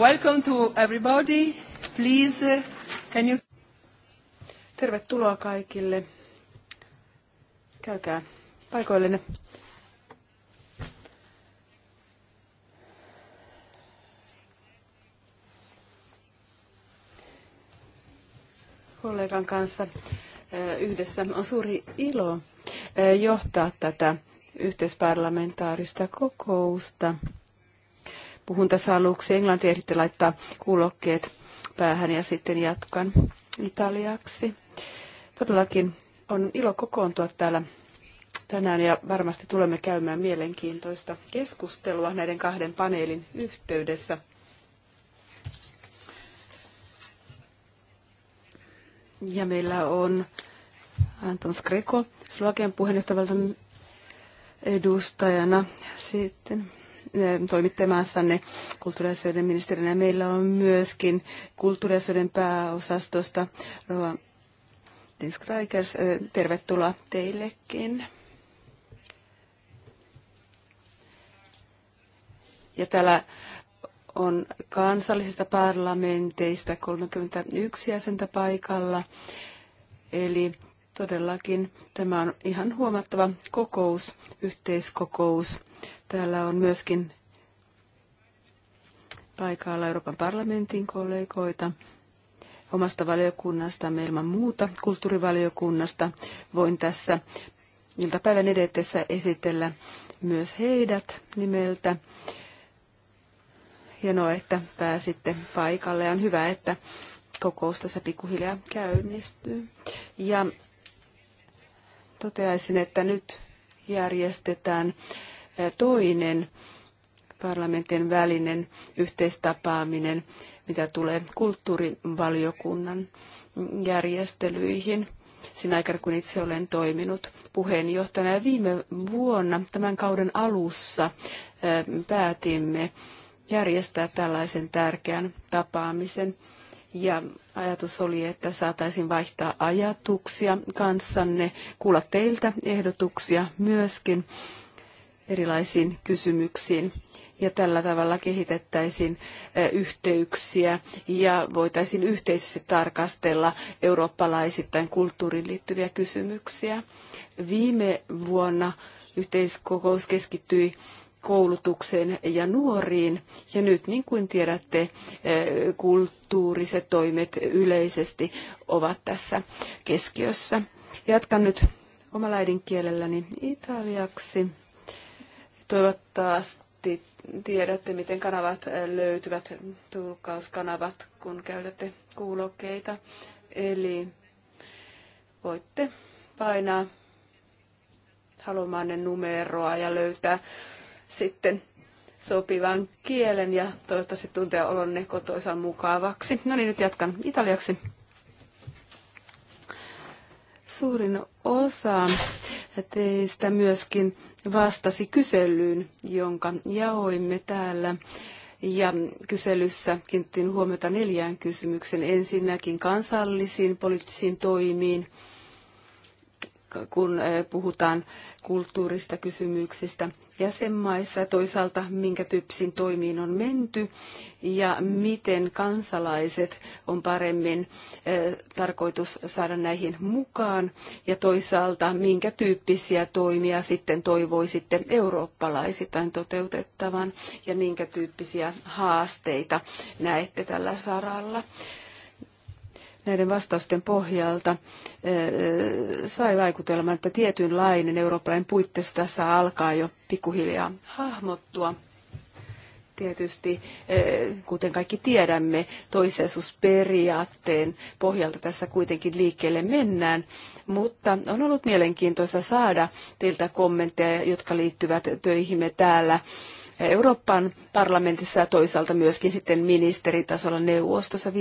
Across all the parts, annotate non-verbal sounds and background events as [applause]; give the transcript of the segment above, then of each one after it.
Welcome to everybody. Please, uh, can you... Tervetuloa kaikille. Käykää paikoillenne. kollegan kanssa eh, yhdessä. On suuri ilo eh, johtaa tätä yhteisparlamentaarista kokousta. Puhun tässä aluksi englantia, ehditte laittaa kuulokkeet päähän ja sitten jatkan italiaksi. Todellakin on ilo kokoontua täällä tänään ja varmasti tulemme käymään mielenkiintoista keskustelua näiden kahden paneelin yhteydessä. Ja meillä on Anton Skreko, Slovakian puheenjohtajalta edustajana sitten Eh, toimittamassanne kulttuuriasioiden ministerinä. Meillä on myöskin kulttuuriasioiden pääosastosta Rova Diskrikers. Eh, tervetuloa teillekin. Ja täällä on kansallisista parlamenteista 31 jäsentä paikalla. Eli todellakin tämä on ihan huomattava kokous, yhteiskokous. Täällä on myöskin paikalla Euroopan parlamentin kollegoita omasta valiokunnasta, ilman muuta kulttuurivaliokunnasta. Voin tässä iltapäivän edetessä esitellä myös heidät nimeltä. Hienoa, että pääsitte paikalle ja on hyvä, että kokous tässä pikkuhiljaa käynnistyy. Ja toteaisin, että nyt järjestetään toinen parlamentin välinen yhteistapaaminen, mitä tulee kulttuurivaliokunnan järjestelyihin sinä aikana, kun itse olen toiminut puheenjohtajana. Ja viime vuonna, tämän kauden alussa, päätimme järjestää tällaisen tärkeän tapaamisen. Ja ajatus oli, että saataisiin vaihtaa ajatuksia kanssanne, kuulla teiltä ehdotuksia myöskin erilaisiin kysymyksiin. Ja tällä tavalla kehitettäisiin yhteyksiä ja voitaisiin yhteisesti tarkastella eurooppalaisittain kulttuuriin liittyviä kysymyksiä. Viime vuonna yhteiskokous keskittyi koulutukseen ja nuoriin. Ja nyt, niin kuin tiedätte, kulttuuriset toimet yleisesti ovat tässä keskiössä. Jatkan nyt omalla äidinkielelläni italiaksi. Toivottavasti tiedätte, miten kanavat löytyvät, tulkkauskanavat, kun käytätte kuulokkeita. Eli voitte painaa haluamanne numeroa ja löytää sitten sopivan kielen ja toivottavasti tuntea olonne kotoisan mukavaksi. No niin, nyt jatkan italiaksi. Suurin osa teistä myöskin vastasi kyselyyn, jonka jaoimme täällä. Ja kyselyssä kiinnittiin huomiota neljään kysymykseen. Ensinnäkin kansallisiin poliittisiin toimiin, kun eh, puhutaan kulttuurista kysymyksistä jäsenmaissa ja toisaalta minkä tyyppisiin toimiin on menty ja miten kansalaiset on paremmin tarkoitus saada näihin mukaan ja toisaalta minkä tyyppisiä toimia sitten toivoisitte eurooppalaisittain toteutettavan ja minkä tyyppisiä haasteita näette tällä saralla näiden vastausten pohjalta eh, sai vaikutelman, että tietynlainen eurooppalainen puitteissa tässä alkaa jo pikkuhiljaa hahmottua. Tietysti, eh, kuten kaikki tiedämme, toiseisuusperiaatteen pohjalta tässä kuitenkin liikkeelle mennään, mutta on ollut mielenkiintoista saada teiltä kommentteja, jotka liittyvät töihimme täällä Euroopan parlamentissa ja toisaalta myöskin sitten ministeritasolla neuvostossa 15-17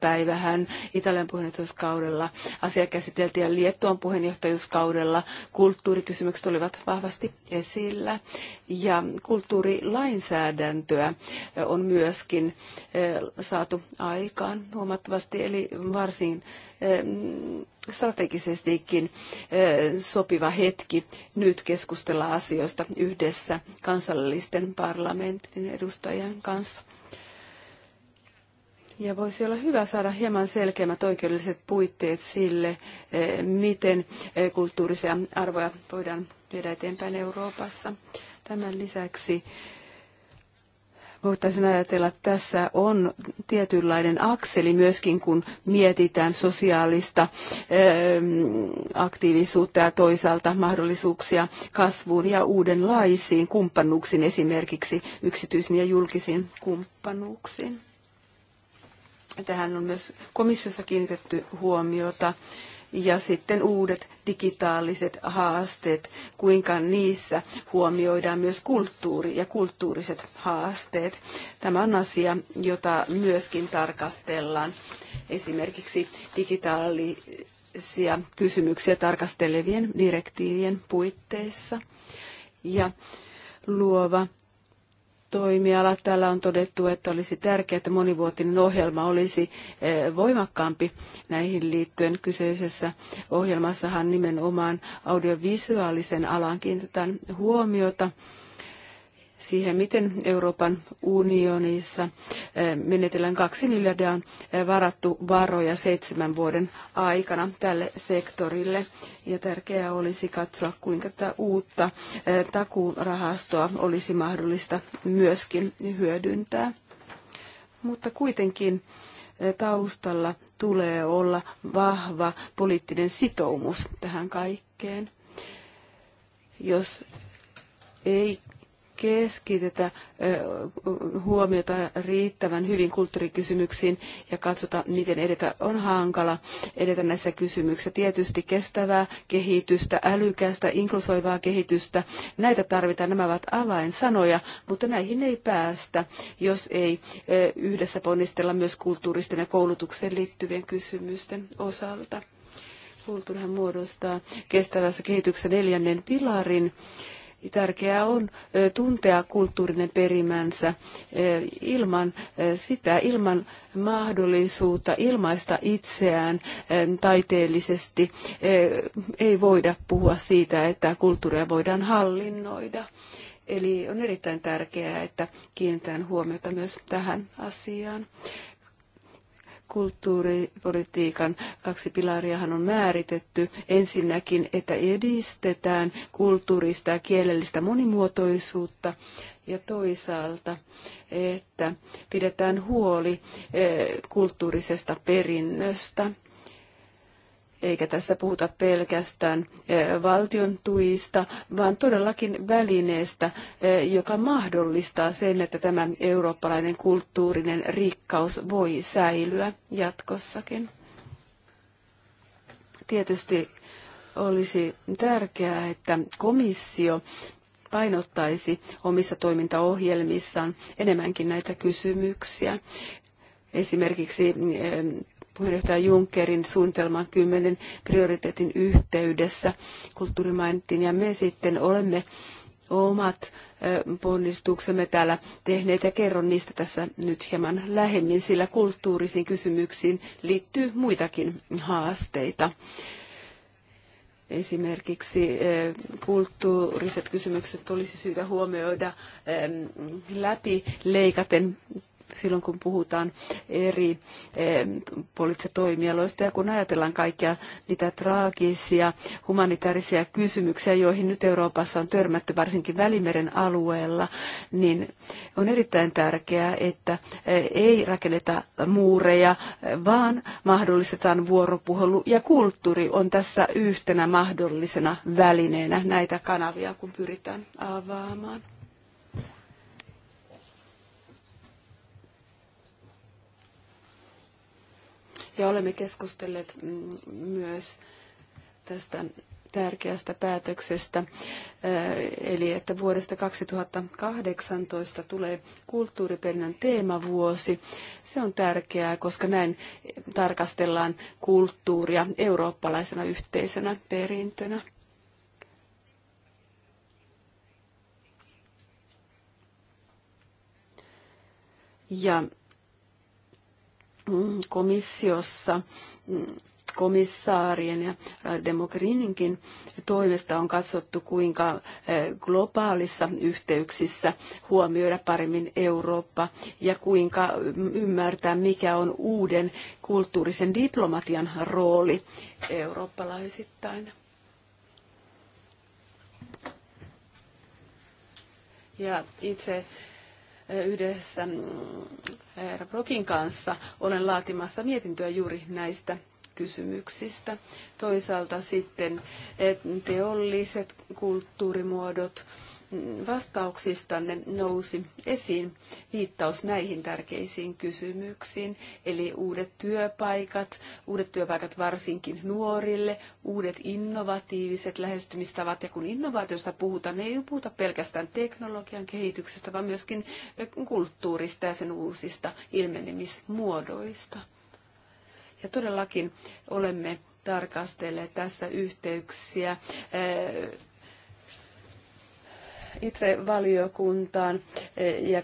päivähän Italian puheenjohtajuuskaudella asia käsiteltiin ja Liettuan puheenjohtajuuskaudella kulttuurikysymykset olivat vahvasti esillä ja kulttuurilainsäädäntöä on myöskin saatu aikaan huomattavasti eli varsin strategisestikin sopiva hetki nyt keskustella asioista yhdessä kansallisten parlamenttien parlamentin edustajien kanssa. Ja voisi olla hyvä saada hieman selkeämmät oikeudelliset puitteet sille, eh, miten eh, kulttuurisia arvoja voidaan viedä eteenpäin Euroopassa. Tämän lisäksi voitaisiin ajatella, että tässä on tietynlainen akseli myöskin, kun mietitään sosiaalista ähm, aktiivisuutta ja toisaalta mahdollisuuksia kasvuun ja uudenlaisiin kumppanuuksiin, esimerkiksi yksityisiin ja julkisiin kumppanuuksiin. Tähän on myös komissiossa kiinnitetty huomiota ja sitten uudet digitaaliset haasteet, kuinka niissä huomioidaan myös kulttuuri ja kulttuuriset haasteet. Tämä on asia, jota myöskin tarkastellaan esimerkiksi digitaalisia kysymyksiä tarkastelevien direktiivien puitteissa. Ja luova toimialat. Täällä on todettu, että olisi tärkeää, että monivuotinen ohjelma olisi eh, voimakkaampi näihin liittyen. Kyseisessä ohjelmassahan nimenomaan audiovisuaalisen alan kiinnitetään huomiota siihen, miten Euroopan unionissa eh, menetellään kaksi miljardia on eh, varattu varoja seitsemän vuoden aikana tälle sektorille. Ja tärkeää olisi katsoa, kuinka tätä uutta eh, takuurahastoa olisi mahdollista myöskin hyödyntää. Mutta kuitenkin taustalla tulee olla vahva poliittinen sitoumus tähän kaikkeen. Jos ei keskitetä huomiota riittävän hyvin kulttuurikysymyksiin ja katsota, miten edetä. On hankala edetä näissä kysymyksissä. Tietysti kestävää kehitystä, älykästä, inklusoivaa kehitystä. Näitä tarvitaan. Nämä ovat avainsanoja, mutta näihin ei päästä, jos ei yhdessä ponnistella myös kulttuuristen ja koulutukseen liittyvien kysymysten osalta. Kulttuurihan muodostaa kestävässä kehityksessä neljännen pilarin Tärkeää on tuntea kulttuurinen perimänsä ilman sitä, ilman mahdollisuutta ilmaista itseään taiteellisesti. Ei voida puhua siitä, että kulttuuria voidaan hallinnoida. Eli on erittäin tärkeää, että kiinnitän huomiota myös tähän asiaan kulttuuripolitiikan kaksi pilariahan on määritetty. Ensinnäkin, että edistetään kulttuurista ja kielellistä monimuotoisuutta ja toisaalta, että pidetään huoli eh, kulttuurisesta perinnöstä eikä tässä puhuta pelkästään eh, valtion tuista, vaan todellakin välineestä, eh, joka mahdollistaa sen, että tämä eurooppalainen kulttuurinen rikkaus voi säilyä jatkossakin. Tietysti olisi tärkeää, että komissio painottaisi omissa toimintaohjelmissaan enemmänkin näitä kysymyksiä esimerkiksi eh, puheenjohtaja Junckerin suunnitelman kymmenen prioriteetin yhteydessä kulttuuri mainittiin, ja me sitten olemme omat ponnistuksemme täällä tehneet ja kerron niistä tässä nyt hieman lähemmin, sillä kulttuurisiin kysymyksiin liittyy muitakin haasteita. Esimerkiksi kulttuuriset kysymykset olisi syytä huomioida läpi leikaten silloin, kun puhutaan eri eh, poliittisista toimialoista ja kun ajatellaan kaikkia niitä traagisia humanitaarisia kysymyksiä, joihin nyt Euroopassa on törmätty varsinkin Välimeren alueella, niin on erittäin tärkeää, että eh, ei rakenneta muureja, eh, vaan mahdollistetaan vuoropuhelu ja kulttuuri on tässä yhtenä mahdollisena välineenä näitä kanavia, kun pyritään avaamaan. ja olemme keskustelleet mm, myös tästä tärkeästä päätöksestä, eh, eli että vuodesta 2018 tulee kulttuuriperinnön teemavuosi. Se on tärkeää, koska näin tarkastellaan kulttuuria eurooppalaisena yhteisönä perintönä. Ja Mm, komissiossa mm, komissaarien ja Demokrininkin toimesta on katsottu, kuinka eh, globaalissa yhteyksissä huomioida paremmin Eurooppa ja kuinka mm, ymmärtää, mikä on uuden kulttuurisen diplomatian rooli eurooppalaisittain. Ja itse yhdessä mm, herra Brokin kanssa olen laatimassa mietintöä juuri näistä kysymyksistä. Toisaalta sitten teolliset kulttuurimuodot, vastauksistanne nousi esiin viittaus näihin tärkeisiin kysymyksiin, eli uudet työpaikat, uudet työpaikat varsinkin nuorille, uudet innovatiiviset lähestymistavat. Ja kun innovaatiosta puhutaan, niin ei puhuta pelkästään teknologian kehityksestä, vaan myöskin eh, kulttuurista ja sen uusista ilmenemismuodoista. Ja todellakin olemme tarkastelleet tässä yhteyksiä eh, ITRE-valiokuntaan eh, ja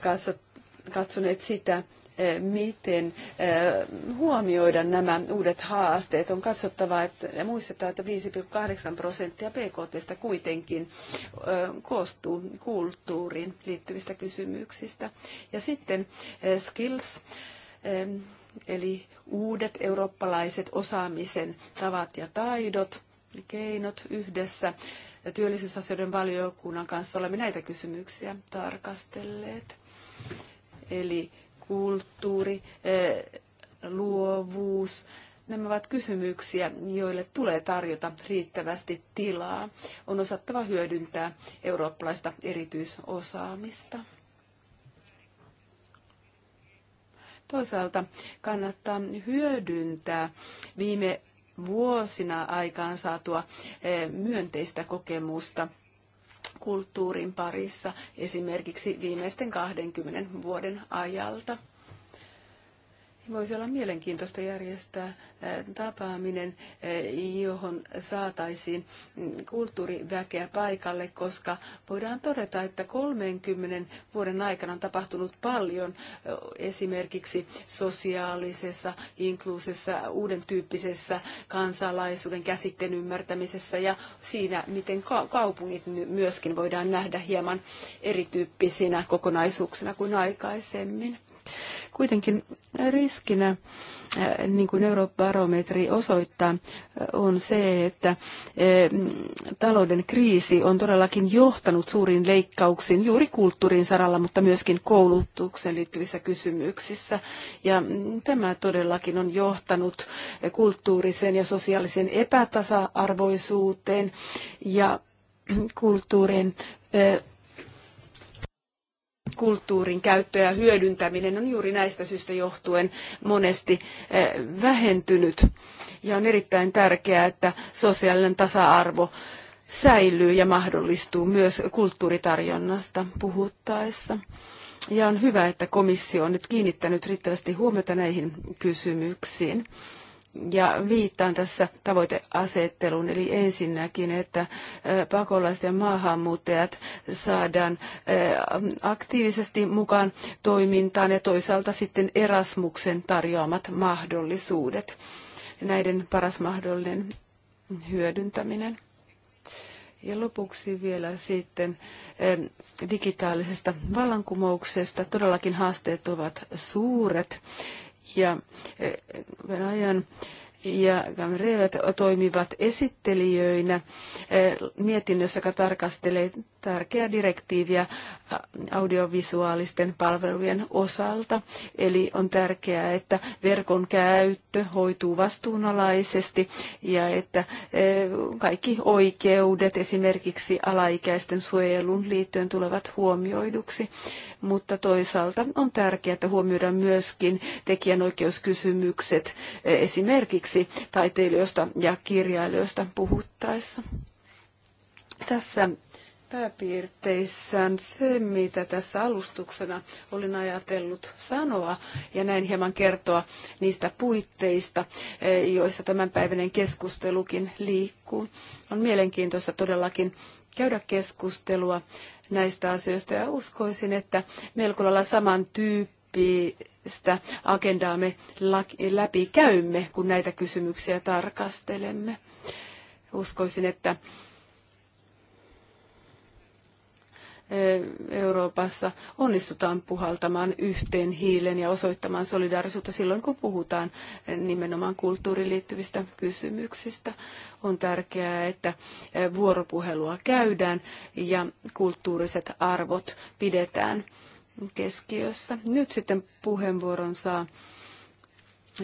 katsoneet sitä, eh, miten eh, huomioida nämä uudet haasteet. On katsottava että, ja muistettava, että 5,8 prosenttia BKTstä kuitenkin koostuu kulttuuriin liittyvistä kysymyksistä. Ja sitten skills, eli uudet eurooppalaiset osaamisen tavat ja taidot, keinot yhdessä ja työllisyysasioiden valiokunnan kanssa olemme näitä kysymyksiä tarkastelleet. Eli kulttuuri, eh, luovuus, nämä ovat kysymyksiä, joille tulee tarjota riittävästi tilaa. On osattava hyödyntää eurooppalaista erityisosaamista. Toisaalta kannattaa hyödyntää viime vuosina aikaan saatua eh, myönteistä kokemusta kulttuurin parissa esimerkiksi viimeisten 20 vuoden ajalta. Voisi olla mielenkiintoista järjestää tapaaminen, johon saataisiin mm, kulttuuriväkeä paikalle, koska voidaan todeta, että 30 vuoden aikana on tapahtunut paljon esimerkiksi sosiaalisessa, inkluusessa, uuden tyyppisessä kansalaisuuden käsitteen ymmärtämisessä ja siinä, miten kaupungit myöskin voidaan nähdä hieman erityyppisinä kokonaisuuksina kuin aikaisemmin Kuitenkin riskinä, äh, niin kuin eurobarometri osoittaa, äh, on se, että äh, talouden kriisi on todellakin johtanut suuriin leikkauksiin juuri kulttuurin saralla, mutta myöskin koulutukseen liittyvissä kysymyksissä. Ja mm, tämä todellakin on johtanut kulttuuriseen ja sosiaaliseen epätasa-arvoisuuteen ja mm, kulttuurin kulttuurin käyttö ja hyödyntäminen on juuri näistä syistä johtuen monesti eh, vähentynyt. Ja on erittäin tärkeää, että sosiaalinen tasa-arvo säilyy ja mahdollistuu myös kulttuuritarjonnasta puhuttaessa. Ja on hyvä, että komissio on nyt kiinnittänyt riittävästi huomiota näihin kysymyksiin ja viittaan tässä tavoiteasetteluun, eli ensinnäkin, että pakolaiset ja maahanmuuttajat saadaan aktiivisesti mukaan toimintaan ja toisaalta sitten Erasmuksen tarjoamat mahdollisuudet, näiden paras mahdollinen hyödyntäminen. Ja lopuksi vielä sitten digitaalisesta vallankumouksesta. Todellakin haasteet ovat suuret ja Venäjän eh, eh, ja Gamrevet toimivat esittelijöinä eh, mietinnössä, joka tarkastelee tärkeää direktiiviä äh, audiovisuaalisten palvelujen osalta. Eli on tärkeää, että verkon käyttö hoituu vastuunalaisesti ja että äh, kaikki oikeudet esimerkiksi alaikäisten suojeluun liittyen tulevat huomioiduksi. Mutta toisaalta on tärkeää, että huomioidaan myöskin tekijänoikeuskysymykset äh, esimerkiksi taiteilijoista ja kirjailijoista puhuttaessa. Tässä pääpiirteissään se, mitä tässä alustuksena olin ajatellut sanoa ja näin hieman kertoa niistä puitteista, eh, joissa tämänpäiväinen keskustelukin liikkuu. On mielenkiintoista todellakin käydä keskustelua näistä asioista ja uskoisin, että melko lailla samantyyppistä agendaa me läpi käymme, kun näitä kysymyksiä tarkastelemme. Uskoisin, että Euroopassa onnistutaan puhaltamaan yhteen hiilen ja osoittamaan solidaarisuutta silloin, kun puhutaan nimenomaan kulttuuriin liittyvistä kysymyksistä. On tärkeää, että vuoropuhelua käydään ja kulttuuriset arvot pidetään keskiössä. Nyt sitten puheenvuoron saa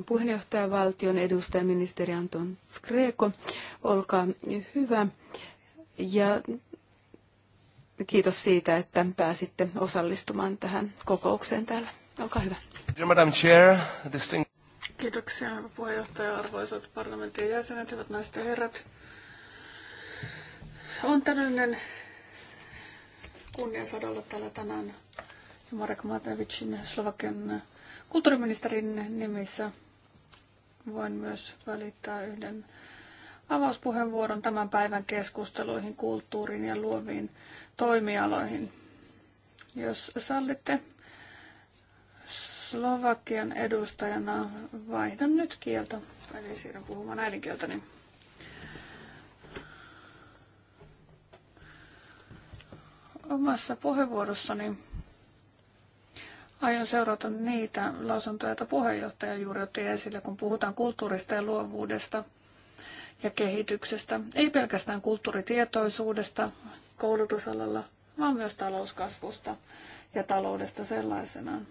puheenjohtajavaltion edustaja ministeri Anton Skreko. Olkaa hyvä. Ja kiitos siitä, että pääsitte osallistumaan tähän kokoukseen täällä. Olkaa hyvä. Madam Chair, Kiitoksia, hyvä puheenjohtaja, arvoisat parlamentin jäsenet, hyvät naiset ja herrat. On tämmöinen kunnia saada olla täällä tänään Marek Matevicin, Slovakian kulttuuriministerin nimissä. Voin myös välittää yhden avauspuheenvuoron tämän päivän keskusteluihin kulttuuriin ja luoviin toimialoihin. Jos sallitte, Slovakian edustajana vaihdan nyt kieltä, eli siirryn puhumaan äidinkieltäni. Niin omassa puheenvuorossani aion seurata niitä lausuntoja, joita puheenjohtaja juuri otti esille, kun puhutaan kulttuurista ja luovuudesta ja kehityksestä. Ei pelkästään kulttuuritietoisuudesta koulutusalalla, vaan myös talouskasvusta ja taloudesta sellaisenaan.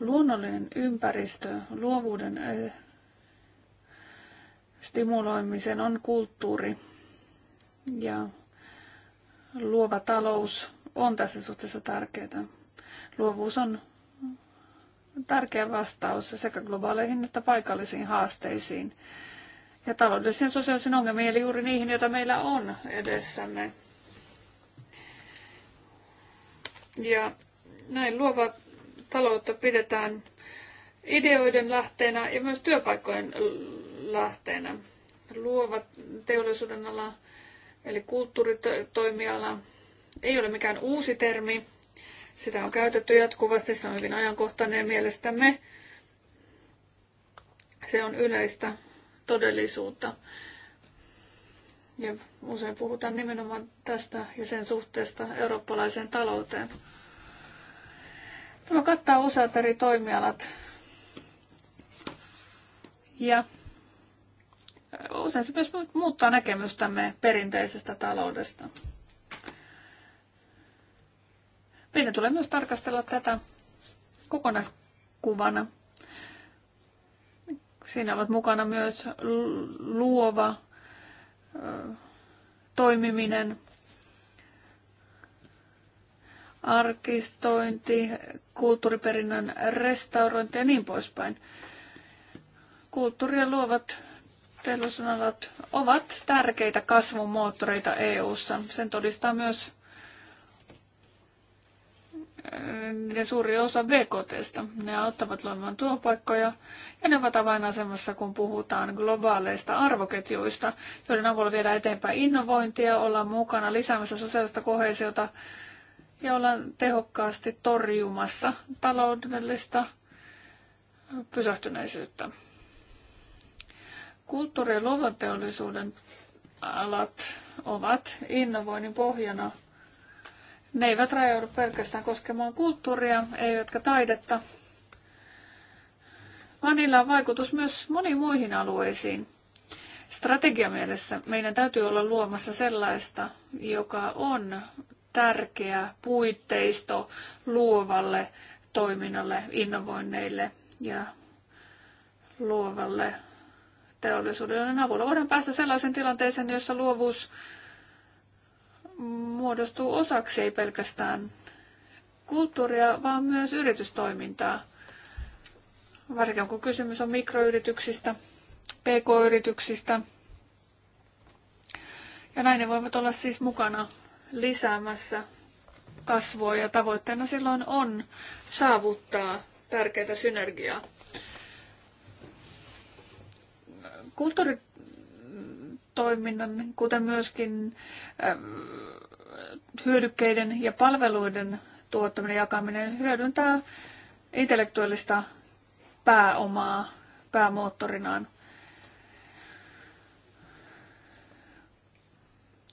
Luonnollinen ympäristö luovuuden eh, stimuloimisen on kulttuuri ja luova talous on tässä suhteessa tärkeää. Luovuus on tärkeä vastaus sekä globaaleihin että paikallisiin haasteisiin ja ja sosiaalisiin ongelmien, eli juuri niihin, joita meillä on edessämme. Ja näin luova taloutta pidetään ideoiden lähteenä ja myös työpaikkojen lähteenä. Luova teollisuuden ala, eli kulttuuritoimiala, ei ole mikään uusi termi. Sitä on käytetty jatkuvasti, se on hyvin ajankohtainen mielestämme. Se on yleistä todellisuutta. Ja usein puhutaan nimenomaan tästä ja sen suhteesta eurooppalaiseen talouteen. Tämä kattaa useat eri toimialat. Ja usein se myös muuttaa näkemystämme perinteisestä taloudesta. Meidän tulee myös tarkastella tätä kokonaiskuvana Siinä ovat mukana myös luova toimiminen, arkistointi, kulttuuriperinnön restaurointi ja niin poispäin. Kulttuuri ja luovat teollisuudenalat ovat tärkeitä kasvun moottoreita EU:ssa. Sen todistaa myös ja suuri osa BKTstä. Ne auttavat luomaan työpaikkoja ja ne ovat avainasemassa, kun puhutaan globaaleista arvoketjuista, joiden avulla viedään eteenpäin innovointia, olla mukana lisäämässä sosiaalista kohesiota ja olla tehokkaasti torjumassa taloudellista pysähtyneisyyttä. Kulttuuri- ja luovateollisuuden alat ovat innovoinnin pohjana – ne eivät rajoudu pelkästään koskemaan kulttuuria, jotka taidetta, vaan niillä on vaikutus myös moniin muihin alueisiin. Strategiamielessä meidän täytyy olla luomassa sellaista, joka on tärkeä puitteisto luovalle toiminnalle, innovoinneille ja luovalle teollisuudelle avulla. Voidaan päästä sellaisen tilanteeseen, jossa luovuus muodostuu osaksi ei pelkästään kulttuuria, vaan myös yritystoimintaa. Varsinkin kun kysymys on mikroyrityksistä, pk-yrityksistä. Ja näin ne voivat olla siis mukana lisäämässä kasvua ja tavoitteena silloin on saavuttaa tärkeitä synergiaa. Kulttuurit toiminnan, kuten myöskin äh, hyödykkeiden ja palveluiden tuottaminen ja jakaminen hyödyntää intellektuaalista pääomaa päämoottorinaan.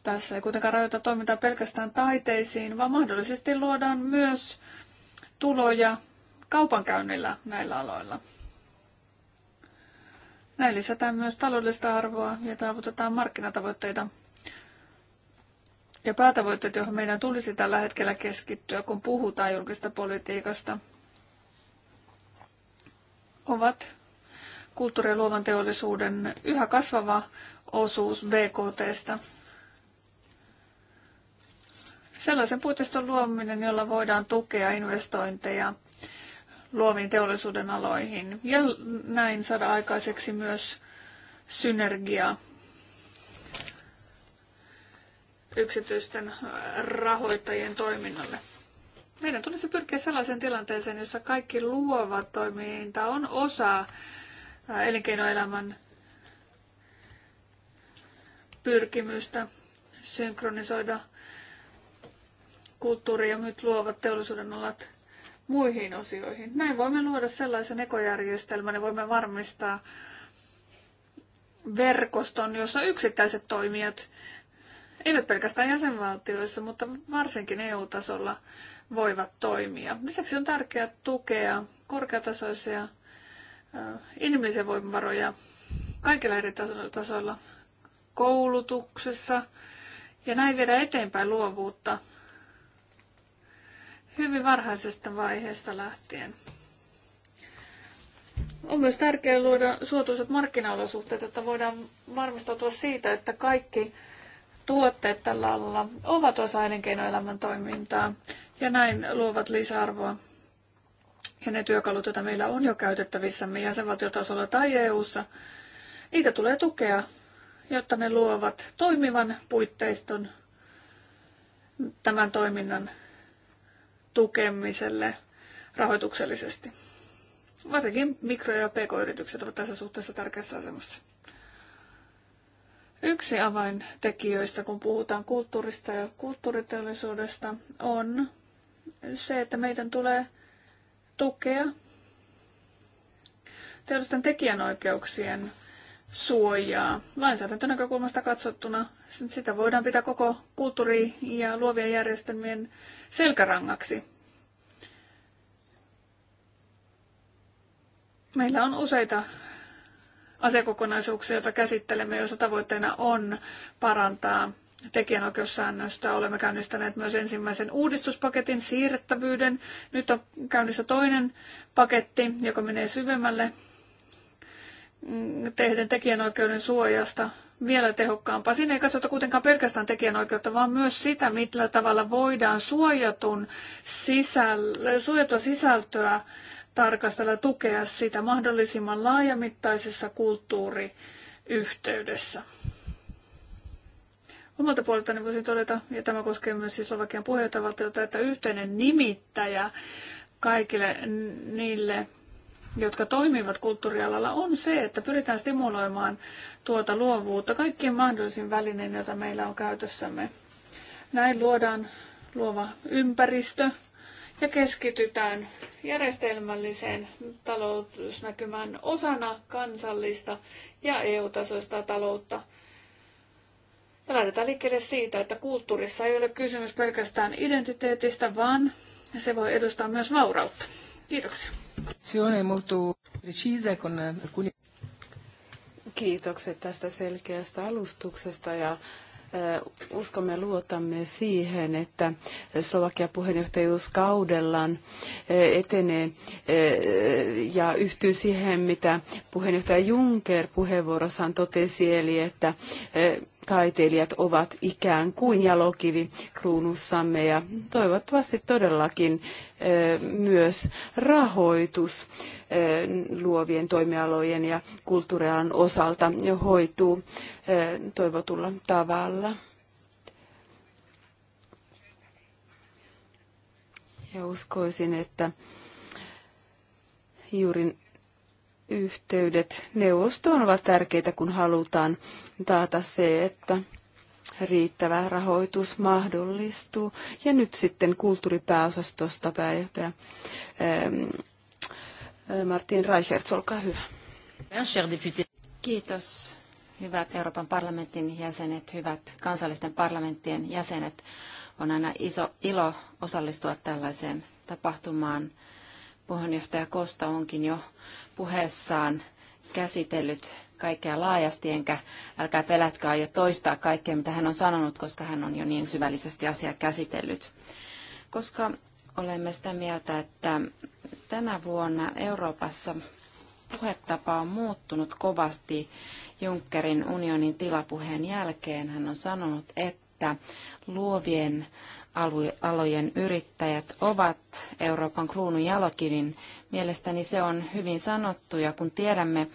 Tässä ei kuitenkaan rajoita toimintaa pelkästään taiteisiin, vaan mahdollisesti luodaan myös tuloja kaupankäynnillä näillä aloilla. Näin lisätään myös taloudellista arvoa ja taavutetaan markkinatavoitteita. Ja päätavoitteet, joihin meidän tulisi tällä hetkellä keskittyä, kun puhutaan julkista politiikasta, ovat kulttuuri- ja luovan teollisuuden yhä kasvava osuus stä. Sellaisen puitteiston luominen, jolla voidaan tukea investointeja luoviin teollisuuden aloihin ja näin saada aikaiseksi myös synergiaa yksityisten äh, rahoittajien toiminnalle. Meidän tulisi pyrkiä sellaiseen tilanteeseen, jossa kaikki luova toiminta on osa äh, elinkeinoelämän pyrkimystä synkronisoida kulttuuri ja nyt luovat teollisuuden alat muihin osioihin. Näin voimme luoda sellaisen ekojärjestelmän ja voimme varmistaa verkoston, jossa yksittäiset toimijat, eivät pelkästään jäsenvaltioissa, mutta varsinkin EU-tasolla, voivat toimia. Lisäksi on tärkeää tukea korkeatasoisia inhimillisiä voimavaroja kaikilla eri tasoilla, koulutuksessa ja näin viedä eteenpäin luovuutta hyvin varhaisesta vaiheesta lähtien. On myös tärkeää luoda suotuisat markkinaolosuhteet, jotta voidaan varmistautua siitä, että kaikki tuotteet tällä alalla ovat osa elinkeinoelämän toimintaa ja näin luovat lisäarvoa. Ja ne työkalut, joita meillä on jo käytettävissämme jäsenvaltiotasolla tai EU-ssa, niitä tulee tukea, jotta ne luovat toimivan puitteiston tämän toiminnan tukemiselle rahoituksellisesti. Varsinkin mikro- ja pk-yritykset ovat tässä suhteessa tärkeässä asemassa. Yksi avaintekijöistä, kun puhutaan kulttuurista ja kulttuuriteollisuudesta, on se, että meidän tulee tukea teollisten tekijänoikeuksien suojaa. Lainsäädäntönäkökulmasta katsottuna sitä voidaan pitää koko kulttuuri- ja luovien järjestelmien selkärangaksi. Meillä on useita asiakokonaisuuksia, joita käsittelemme, joissa tavoitteena on parantaa tekijänoikeussäännöstä. Olemme käynnistäneet myös ensimmäisen uudistuspaketin siirrettävyyden. Nyt on käynnissä toinen paketti, joka menee syvemmälle Mm, tehden tekijänoikeuden suojasta vielä tehokkaampaa. Siinä ei katsota kuitenkaan pelkästään tekijänoikeutta, vaan myös sitä, millä tavalla voidaan suojatun sisäl- suojatua sisältöä tarkastella tukea sitä mahdollisimman laajamittaisessa kulttuuriyhteydessä. Omalta puoleltani voisin todeta, ja tämä koskee myös siis Slovakian puheenjohtajavaltiota, että yhteinen nimittäjä kaikille niille jotka toimivat kulttuurialalla, on se, että pyritään stimuloimaan tuota luovuutta kaikkien mahdollisin välinein, joita meillä on käytössämme. Näin luodaan luova ympäristö ja keskitytään järjestelmälliseen talousnäkymään osana kansallista ja EU-tasoista taloutta. Ja lähdetään liikkeelle siitä, että kulttuurissa ei ole kysymys pelkästään identiteetistä, vaan se voi edustaa myös vaurautta. Kiitoksia. E Kiitokset tästä selkeästä alustuksesta ja uskomme luotamme siihen, että Slovakia puheenjohtajuuskaudellaan etenee ja yhtyy siihen, mitä puheenjohtaja Juncker puheenvuorossaan totesi, eli että taiteilijat ovat ikään kuin jalokivi kruunussamme ja toivottavasti todellakin myös rahoitus luovien toimialojen ja kulttuurialan osalta hoituu toivotulla tavalla. Ja uskoisin, että juuri yhteydet neuvostoon ovat tärkeitä, kun halutaan taata se, että riittävä rahoitus mahdollistuu. Ja nyt sitten kulttuuripääosastosta pääjohtaja ähm, äh, Martin Reichert, olkaa hyvä. Kiitos. Hyvät Euroopan parlamentin jäsenet, hyvät kansallisten parlamenttien jäsenet. On aina iso ilo osallistua tällaiseen tapahtumaan – Puheenjohtaja Kosta onkin jo puheessaan käsitellyt kaikkea laajasti, enkä älkää pelätkää aio toistaa kaikkea, mitä hän on sanonut, koska hän on jo niin syvällisesti asiaa käsitellyt. Koska olemme sitä mieltä, että tänä vuonna Euroopassa puhetapa on muuttunut kovasti Junckerin unionin tilapuheen jälkeen. Hän on sanonut, että luovien alojen yrittäjät ovat Euroopan kruunun jalokivin. Mielestäni se on hyvin sanottu ja kun tiedämme,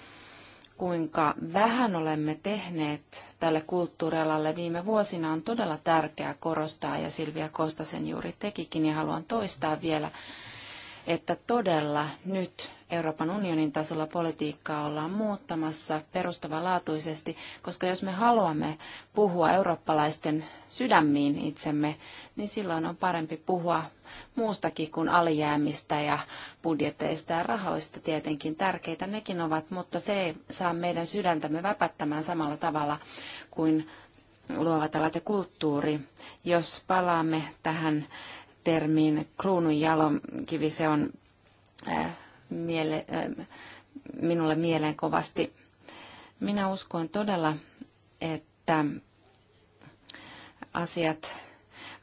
kuinka vähän olemme tehneet tälle kulttuurialalle viime vuosina, on todella tärkeää korostaa ja Silvia Kostasen juuri tekikin ja haluan toistaa vielä että todella nyt Euroopan unionin tasolla politiikkaa ollaan muuttamassa perustavanlaatuisesti, koska jos me haluamme puhua eurooppalaisten sydämiin itsemme, niin silloin on parempi puhua muustakin kuin alijäämistä ja budjeteista ja rahoista. Tietenkin tärkeitä nekin ovat, mutta se ei saa meidän sydäntämme väpättämään samalla tavalla kuin luovat alat ja kulttuuri. Jos palaamme tähän termiin kruunun jalokivi, se on äh, miele, äh, minulle mieleen kovasti. Minä uskon todella, että asiat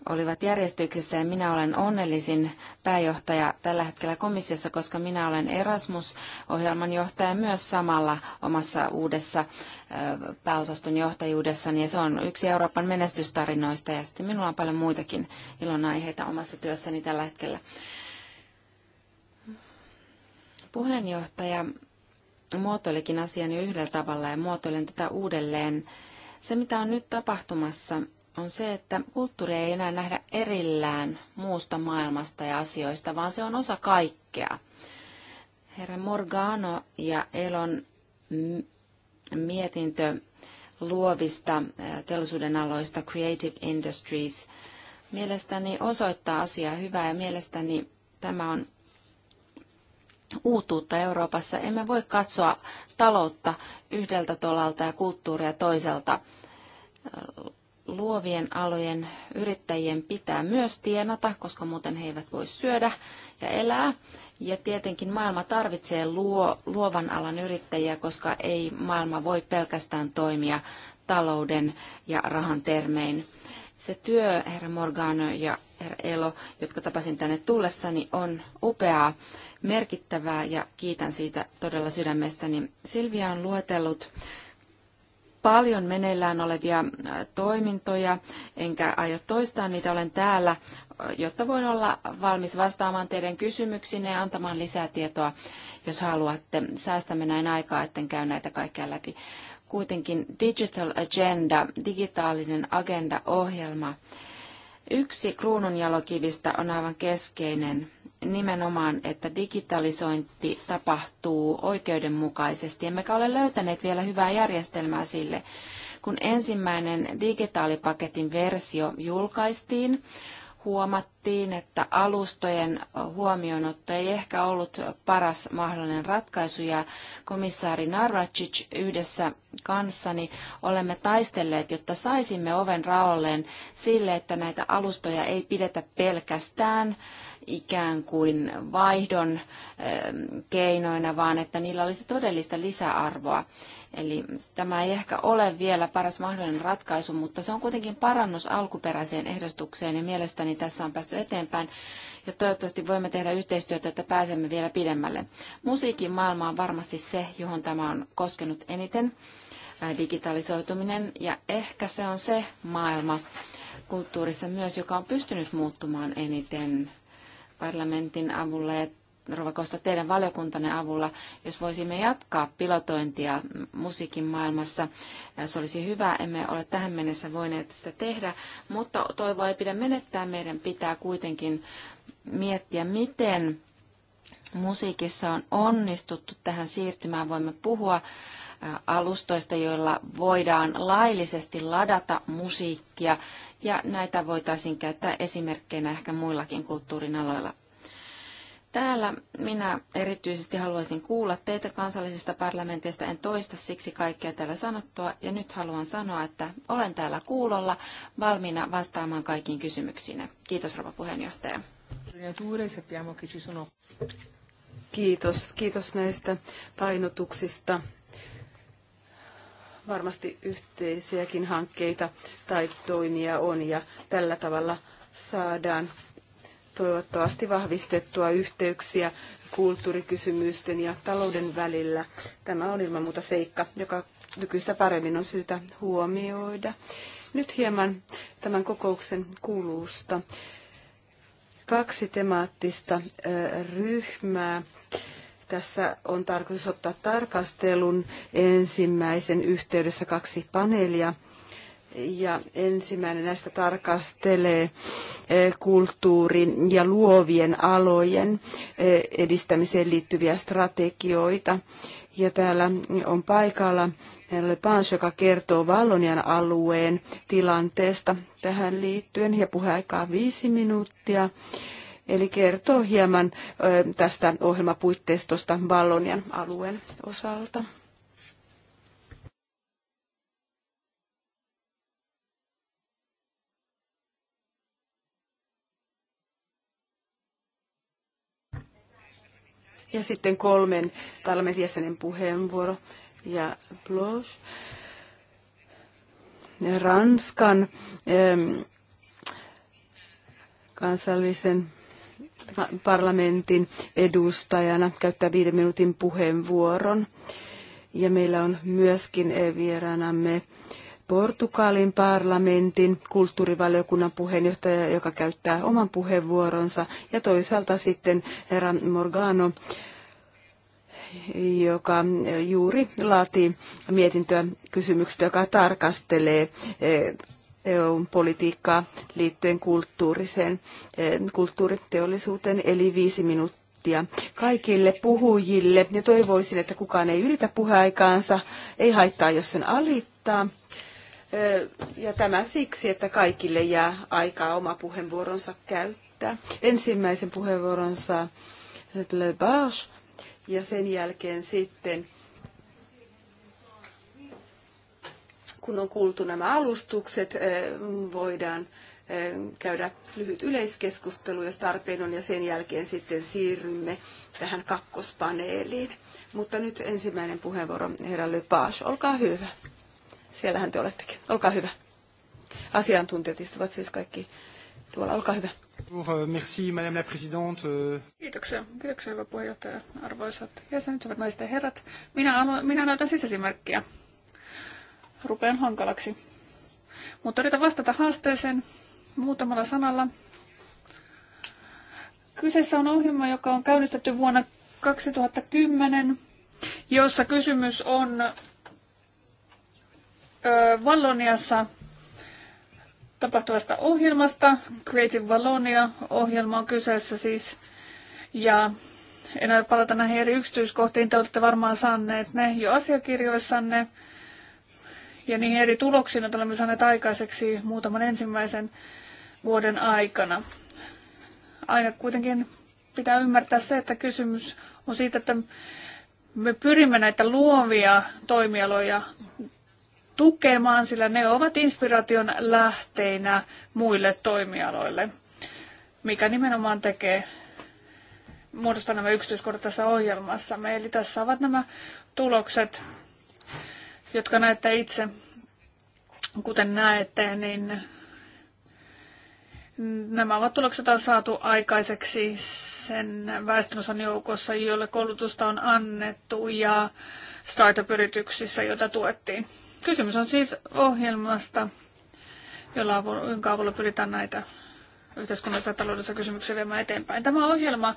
olivat järjestyksessä ja minä olen onnellisin pääjohtaja tällä hetkellä komissiossa, koska minä olen Erasmus-ohjelman johtaja myös samalla omassa uudessa pääosaston johtajuudessa, niin se on yksi Euroopan menestystarinoista ja sitten minulla on paljon muitakin ilonaiheita omassa työssäni tällä hetkellä. Puheenjohtaja muotoilikin asian jo yhdellä tavalla ja muotoilen tätä uudelleen. Se, mitä on nyt tapahtumassa, on se, että kulttuuri ei enää nähdä erillään muusta maailmasta ja asioista, vaan se on osa kaikkea. Herra Morgano ja Elon mietintö luovista teollisuuden aloista Creative Industries mielestäni osoittaa asiaa hyvää ja mielestäni tämä on uutuutta Euroopassa. Emme voi katsoa taloutta yhdeltä tolalta ja kulttuuria toiselta. Luovien alojen yrittäjien pitää myös tienata, koska muuten he eivät voi syödä ja elää. Ja tietenkin maailma tarvitsee luo, luovan alan yrittäjiä, koska ei maailma voi pelkästään toimia talouden ja rahan termein. Se työ, herra Morgano ja herra Elo, jotka tapasin tänne tullessani, on upeaa, merkittävää ja kiitän siitä todella sydämestäni. Silvia on luetellut paljon meneillään olevia äh, toimintoja, enkä aio toistaa niitä, olen täällä, äh, jotta voin olla valmis vastaamaan teidän kysymyksiinne ja antamaan lisää tietoa, jos haluatte. Säästämme näin aikaa, etten käy näitä kaikkia läpi. Kuitenkin Digital Agenda, digitaalinen agenda-ohjelma. Yksi kruununjalokivistä on aivan keskeinen nimenomaan, että digitalisointi tapahtuu oikeudenmukaisesti, emmekä ole löytäneet vielä hyvää järjestelmää sille. Kun ensimmäinen digitaalipaketin versio julkaistiin, huomattiin, että alustojen huomioonotto ei ehkä ollut paras mahdollinen ratkaisu ja komissaari Narvacic yhdessä kanssani olemme taistelleet, jotta saisimme oven raolleen sille, että näitä alustoja ei pidetä pelkästään äh, ikään kuin vaihdon ähm, keinoina, vaan että niillä olisi todellista lisäarvoa. Eli tämä ei ehkä ole vielä paras mahdollinen ratkaisu, mutta se on kuitenkin parannus alkuperäiseen ehdotukseen ja mielestäni tässä on päästy eteenpäin ja toivottavasti voimme tehdä yhteistyötä, että pääsemme vielä pidemmälle. Musiikin maailma on varmasti se, johon tämä on koskenut eniten, äh, digitalisoituminen ja ehkä se on se maailma kulttuurissa myös, joka on pystynyt muuttumaan eniten parlamentin avulla ja Rova Kosta, teidän valiokuntanne avulla, jos voisimme jatkaa pilotointia musiikin maailmassa. Se olisi hyvä, emme ole tähän mennessä voineet sitä tehdä, mutta toivoa ei pidä menettää. Meidän pitää kuitenkin miettiä, miten musiikissa on onnistuttu tähän siirtymään. Voimme puhua alustoista, joilla voidaan laillisesti ladata musiikkia, ja näitä voitaisiin käyttää esimerkkeinä ehkä muillakin kulttuurin aloilla. Täällä minä erityisesti haluaisin kuulla teitä kansallisista parlamenteista. En toista siksi kaikkea täällä sanottua ja nyt haluan sanoa, että olen täällä kuulolla valmiina vastaamaan kaikkiin kysymyksiin. Kiitos rouva puheenjohtaja. Kiitos, kiitos näistä painotuksista varmasti yhteisiäkin hankkeita tai toimia on ja tällä tavalla saadaan toivottavasti vahvistettua yhteyksiä kulttuurikysymysten ja talouden välillä. Tämä on ilman muuta seikka, joka nykyistä paremmin on syytä huomioida. Nyt hieman tämän kokouksen kulusta. Kaksi temaattista ryhmää tässä on tarkoitus ottaa tarkastelun ensimmäisen yhteydessä kaksi paneelia. Ja ensimmäinen näistä tarkastelee eh, kulttuurin ja luovien alojen eh, edistämiseen liittyviä strategioita. Ja täällä on paikalla Pans, joka kertoo Vallonian alueen tilanteesta tähän liittyen. Ja puheaikaa viisi minuuttia. Eli kertoo hieman tästä ohjelmapuitteistosta Vallonian alueen osalta. Ja sitten kolmen parlamentin jäsenen puheenvuoro ja Bloch. Ranskan kansallisen parlamentin edustajana käyttää viiden minuutin puheenvuoron. Ja meillä on myöskin eh, vieraanamme Portugalin parlamentin kulttuurivaliokunnan puheenjohtaja, joka käyttää oman puheenvuoronsa, ja toisaalta sitten herra Morgano, joka eh, juuri laatii mietintöä kysymyksestä, joka tarkastelee eh, EU-politiikkaa liittyen kulttuuriseen, eh, kulttuuriteollisuuteen, eli viisi minuuttia kaikille puhujille. Ja toivoisin, että kukaan ei ylitä puheaikaansa, ei haittaa, jos sen alittaa. Eh, ja tämä siksi, että kaikille jää aikaa oma puheenvuoronsa käyttää. Ensimmäisen puheenvuoron saa Le ja sen jälkeen sitten kun on kuultu nämä alustukset, eh, voidaan eh, käydä lyhyt yleiskeskustelu, jos tarpeen on, ja sen jälkeen sitten siirrymme tähän kakkospaneeliin. Mutta nyt ensimmäinen puheenvuoro, herra Lepage, olkaa hyvä. Siellähän te olettekin. Olkaa hyvä. Asiantuntijat istuvat siis kaikki tuolla. Olkaa hyvä. Euh, merci, madame la présidente. Euh. Kiitoksia. Kiitoksia, hyvä puheenjohtaja. Arvoisat jäsenet, hyvät naiset ja herrat. Minä, alo- minä näytän sisäisimerkkiä rupean hankalaksi. Mutta yritän vastata haasteeseen muutamalla sanalla. Kyseessä on ohjelma, joka on käynnistetty vuonna 2010, jossa kysymys on Valloniassa tapahtuvasta ohjelmasta. Creative Valonia-ohjelma on kyseessä siis. Ja en aio palata näihin eri yksityiskohtiin, te olette varmaan saaneet ne jo asiakirjoissanne ja niihin eri tuloksiin, joita olemme saaneet aikaiseksi muutaman ensimmäisen vuoden aikana. Aina kuitenkin pitää ymmärtää se, että kysymys on siitä, että me pyrimme näitä luovia toimialoja tukemaan, sillä ne ovat inspiraation lähteinä muille toimialoille, mikä nimenomaan tekee muodostaa nämä yksityiskohdat tässä ohjelmassa. Eli tässä ovat nämä tulokset jotka näette itse, kuten näette, niin nämä ovat tulokset on saatu aikaiseksi sen väestönosan joukossa, jolle koulutusta on annettu ja startup-yrityksissä, joita tuettiin. Kysymys on siis ohjelmasta, jolla avulla, jonka avulla pyritään näitä yhteiskunnallisia ja taloudellisia kysymyksiä viemään eteenpäin. Tämä ohjelma,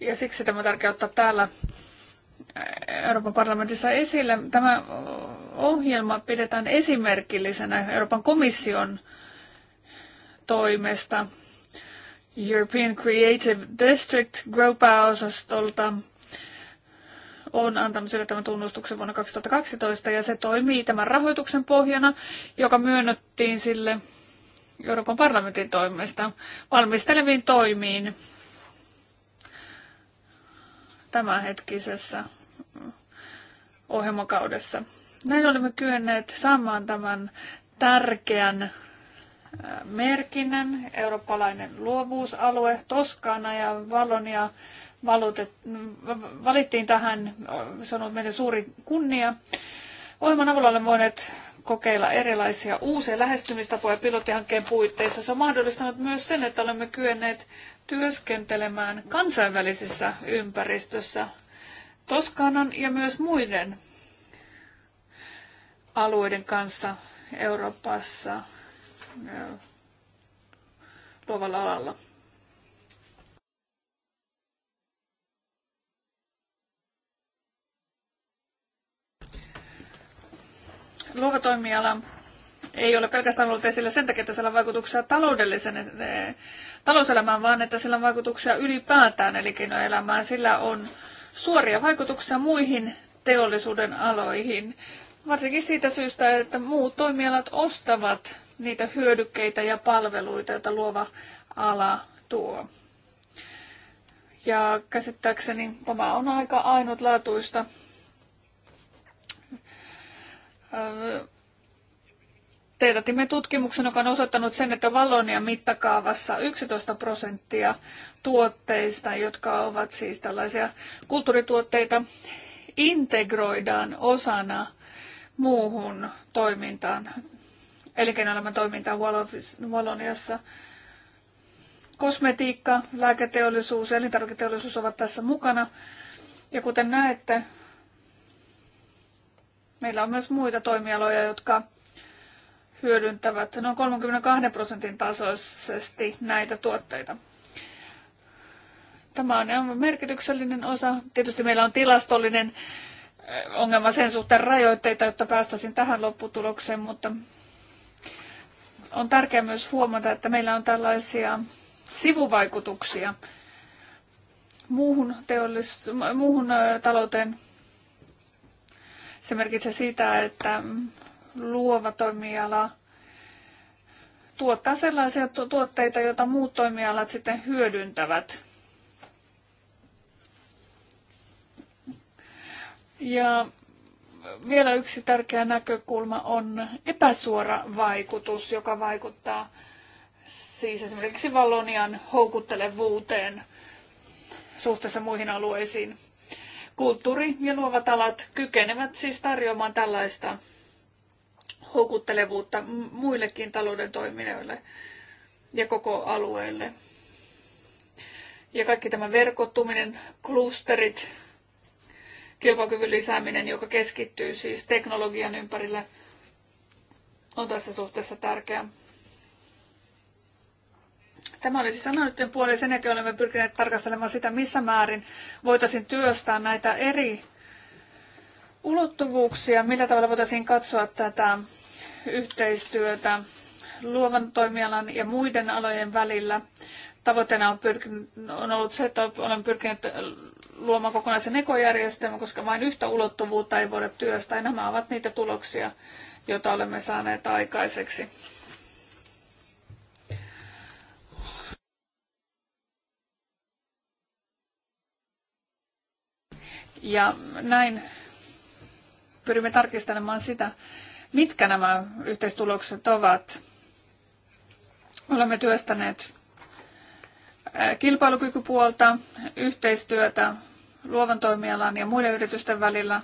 ja siksi tämä on tärkeää ottaa täällä Euroopan parlamentissa esillä. Tämä ohjelma pidetään esimerkillisenä Euroopan komission toimesta. European Creative District Grow-pääosastolta on antanut sille tämän tunnustuksen vuonna 2012 ja se toimii tämän rahoituksen pohjana, joka myönnettiin sille Euroopan parlamentin toimesta valmisteleviin toimiin tämänhetkisessä ohjelmakaudessa. Näin olemme kyenneet saamaan tämän tärkeän merkinnän, eurooppalainen luovuusalue, Toskana ja Valonia valutet, valittiin tähän, se on ollut meille suuri kunnia. Ohjelman avulla olemme voineet kokeilla erilaisia uusia lähestymistapoja pilottihankkeen puitteissa. Se on mahdollistanut myös sen, että olemme kyenneet työskentelemään kansainvälisessä ympäristössä Toskanan ja myös muiden alueiden kanssa Euroopassa luovalla alalla. Luova toimiala ei ole pelkästään ollut esillä sen takia, että sillä on vaikutuksia eh, talouselämään, vaan että sillä on vaikutuksia ylipäätään elinkeinoelämään. Sillä on suoria vaikutuksia muihin teollisuuden aloihin, varsinkin siitä syystä, että muut toimialat ostavat niitä hyödykkeitä ja palveluita, joita luova ala tuo. Ja käsittääkseni tämä on aika ainutlaatuista teetätimme tutkimuksen, joka on osoittanut sen, että Vallonian mittakaavassa 11 prosenttia tuotteista, jotka ovat siis tällaisia kulttuurituotteita, integroidaan osana muuhun toimintaan, elinkeinoelämän toimintaan Walloniassa. Kosmetiikka, lääketeollisuus ja elintarviketeollisuus ovat tässä mukana. Ja kuten näette, meillä on myös muita toimialoja, jotka hyödyntävät noin 32 prosentin tasoisesti näitä tuotteita. Tämä on merkityksellinen osa. Tietysti meillä on tilastollinen eh, ongelma sen suhteen rajoitteita, jotta päästäisiin tähän lopputulokseen, mutta on tärkeää myös huomata, että meillä on tällaisia sivuvaikutuksia muuhun, teollis- muuhun eh, talouteen. Se merkitsee sitä, että luova toimiala tuottaa sellaisia tuotteita, joita muut toimialat sitten hyödyntävät. Ja vielä yksi tärkeä näkökulma on epäsuora vaikutus, joka vaikuttaa siis esimerkiksi Valonian houkuttelevuuteen suhteessa muihin alueisiin. Kulttuuri ja luovat alat kykenevät siis tarjoamaan tällaista houkuttelevuutta muillekin talouden toimijoille ja koko alueelle. Ja kaikki tämä verkottuminen, klusterit, kilpailukyvyn lisääminen, joka keskittyy siis teknologian ympärille, on tässä suhteessa tärkeää. Tämä oli siis analyyttien puoli. Sen jälkeen olemme pyrkineet tarkastelemaan sitä, missä määrin voitaisiin työstää näitä eri ulottuvuuksia, millä tavalla voitaisiin katsoa tätä yhteistyötä luovan toimialan ja muiden alojen välillä. Tavoitteena on, on ollut se, että olen pyrkinyt luomaan kokonaisen ekojärjestelmän, koska vain yhtä ulottuvuutta ei voida työstää. Ja nämä ovat niitä tuloksia, joita olemme saaneet aikaiseksi. Ja näin pyrimme tarkistelemaan sitä, mitkä nämä yhteistulokset ovat. Olemme työstäneet kilpailukykypuolta, yhteistyötä luovan toimialan ja muiden yritysten välillä.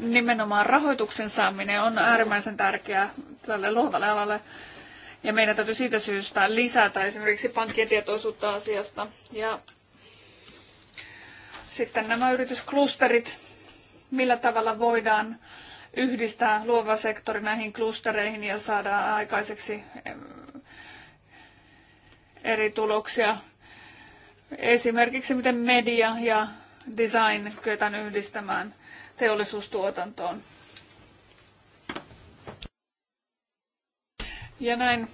Nimenomaan rahoituksen saaminen on äärimmäisen tärkeää tälle luovalle alalle. Ja meidän täytyy siitä syystä lisätä esimerkiksi pankkien tietoisuutta asiasta. Ja sitten nämä yritysklusterit, millä tavalla voidaan yhdistää luova sektori näihin klustereihin ja saada aikaiseksi eri tuloksia. Esimerkiksi miten media ja design kyetään yhdistämään teollisuustuotantoon. Ja näin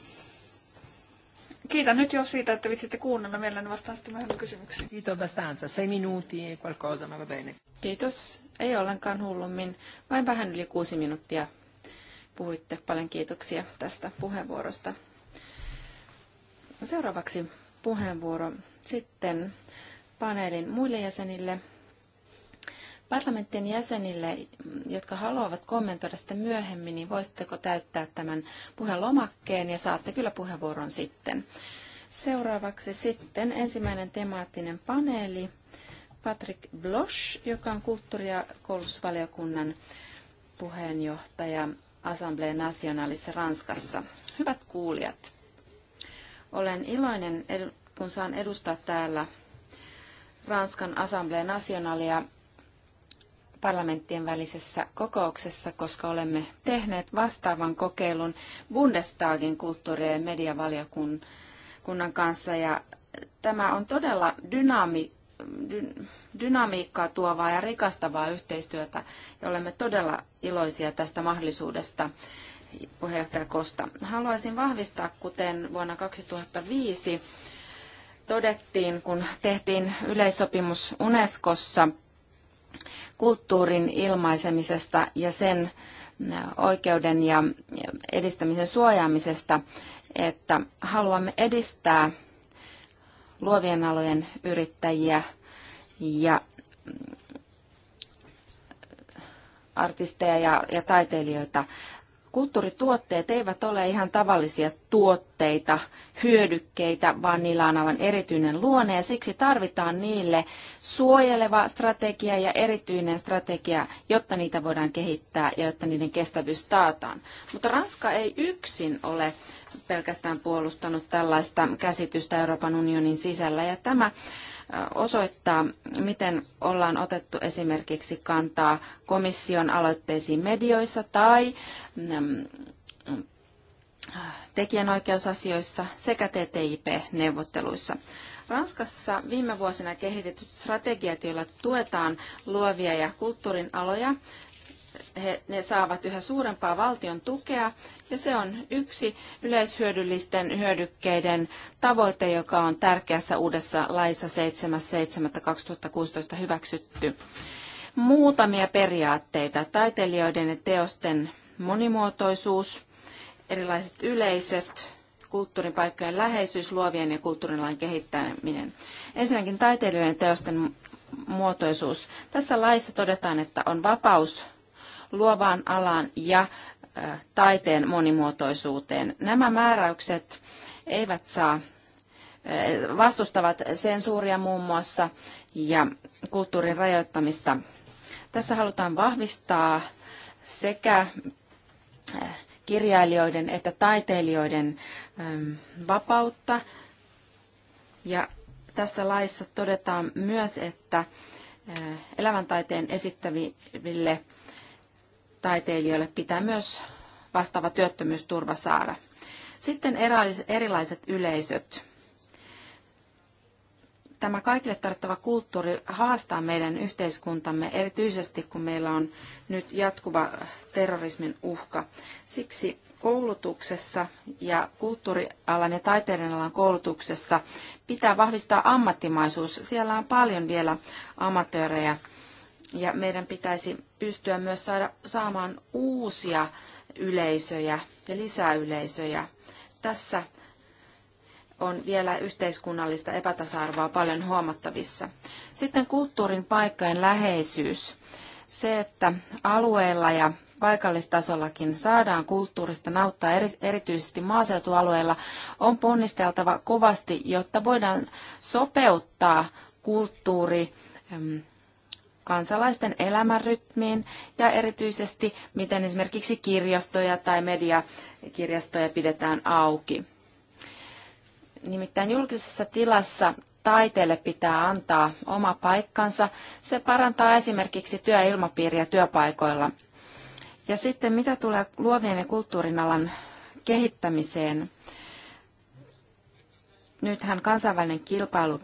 Kiitän nyt jo siitä, että vitsitte kuunnella. Mielelläni vastaan sitten myöhemmin kysymyksiin. Kiitos abbastanza. Sei minuutti e qualcosa, ma va bene. Kiitos. Ei ollenkaan hullummin. Vain vähän yli kuusi minuuttia puhuitte. Paljon kiitoksia tästä puheenvuorosta. Seuraavaksi puheenvuoro sitten paneelin muille jäsenille. Parlamentin jäsenille, jotka haluavat kommentoida sitä myöhemmin, niin voisitteko täyttää tämän puheen ja saatte kyllä puheenvuoron sitten. Seuraavaksi sitten ensimmäinen temaattinen paneeli. Patrick Blosch, joka on kulttuuri- ja koulutusvaliokunnan puheenjohtaja Assemblée Nationalissa Ranskassa. Hyvät kuulijat, olen iloinen, kun saan edustaa täällä Ranskan Assemblée Nationalia parlamenttien välisessä kokouksessa, koska olemme tehneet vastaavan kokeilun Bundestagin kulttuuri- ja mediavaliokunnan kanssa. Ja tämä on todella dynaami, dy, dynamiikkaa tuovaa ja rikastavaa yhteistyötä, ja olemme todella iloisia tästä mahdollisuudesta puheenjohtaja Kosta. Haluaisin vahvistaa, kuten vuonna 2005 todettiin, kun tehtiin yleissopimus Unescossa kulttuurin ilmaisemisesta ja sen oikeuden ja edistämisen suojaamisesta, että haluamme edistää luovien alojen yrittäjiä ja artisteja ja, ja taiteilijoita Kulttuurituotteet eivät ole ihan tavallisia tuotteita, hyödykkeitä, vaan niillä on aivan erityinen luonne ja siksi tarvitaan niille suojeleva strategia ja erityinen strategia, jotta niitä voidaan kehittää ja jotta niiden kestävyys taataan. Mutta Ranska ei yksin ole pelkästään puolustanut tällaista käsitystä Euroopan unionin sisällä ja tämä osoittaa, miten ollaan otettu esimerkiksi kantaa komission aloitteisiin medioissa tai mm, tekijänoikeusasioissa sekä TTIP-neuvotteluissa. Ranskassa viime vuosina kehitetyt strategiat, joilla tuetaan luovia ja kulttuurin aloja, he, ne saavat yhä suurempaa valtion tukea, ja se on yksi yleishyödyllisten hyödykkeiden tavoite, joka on tärkeässä uudessa laissa 7.7.2016 hyväksytty. Muutamia periaatteita. Taiteilijoiden ja teosten monimuotoisuus, erilaiset yleisöt, kulttuurin paikkojen läheisyys, luovien ja kulttuurilain kehittäminen. Ensinnäkin taiteilijoiden teosten muotoisuus. Tässä laissa todetaan, että on vapaus luovaan alaan ja taiteen monimuotoisuuteen. Nämä määräykset eivät saa vastustavat sensuuria muun muassa ja kulttuurin rajoittamista. Tässä halutaan vahvistaa sekä kirjailijoiden että taiteilijoiden vapautta. Ja tässä laissa todetaan myös, että elämäntaiteen esittäville taiteilijoille pitää myös vastaava työttömyysturva saada. Sitten erilaiset yleisöt. Tämä kaikille tarttava kulttuuri haastaa meidän yhteiskuntamme erityisesti, kun meillä on nyt jatkuva terrorismin uhka. Siksi koulutuksessa ja kulttuurialan ja taiteiden alan koulutuksessa pitää vahvistaa ammattimaisuus. Siellä on paljon vielä amatöörejä ja meidän pitäisi pystyä myös saada, saamaan uusia yleisöjä ja lisäyleisöjä. Tässä on vielä yhteiskunnallista epätasa-arvoa paljon huomattavissa. Sitten kulttuurin paikkojen läheisyys. Se, että alueella ja paikallistasollakin saadaan kulttuurista nauttaa erityisesti maaseutualueella, on ponnisteltava kovasti, jotta voidaan sopeuttaa kulttuuri kansalaisten elämänrytmiin ja erityisesti miten esimerkiksi kirjastoja tai mediakirjastoja pidetään auki. Nimittäin julkisessa tilassa taiteelle pitää antaa oma paikkansa. Se parantaa esimerkiksi työilmapiiriä työpaikoilla. Ja sitten mitä tulee luovien ja kulttuurin alan kehittämiseen? Nythän kansainvälinen kilpailu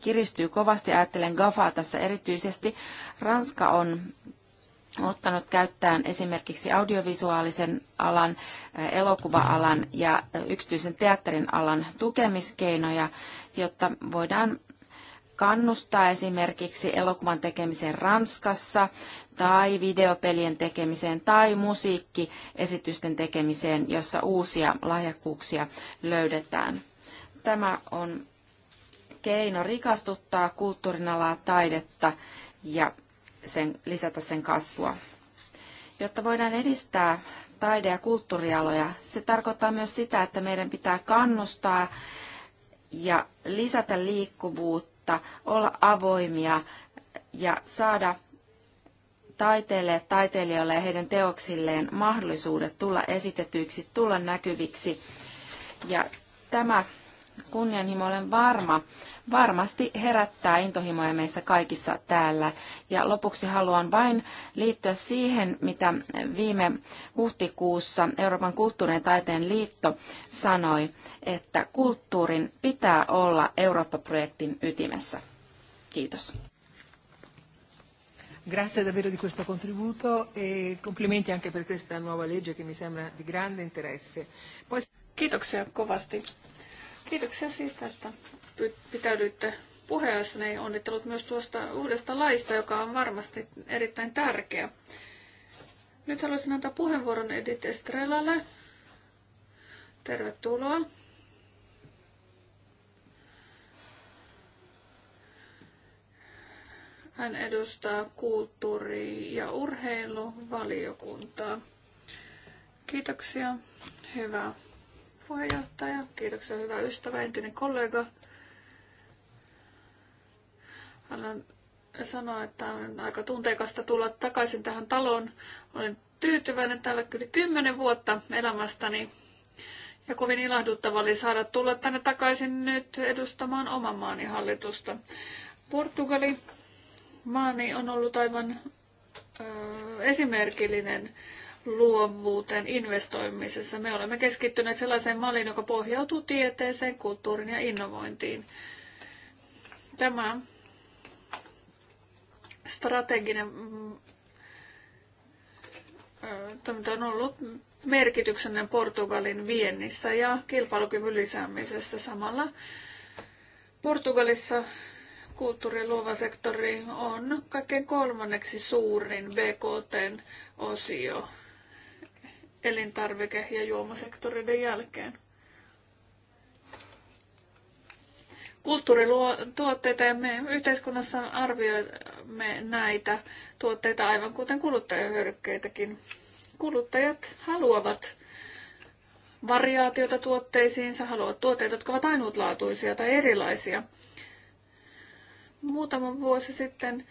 kiristyy kovasti. Ajattelen GAFAa tässä erityisesti. Ranska on ottanut käyttöön esimerkiksi audiovisuaalisen alan, elokuva-alan ja yksityisen teatterin alan tukemiskeinoja, jotta voidaan kannustaa esimerkiksi elokuvan tekemiseen Ranskassa tai videopelien tekemiseen tai musiikkiesitysten tekemiseen, jossa uusia lahjakkuuksia löydetään. Tämä on keino rikastuttaa kulttuurin alaa, taidetta ja sen, lisätä sen kasvua. Jotta voidaan edistää taide- ja kulttuurialoja, se tarkoittaa myös sitä, että meidän pitää kannustaa ja lisätä liikkuvuutta, olla avoimia ja saada taiteille, taiteilijoille ja heidän teoksilleen mahdollisuudet tulla esitetyiksi, tulla näkyviksi. Ja tämä kunnianhimo, olen varma, varmasti herättää intohimoja meissä kaikissa täällä. Ja lopuksi haluan vain liittyä siihen, mitä viime huhtikuussa Euroopan kulttuurin ja taiteen liitto sanoi, että kulttuurin pitää olla Eurooppa-projektin ytimessä. Kiitos. Grazie davvero di questo contributo e complimenti anche per questa nuova legge che mi sembra di grande interesse. Poi... Kiitoksia kovasti Kiitoksia siitä, että pitäydyitte puheessa. Ne onnittelut myös tuosta uudesta laista, joka on varmasti erittäin tärkeä. Nyt haluaisin antaa puheenvuoron Edith Estrelalle. Tervetuloa. Hän edustaa kulttuuri- ja urheiluvaliokuntaa. Kiitoksia. Hyvää puheenjohtaja. Kiitoksia, hyvä ystävä, entinen kollega. Haluan sanoa, että on aika tunteikasta tulla takaisin tähän taloon. Olen tyytyväinen täällä kyllä kymmenen vuotta elämästäni. Ja kovin ilahduttava oli saada tulla tänne takaisin nyt edustamaan oman maani hallitusta. Portugali maani on ollut aivan ö, esimerkillinen luovuuteen investoimisessa. Me olemme keskittyneet sellaiseen malliin, joka pohjautuu tieteeseen, kulttuuriin ja innovointiin. Tämä strateginen mm, toiminta on ollut merkityksellinen Portugalin viennissä ja kilpailukyvyn lisäämisessä samalla. Portugalissa ja luova sektori on kaikkein kolmanneksi suurin BKT-osio elintarvike- ja juomasektoreiden jälkeen. Kulttuurituotteita ja me yhteiskunnassa arvioimme näitä tuotteita aivan kuten kuluttajahyödykkeitäkin. Kuluttajat haluavat variaatiota tuotteisiinsa, haluavat tuotteita, jotka ovat ainutlaatuisia tai erilaisia. Muutama vuosi sitten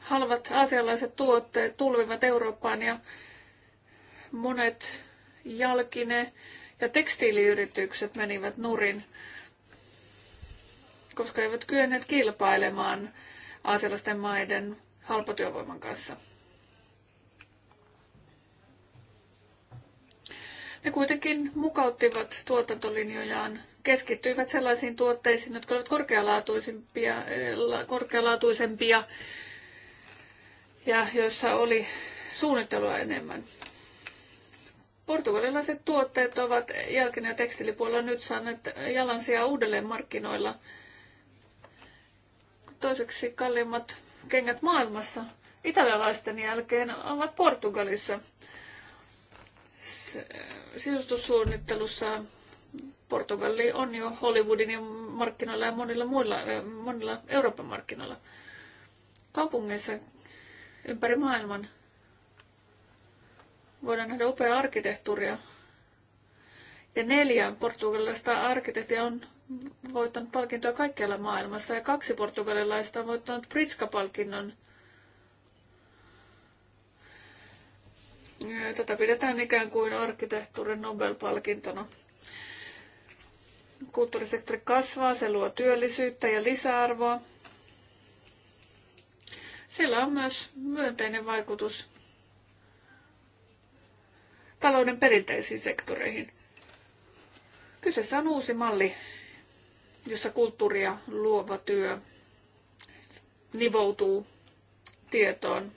halvat asialaiset tuotteet tulvivat Eurooppaan ja Monet jalkine- ja tekstiiliyritykset menivät nurin, koska eivät kyenneet kilpailemaan aasialaisten maiden halpatyövoiman kanssa. Ne kuitenkin mukauttivat tuotantolinjojaan, keskittyivät sellaisiin tuotteisiin, jotka olivat korkealaatuisempia, korkealaatuisempia ja joissa oli suunnittelua enemmän. Portugalilaiset tuotteet ovat jälkeen ja tekstilipuolella nyt saaneet jalansia uudelleen markkinoilla. Toiseksi kalliimmat kengät maailmassa italialaisten jälkeen ovat Portugalissa. Sisustussuunnittelussa Portugali on jo Hollywoodin ja markkinoilla ja monilla, muilla, eh, monilla Euroopan markkinoilla. Kaupungeissa ympäri maailman voidaan nähdä upea arkkitehtuuria. Ja neljä portugalilaista arkkitehtia on voittanut palkintoa kaikkialla maailmassa ja kaksi portugalilaista on voittanut Pritzka-palkinnon. Tätä pidetään ikään kuin arkkitehtuurin Nobel-palkintona. Kulttuurisektori kasvaa, se luo työllisyyttä ja lisäarvoa. Sillä on myös myönteinen vaikutus talouden perinteisiin sektoreihin. Kyseessä on uusi malli, jossa kulttuuria luova työ nivoutuu tietoon.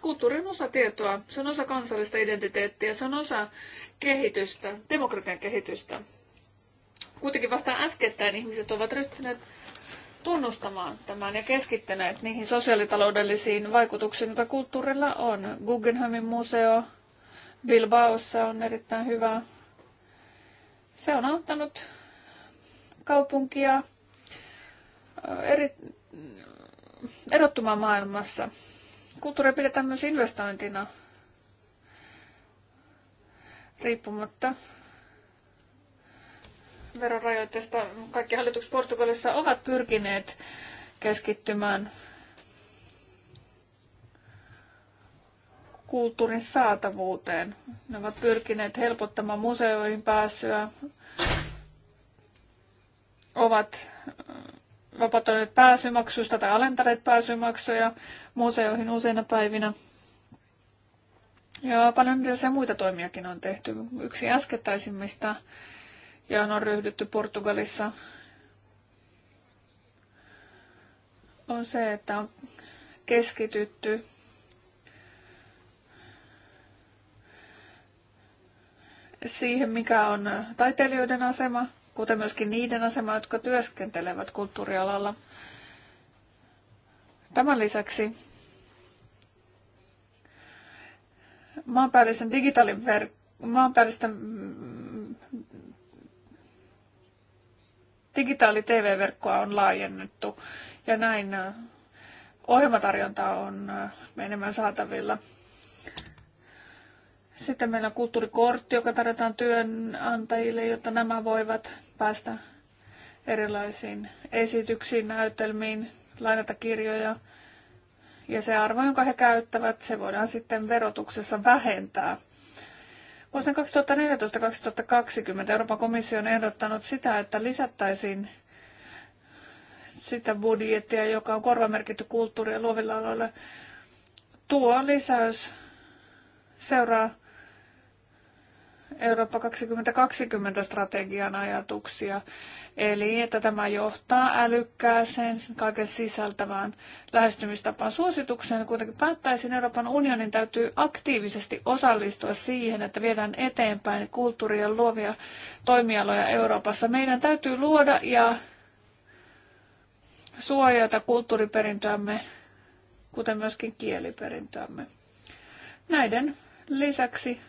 Kulttuuri on osa tietoa, se on osa kansallista identiteettiä, se on osa kehitystä, demokratian kehitystä. Kuitenkin vasta äskettäin ihmiset ovat ryhtyneet tunnustamaan tämän ja keskittyneet niihin sosiaalitaloudellisiin vaikutuksiin, joita kulttuurilla on. Guggenheimin museo, Bilbaossa on erittäin hyvä. Se on auttanut kaupunkia eri, erottumaan maailmassa. Kulttuuria pidetään myös investointina riippumatta verorajoitteista. Kaikki hallitukset Portugalissa ovat pyrkineet keskittymään kulttuurin saatavuuteen. Ne ovat pyrkineet helpottamaan museoihin pääsyä, ovat äh, vapautuneet pääsymaksuista tai alentaneet pääsymaksuja museoihin useina päivinä. Ja paljon erilaisia muita toimiakin on tehty. Yksi äskettäisimmistä, johon on ryhdytty Portugalissa, on se, että on keskitytty siihen, mikä on taiteilijoiden asema, kuten myöskin niiden asema, jotka työskentelevät kulttuurialalla. Tämän lisäksi maanpäällisen digitaalin ver- maanpäällisten digitaali-tv-verkkoa on laajennettu ja näin ohjelmatarjonta on enemmän saatavilla. Sitten meillä on kulttuurikortti, joka tarjotaan työnantajille, jotta nämä voivat päästä erilaisiin esityksiin, näytelmiin, lainata kirjoja. Ja se arvo, jonka he käyttävät, se voidaan sitten verotuksessa vähentää. Vuosien 2014-2020 Euroopan komissio on ehdottanut sitä, että lisättäisiin sitä budjettia, joka on korvamerkitty kulttuuri- ja luovilla aloilla. Tuo lisäys seuraa Eurooppa 2020 strategian ajatuksia. Eli että tämä johtaa älykkääseen kaiken sisältävään lähestymistapaan suositukseen. Kuitenkin päättäisin, Euroopan unionin täytyy aktiivisesti osallistua siihen, että viedään eteenpäin kulttuuria luovia toimialoja Euroopassa. Meidän täytyy luoda ja suojata kulttuuriperintöämme, kuten myöskin kieliperintöämme. Näiden lisäksi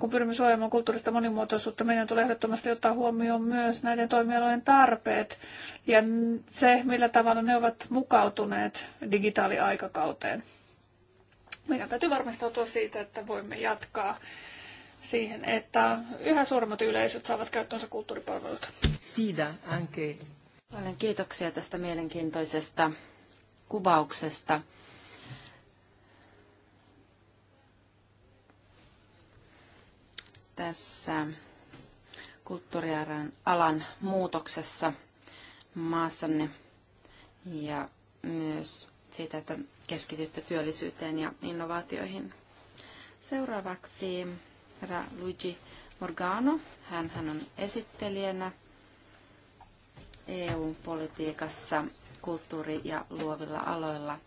kun pyrimme suojaamaan kulttuurista monimuotoisuutta, meidän tulee ehdottomasti ottaa huomioon myös näiden toimialojen tarpeet ja se, millä tavalla ne ovat mukautuneet digitaaliaikakauteen. Meidän täytyy varmistautua siitä, että voimme jatkaa siihen, että yhä suuremmat yleisöt saavat käyttöönsä kulttuuripalveluita. Sfida, anche. Paljon kiitoksia tästä mielenkiintoisesta kuvauksesta tässä kulttuurialan muutoksessa maassanne ja myös siitä, että keskitytte työllisyyteen ja innovaatioihin. Seuraavaksi herra Luigi Morgano. Hän, hän on esittelijänä EU-politiikassa kulttuuri- ja luovilla aloilla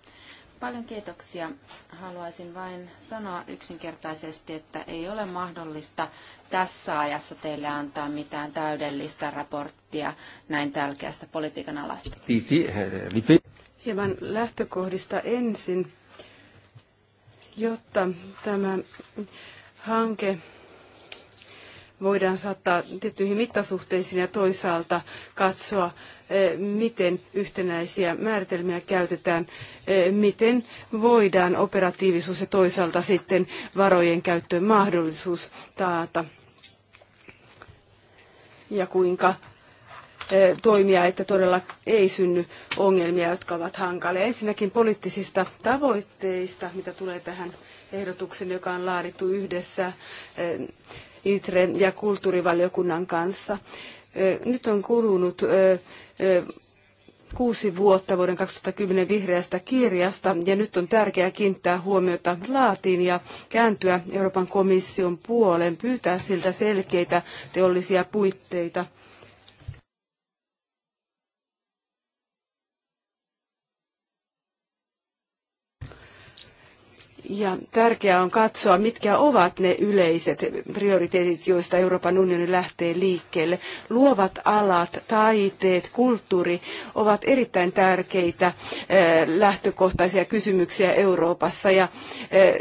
Paljon kiitoksia. Haluaisin vain sanoa yksinkertaisesti, että ei ole mahdollista tässä ajassa teille antaa mitään täydellistä raporttia näin tärkeästä politiikan alasta. Eh, Hieman lähtökohdista ensin, jotta tämä hanke voidaan saattaa tiettyihin mittasuhteisiin ja toisaalta katsoa, eh, miten yhtenäisiä määritelmiä käytetään, eh, miten voidaan operatiivisuus ja toisaalta sitten varojen käyttöön mahdollisuus taata ja kuinka eh, toimia, että todella ei synny ongelmia, jotka ovat hankalia. Ensinnäkin poliittisista tavoitteista, mitä tulee tähän ehdotukseen, joka on laadittu yhdessä ITREn ja kulttuurivaliokunnan kanssa. Nyt on kulunut kuusi vuotta vuoden 2010 vihreästä kirjasta ja nyt on tärkeää kiinnittää huomiota laatiin ja kääntyä Euroopan komission puoleen, pyytää siltä selkeitä teollisia puitteita – Ja tärkeää on katsoa, mitkä ovat ne yleiset prioriteetit, joista Euroopan unioni lähtee liikkeelle. Luovat alat, taiteet, kulttuuri ovat erittäin tärkeitä eh, lähtökohtaisia kysymyksiä Euroopassa. Ja eh,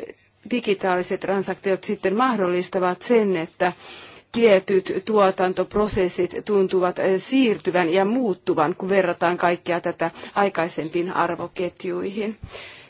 digitaaliset transaktiot sitten mahdollistavat sen, että tietyt tuotantoprosessit tuntuvat eh, siirtyvän ja muuttuvan, kun verrataan kaikkea tätä aikaisempiin arvoketjuihin.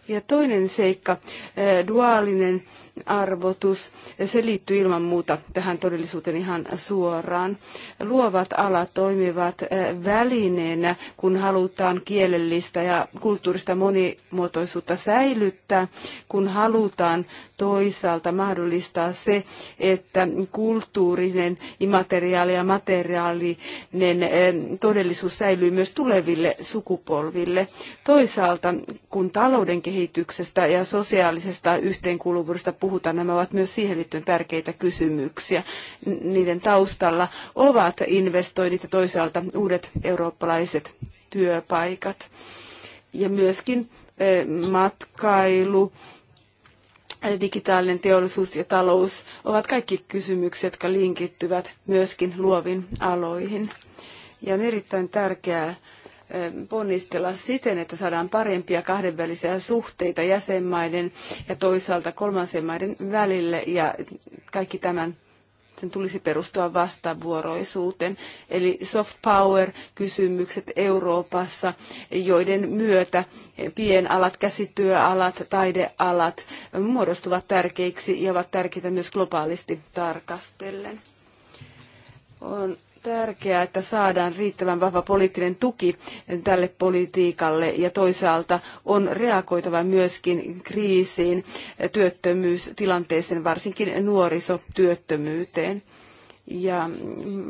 Ja toinen seikka, eh, duaalinen arvotus. Se liittyy ilman muuta tähän todellisuuteen ihan suoraan. Luovat alat toimivat eh, välineenä, kun halutaan kielellistä ja kulttuurista monimuotoisuutta säilyttää, kun halutaan toisaalta mahdollistaa se, että kulttuurinen, immateriaali ja materiaalinen eh, todellisuus säilyy myös tuleville sukupolville. Toisaalta, kun talouden kehityksestä ja sosiaalisesta yhteenkuuluvuudesta puhutaan. Nämä ovat myös siihen liittyen tärkeitä kysymyksiä. Niiden taustalla ovat investoinnit ja toisaalta uudet eurooppalaiset työpaikat. Ja myöskin eh, matkailu, eh, digitaalinen teollisuus ja talous ovat kaikki kysymyksiä, jotka linkittyvät myöskin luovin aloihin. Ja on erittäin tärkeää, ponnistella siten, että saadaan parempia kahdenvälisiä suhteita jäsenmaiden ja toisaalta kolmansien maiden välille ja kaikki tämän sen tulisi perustua vastavuoroisuuteen. Eli soft power-kysymykset Euroopassa, joiden myötä pienalat, käsityöalat, taidealat muodostuvat tärkeiksi ja ovat tärkeitä myös globaalisti tarkastellen. On tärkeää, että saadaan riittävän vahva poliittinen tuki tälle politiikalle ja toisaalta on reagoitava myöskin kriisiin, työttömyystilanteeseen, varsinkin nuorisotyöttömyyteen ja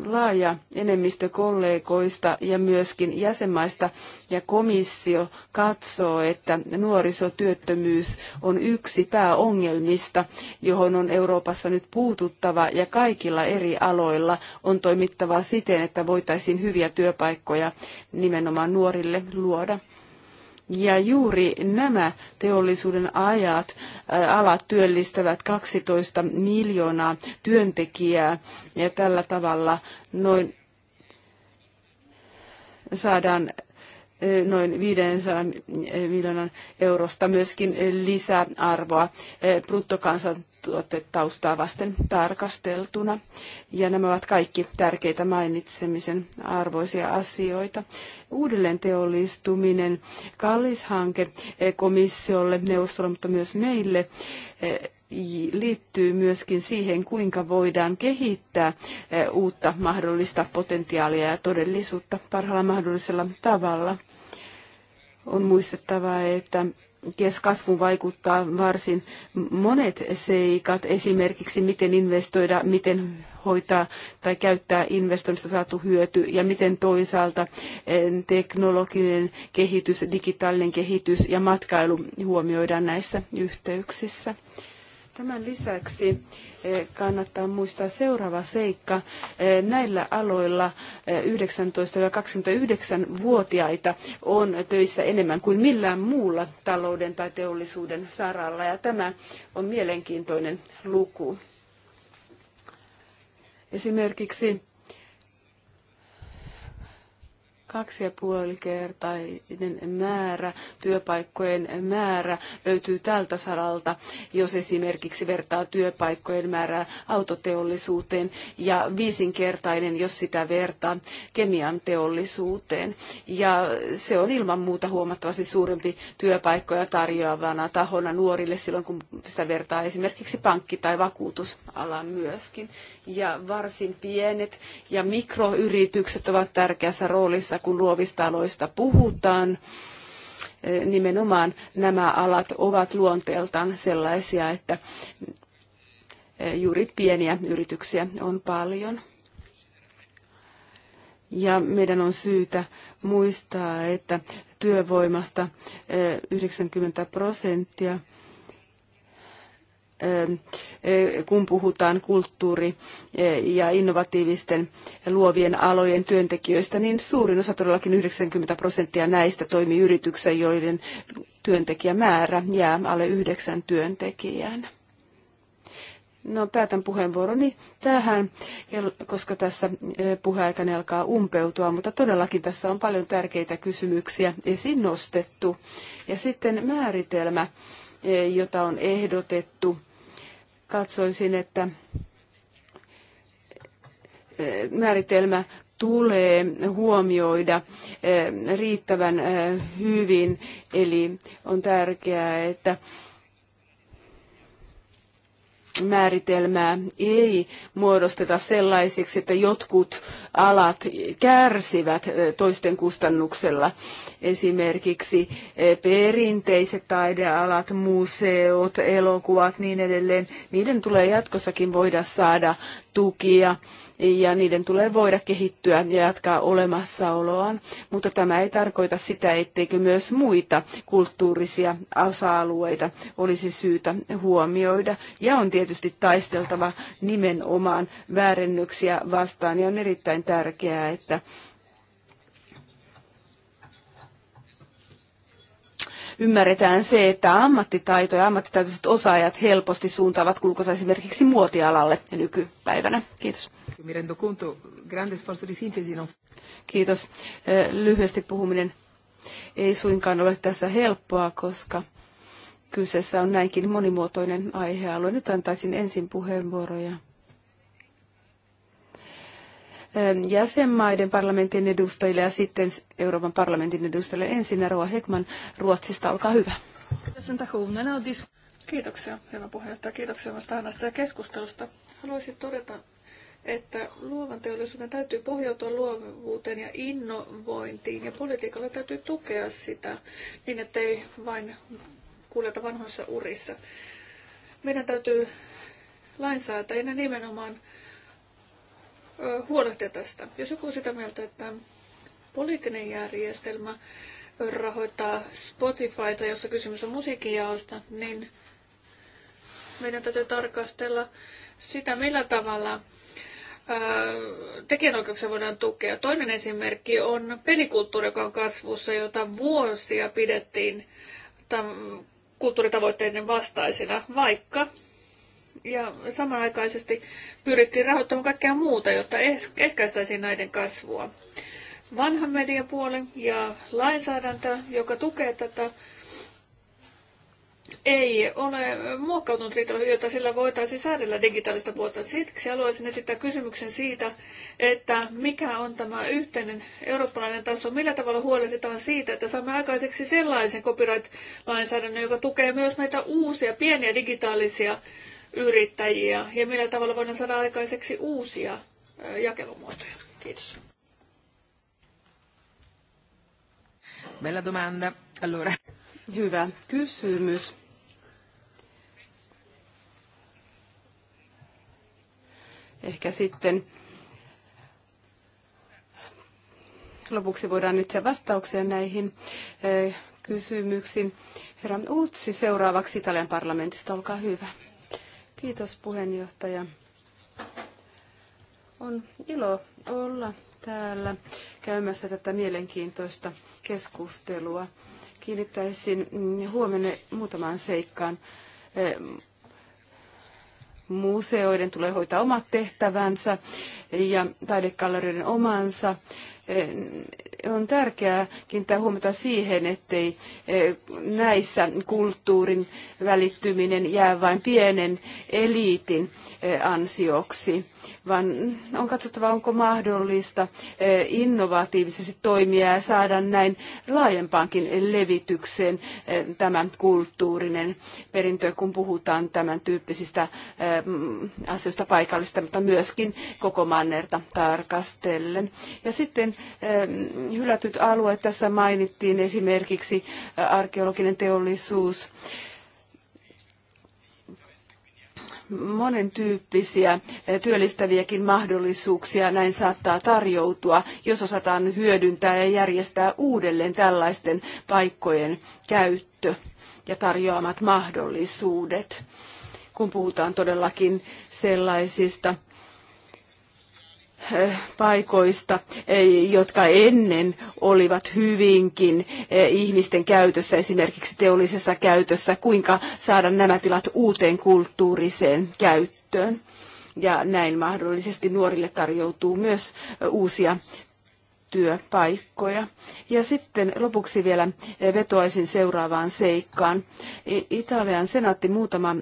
laaja enemmistö kollegoista ja myöskin jäsenmaista ja komissio katsoo, että nuorisotyöttömyys on yksi pääongelmista, johon on Euroopassa nyt puututtava ja kaikilla eri aloilla on toimittava siten, että voitaisiin hyviä työpaikkoja nimenomaan nuorille luoda. Ja juuri nämä teollisuuden ajat, alat työllistävät 12 miljoonaa työntekijää ja tällä tavalla noin saadaan noin 500 miljoonan eurosta myöskin lisäarvoa bruttokansantuotteeseen tuotetaustaa vasten tarkasteltuna. Ja nämä ovat kaikki tärkeitä mainitsemisen arvoisia asioita. Uudelleen teollistuminen, kallis hanke eh, komissiolle, neuvostolle, mutta myös meille eh, liittyy myöskin siihen, kuinka voidaan kehittää eh, uutta mahdollista potentiaalia ja todellisuutta parhaalla mahdollisella tavalla. On muistettava, että kasvu vaikuttaa varsin monet seikat, esimerkiksi miten investoida, miten hoitaa tai käyttää investoinnista saatu hyöty ja miten toisaalta eh, teknologinen kehitys, digitaalinen kehitys ja matkailu huomioidaan näissä yhteyksissä. Tämän lisäksi eh, kannattaa muistaa seuraava seikka. Eh, näillä aloilla 19-29-vuotiaita eh, on töissä enemmän kuin millään muulla talouden tai teollisuuden saralla, ja tämä on mielenkiintoinen luku. Esimerkiksi kaksi ja puoli kertainen määrä, työpaikkojen määrä löytyy tältä saralta, jos esimerkiksi vertaa työpaikkojen määrää autoteollisuuteen ja viisinkertainen, jos sitä vertaa kemian teollisuuteen. Ja se on ilman muuta huomattavasti suurempi työpaikkoja tarjoavana tahona nuorille silloin, kun sitä vertaa esimerkiksi pankki- tai vakuutusalan myöskin. Ja varsin pienet ja mikroyritykset ovat tärkeässä roolissa kun luovista aloista puhutaan, nimenomaan nämä alat ovat luonteeltaan sellaisia, että juuri pieniä yrityksiä on paljon. Ja meidän on syytä muistaa, että työvoimasta 90 eh, prosenttia kun puhutaan kulttuuri- ja innovatiivisten luovien alojen työntekijöistä, niin suurin osa todellakin 90 prosenttia näistä toimii yrityksissä, joiden työntekijämäärä jää alle yhdeksän työntekijään. No, päätän puheenvuoroni tähän, koska tässä puheaikani alkaa umpeutua, mutta todellakin tässä on paljon tärkeitä kysymyksiä esiin nostettu. Ja sitten määritelmä, jota on ehdotettu katsoisin, että eh, määritelmä tulee huomioida eh, riittävän eh, hyvin, eli on tärkeää, että määritelmää ei muodosteta sellaisiksi, että jotkut alat kärsivät toisten kustannuksella. Esimerkiksi perinteiset taidealat, museot, elokuvat, niin edelleen, niiden tulee jatkossakin voida saada tukia ja niiden tulee voida kehittyä ja jatkaa olemassaoloaan. Mutta tämä ei tarkoita sitä, etteikö myös muita kulttuurisia osa-alueita olisi syytä huomioida. Ja on tietysti taisteltava nimenomaan väärennyksiä vastaan ja on erittäin tärkeää, että ymmärretään se, että ammattitaito ja ammattitaitoiset osaajat helposti suuntaavat kulkunsa esimerkiksi muotialalle nykypäivänä. Kiitos mi rendo conto, grande sforzo di sintesi non... Kiitos. Eh, lyhyesti puhuminen ei suinkaan ole tässä helppoa, koska kyseessä on näinkin monimuotoinen aihealue. Nyt antaisin ensin puheenvuoroja jäsenmaiden parlamentin edustajille ja sitten Euroopan parlamentin edustajille. Ensin Roa Hekman Ruotsista, olkaa hyvä. Kiitoksia, hyvä puheenjohtaja. Kiitoksia myös tähän asti keskustelusta. Haluaisin todeta että luovan teollisuuden täytyy pohjautua luovuuteen ja innovointiin ja politiikalla täytyy tukea sitä niin, ettei vain kuljeta vanhoissa urissa. Meidän täytyy lainsäätäjinä nimenomaan huolehtia tästä. Jos joku sitä mieltä, että poliittinen järjestelmä rahoittaa Spotifyta, jossa kysymys on musiikinjaosta, niin meidän täytyy tarkastella sitä, millä tavalla tekijänoikeuksia voidaan tukea. Toinen esimerkki on pelikulttuuri, joka on kasvussa, jota vuosia pidettiin kulttuuritavoitteiden vastaisina, vaikka ja samanaikaisesti pyrittiin rahoittamaan kaikkea muuta, jotta ehkäistäisiin näiden kasvua. Vanhan mediapuoli ja lainsäädäntö, joka tukee tätä ei ole muokkautunut riittävän hyvin, jotta sillä voitaisiin säädellä digitaalista puolta. Siksi haluaisin esittää kysymyksen siitä, että mikä on tämä yhteinen eurooppalainen taso, millä tavalla huolehditaan siitä, että saamme aikaiseksi sellaisen copyright-lainsäädännön, joka tukee myös näitä uusia pieniä digitaalisia yrittäjiä ja millä tavalla voidaan saada aikaiseksi uusia jakelumuotoja. Kiitos. Bella domanda. Allora. Hyvä kysymys. ehkä sitten lopuksi voidaan nyt se vastauksia näihin eh, kysymyksiin. Herra Uutsi seuraavaksi Italian parlamentista, olkaa hyvä. Kiitos puheenjohtaja. On ilo olla täällä käymässä tätä mielenkiintoista keskustelua. Kiinnittäisin huomenna muutamaan seikkaan. Eh, museoiden tulee hoitaa omat tehtävänsä ja taidekallereiden omansa. Eh, on tärkeää kiinnittää huomiota siihen, ettei eh, näissä kulttuurin välittyminen jää vain pienen eliitin eh, ansioksi vaan on katsottava, onko mahdollista eh, innovatiivisesti toimia ja saada näin laajempaankin levitykseen eh, tämä kulttuurinen perintö, kun puhutaan tämän tyyppisistä eh, mm, asioista paikallista, mutta myöskin koko mannerta tarkastellen. Ja sitten hylätyt alueet tässä mainittiin esimerkiksi arkeologinen teollisuus, monen tyyppisiä työllistäviäkin mahdollisuuksia näin saattaa tarjoutua, jos osataan hyödyntää ja järjestää uudelleen tällaisten paikkojen käyttö ja tarjoamat mahdollisuudet, kun puhutaan todellakin sellaisista Eh, paikoista, eh, jotka ennen olivat hyvinkin eh, ihmisten käytössä, esimerkiksi teollisessa käytössä, kuinka saada nämä tilat uuteen kulttuuriseen käyttöön. Ja näin mahdollisesti nuorille tarjoutuu myös uusia työpaikkoja. Ja sitten lopuksi vielä vetoaisin seuraavaan seikkaan. Italian senaatti muutama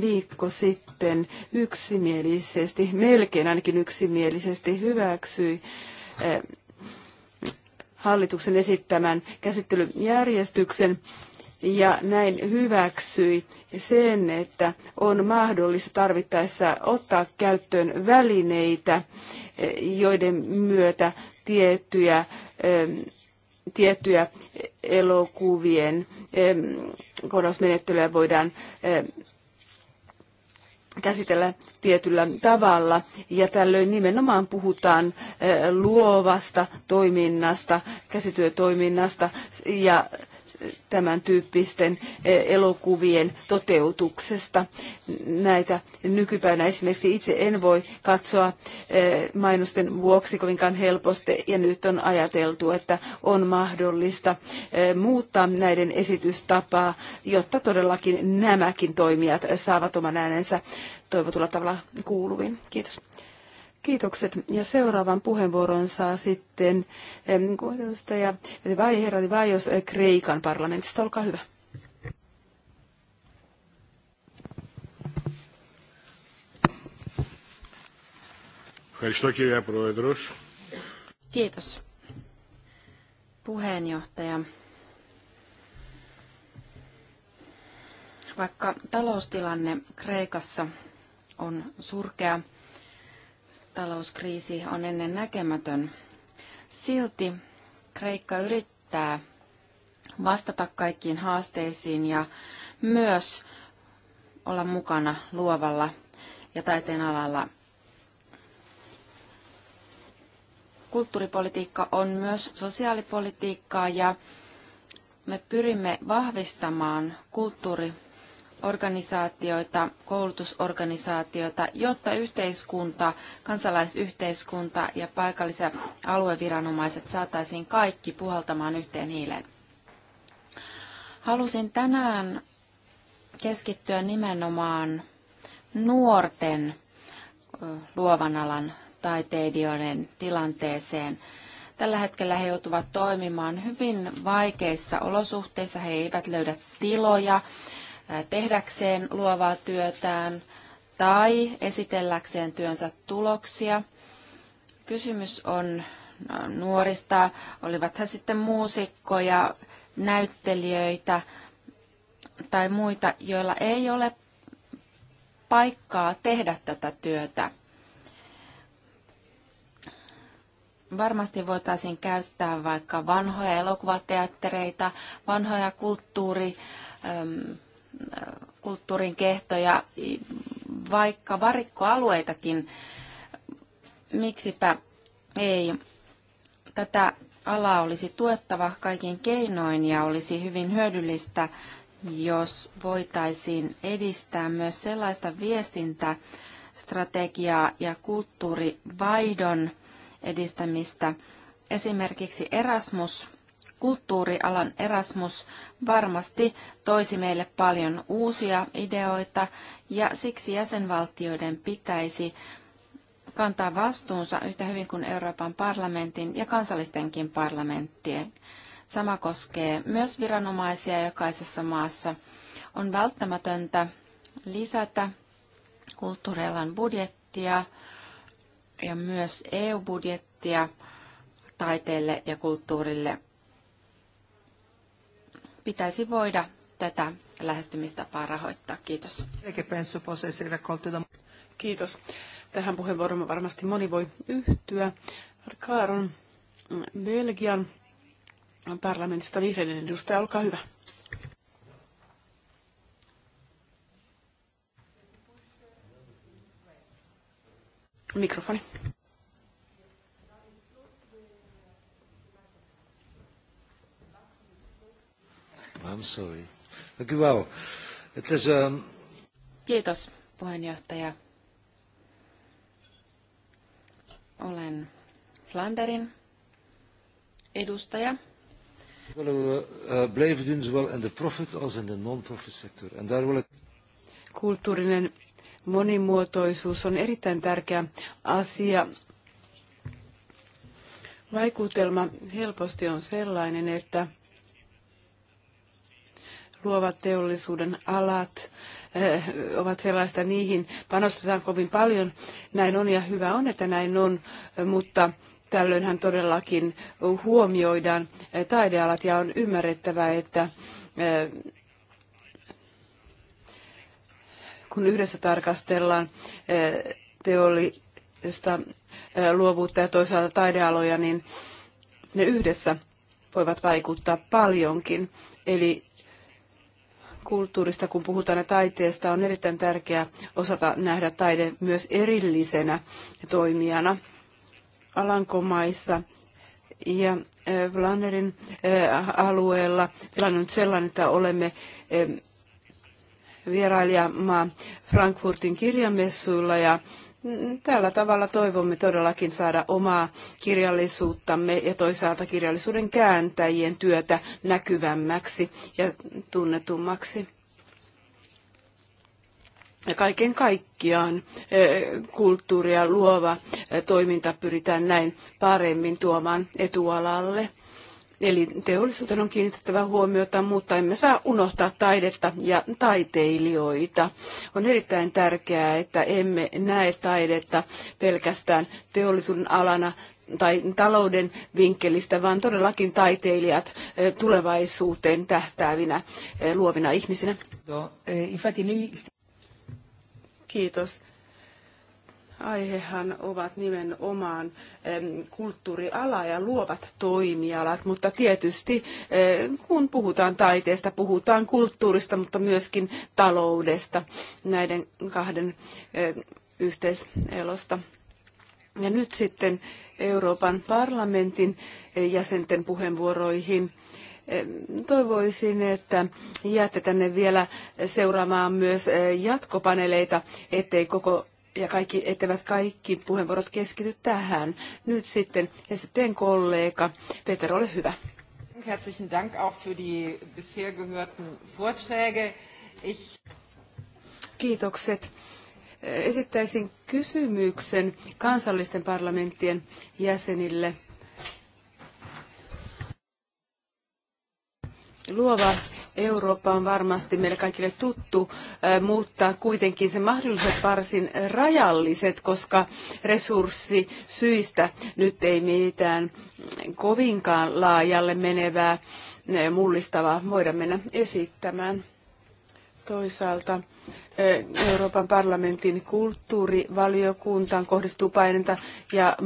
viikko sitten sitten yksimielisesti, melkein ainakin yksimielisesti hyväksyi eh, hallituksen esittämän käsittelyjärjestyksen ja näin hyväksyi sen, että on mahdollista tarvittaessa ottaa käyttöön välineitä, eh, joiden myötä tiettyjä, eh, tiettyjä elokuvien korvausmenettelyä voidaan käsitellä tietyllä tavalla. Ja tällöin nimenomaan puhutaan eh, luovasta toiminnasta, käsityötoiminnasta ja tämän tyyppisten e, elokuvien toteutuksesta. Näitä nykypäivänä esimerkiksi itse en voi katsoa e, mainosten vuoksi kovinkaan helposti, ja nyt on ajateltu, että on mahdollista e, muuttaa näiden esitystapaa, jotta todellakin nämäkin toimijat saavat oman äänensä toivotulla tavalla kuuluviin. Kiitos. Kiitokset. Ja seuraavan puheenvuoron saa sitten edustaja vai herra Vaios eh, Kreikan parlamentista. Olkaa hyvä. Kiitos. Puheenjohtaja. Vaikka taloustilanne Kreikassa on surkea, talouskriisi on ennen näkemätön. Silti Kreikka yrittää vastata kaikkiin haasteisiin ja myös olla mukana luovalla ja taiteen alalla. Kulttuuripolitiikka on myös sosiaalipolitiikkaa ja me pyrimme vahvistamaan kulttuuri organisaatioita, koulutusorganisaatioita, jotta yhteiskunta, kansalaisyhteiskunta ja paikalliset alueviranomaiset saataisiin kaikki puhaltamaan yhteen hiileen. Halusin tänään keskittyä nimenomaan nuorten luovan alan taiteilijoiden tilanteeseen. Tällä hetkellä he joutuvat toimimaan hyvin vaikeissa olosuhteissa, he eivät löydä tiloja, tehdäkseen luovaa työtään tai esitelläkseen työnsä tuloksia. Kysymys on no, nuorista, olivat he sitten muusikkoja, näyttelijöitä tai muita, joilla ei ole paikkaa tehdä tätä työtä. Varmasti voitaisiin käyttää vaikka vanhoja elokuvateattereita, vanhoja kulttuuri, kulttuurin kehtoja, vaikka varikkoalueitakin. Miksipä ei? Tätä alaa olisi tuettava kaikin keinoin ja olisi hyvin hyödyllistä, jos voitaisiin edistää myös sellaista viestintästrategiaa ja kulttuurivaihdon edistämistä. Esimerkiksi Erasmus kulttuurialan Erasmus varmasti toisi meille paljon uusia ideoita ja siksi jäsenvaltioiden pitäisi kantaa vastuunsa yhtä hyvin kuin Euroopan parlamentin ja kansallistenkin parlamenttien. Sama koskee myös viranomaisia jokaisessa maassa. On välttämätöntä lisätä kulttuurialan budjettia ja myös EU-budjettia taiteelle ja kulttuurille pitäisi voida tätä lähestymistapaa rahoittaa. Kiitos. Kiitos. Tähän puheenvuoroon varmasti moni voi yhtyä. Kaaron mm, Belgian parlamentista vihreinen edustaja, olkaa hyvä. Mikrofoni. I'm sorry. Well, it is, um... Kiitos, puheenjohtaja. Olen Flanderin edustaja. Uh, uh, Kulttuurinen monimuotoisuus on erittäin tärkeä asia. Vaikutelma helposti on sellainen, että luovat teollisuuden alat eh, ovat sellaista, niihin panostetaan kovin paljon. Näin on ja hyvä on, että näin on, mutta tällöinhän todellakin huomioidaan eh, taidealat ja on ymmärrettävä, että eh, kun yhdessä tarkastellaan teollista luovuutta ja toisaalta taidealoja, niin ne yhdessä voivat vaikuttaa paljonkin. Eli kulttuurista, kun puhutaan ja taiteesta, on erittäin tärkeää osata nähdä taide myös erillisenä toimijana. Alankomaissa ja Vlannerin alueella tilanne on sellainen, että olemme vierailijamaa Frankfurtin kirjamessuilla ja Tällä tavalla toivomme todellakin saada omaa kirjallisuuttamme ja toisaalta kirjallisuuden kääntäjien työtä näkyvämmäksi ja tunnetummaksi. Ja kaiken kaikkiaan e, kulttuuria luova e, toiminta pyritään näin paremmin tuomaan etualalle. Eli teollisuuteen on kiinnitettävä huomiota, mutta emme saa unohtaa taidetta ja taiteilijoita. On erittäin tärkeää, että emme näe taidetta pelkästään teollisuuden alana tai talouden vinkkelistä, vaan todellakin taiteilijat tulevaisuuteen tähtäävinä luovina ihmisinä. E, Kiitos aihehan ovat nimenomaan kulttuuriala ja luovat toimialat, mutta tietysti kun puhutaan taiteesta, puhutaan kulttuurista, mutta myöskin taloudesta, näiden kahden yhteiselosta. Ja nyt sitten Euroopan parlamentin eh, jäsenten puheenvuoroihin toivoisin, että jäätte tänne vielä seuraamaan myös eh, jatkopaneleita, ettei koko ja kaikki, etteivät kaikki puheenvuorot keskity tähän. Nyt sitten ja sitten kollega. Peter, ole hyvä. Herzlichen Dank auch für die bisher gehörten Vorträge. Ich... Kiitokset. Esittäisin kysymyksen kansallisten parlamenttien jäsenille – Luova Eurooppa on varmasti meille kaikille tuttu, mutta kuitenkin sen mahdollisuudet varsin rajalliset, koska resurssisyistä nyt ei mitään kovinkaan laajalle menevää mullistavaa voida mennä esittämään. Toisaalta Euroopan parlamentin kulttuurivaliokuntaan kohdistuu painetta ja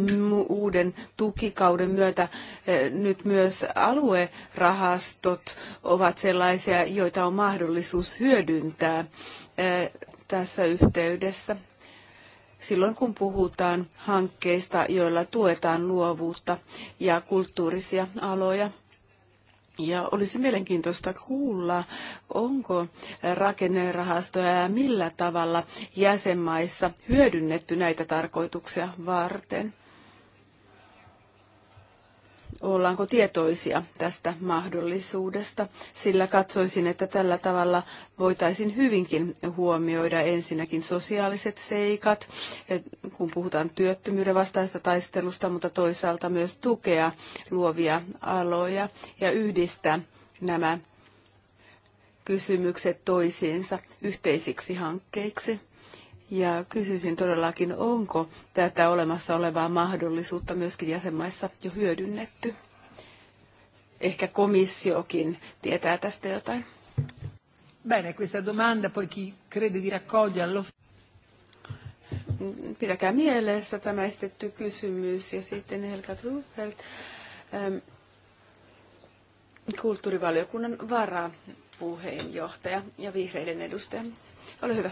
uuden tukikauden myötä eh, nyt myös aluerahastot ovat sellaisia, joita on mahdollisuus hyödyntää eh, tässä yhteydessä silloin kun puhutaan hankkeista, joilla tuetaan luovuutta ja kulttuurisia aloja. Ja olisi mielenkiintoista kuulla, onko rakennerahastoja ja millä tavalla jäsenmaissa hyödynnetty näitä tarkoituksia varten ollaanko tietoisia tästä mahdollisuudesta, sillä katsoisin, että tällä tavalla voitaisiin hyvinkin huomioida ensinnäkin sosiaaliset seikat, kun puhutaan työttömyyden vastaista taistelusta, mutta toisaalta myös tukea luovia aloja ja yhdistää nämä kysymykset toisiinsa yhteisiksi hankkeiksi. Ja kysyisin todellakin, onko tätä olemassa olevaa mahdollisuutta myöskin jäsenmaissa jo hyödynnetty? Ehkä komissiokin tietää tästä jotain. Bene, questa domanda poi chi crede di raccoglierlo. Mm, pitäkää mielessä tämä esitetty kysymys ja sitten Helga Truffelt, ähm, kulttuurivaliokunnan varapuheenjohtaja ja vihreiden edustaja. Ole hyvä.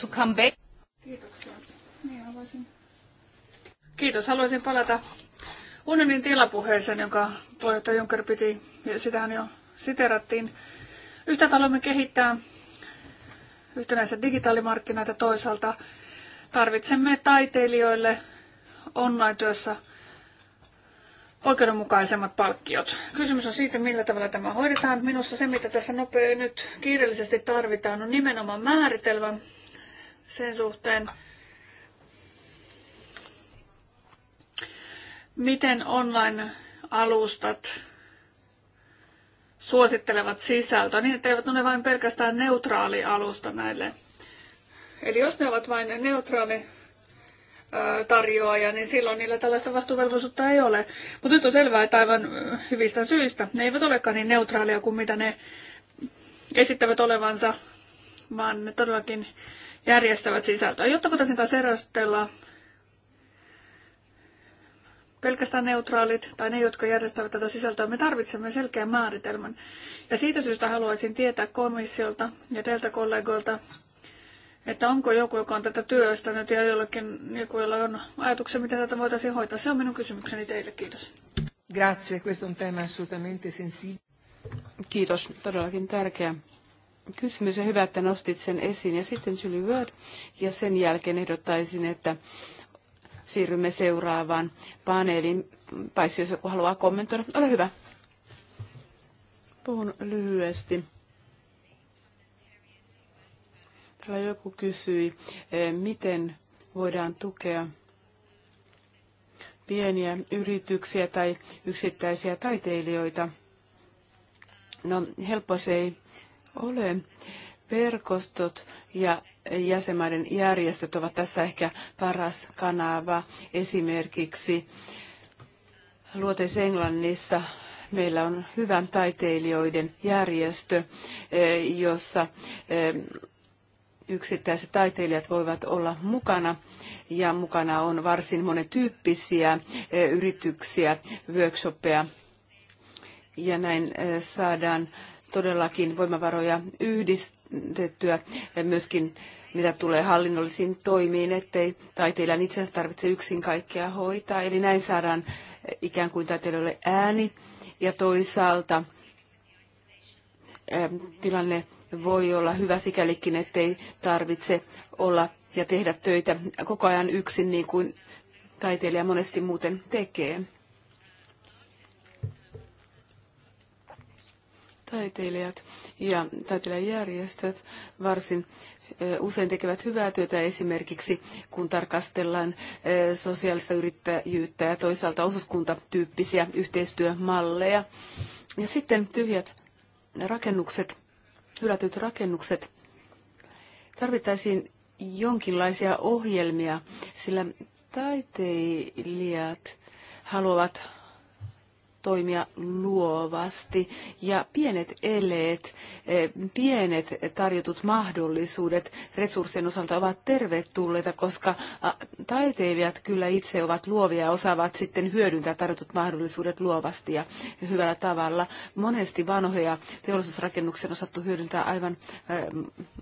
To come back. Kiitoksia. Niin haluaisin. Kiitos. Haluaisin palata unionin tilapuheeseen, jonka puheenjohtaja Juncker piti, ja sitähän jo siterattiin. Yhtä haluamme kehittää yhtenäistä digitaalimarkkinoita toisaalta. Tarvitsemme taiteilijoille online-työssä oikeudenmukaisemmat palkkiot. Kysymys on siitä, millä tavalla tämä hoidetaan. Minusta se, mitä tässä nopea nyt kiireellisesti tarvitaan, on nimenomaan määritelmä sen suhteen, miten online-alustat suosittelevat sisältöä, niin että eivät ole vain pelkästään neutraali alusta näille. Eli jos ne ovat vain neutraali tarjoaja, niin silloin niillä tällaista vastuuvelvollisuutta ei ole. Mutta nyt on selvää, että aivan hyvistä syistä ne eivät olekaan niin neutraalia kuin mitä ne esittävät olevansa, vaan ne todellakin järjestävät sisältöä. Jotta voitaisiin sitä erotella pelkästään neutraalit tai ne, jotka järjestävät tätä sisältöä, me tarvitsemme selkeän määritelmän. Ja siitä syystä haluaisin tietää komissiolta ja teiltä kollegoilta, että onko joku, joka on tätä nyt ja jollekin, joku, jolla on ajatuksia, miten tätä voitaisiin hoitaa. Se on minun kysymykseni teille. Kiitos. Grazie, questo on tema assolutamente sensibile. Kiitos, todellakin tärkeä kysymys ja hyvä, että nostit sen esiin. Ja sitten Julie Word ja sen jälkeen ehdottaisin, että siirrymme seuraavaan paneeliin, paitsi jos joku haluaa kommentoida. Ole hyvä. Puhun lyhyesti. Täällä joku kysyi, eh, miten voidaan tukea pieniä yrityksiä tai yksittäisiä taiteilijoita. No helppo se ei ole. Verkostot ja jäsenmaiden järjestöt ovat tässä ehkä paras kanava. Esimerkiksi Luoteis-Englannissa meillä on hyvän taiteilijoiden järjestö, eh, jossa eh, yksittäiset taiteilijat voivat olla mukana ja mukana on varsin monentyyppisiä eh, yrityksiä, workshoppeja ja näin saadaan todellakin voimavaroja yhdistettyä myöskin mitä tulee hallinnollisiin toimiin, ettei taiteilijan itse tarvitse yksin kaikkea hoitaa. Eli näin saadaan ikään kuin taiteilijoille ääni ja toisaalta ähm, tilanne voi olla hyvä sikälikin, ettei tarvitse olla ja tehdä töitä koko ajan yksin niin kuin taiteilija monesti muuten tekee. taiteilijat ja taiteilijajärjestöt varsin usein tekevät hyvää työtä esimerkiksi, kun tarkastellaan sosiaalista yrittäjyyttä ja toisaalta osuuskuntatyyppisiä yhteistyömalleja. Ja sitten tyhjät rakennukset, hylätyt rakennukset. Tarvittaisiin jonkinlaisia ohjelmia, sillä taiteilijat haluavat toimia luovasti ja pienet eleet, eh, pienet tarjotut mahdollisuudet resurssien osalta ovat tervetulleita, koska taiteilijat kyllä itse ovat luovia ja osaavat sitten hyödyntää tarjotut mahdollisuudet luovasti ja hyvällä tavalla. Monesti vanhoja teollisuusrakennuksia on osattu hyödyntää aivan eh,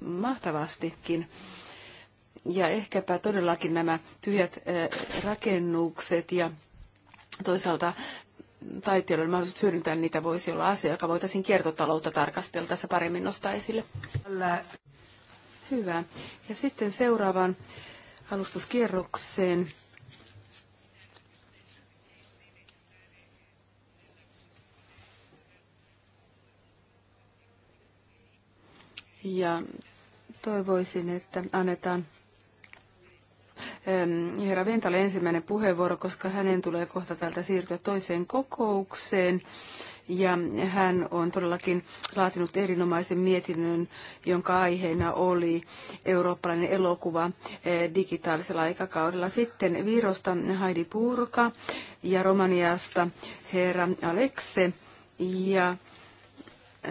mahtavastikin ja ehkäpä todellakin nämä tyhjät eh, rakennukset ja toisaalta taiteilijoiden mahdollisuus hyödyntää niin niitä voisi olla asia, joka voitaisiin kiertotaloutta tässä paremmin nostaa esille. Hyvä. Ja sitten seuraavaan alustuskierrokseen. Ja toivoisin, että annetaan herra Ventalle ensimmäinen puheenvuoro, koska hänen tulee kohta täältä siirtyä toiseen kokoukseen. Ja hän on todellakin laatinut erinomaisen mietinnön, jonka aiheena oli eurooppalainen elokuva eh, digitaalisella aikakaudella. Sitten Virosta Heidi Purka ja Romaniasta herra Alekse ja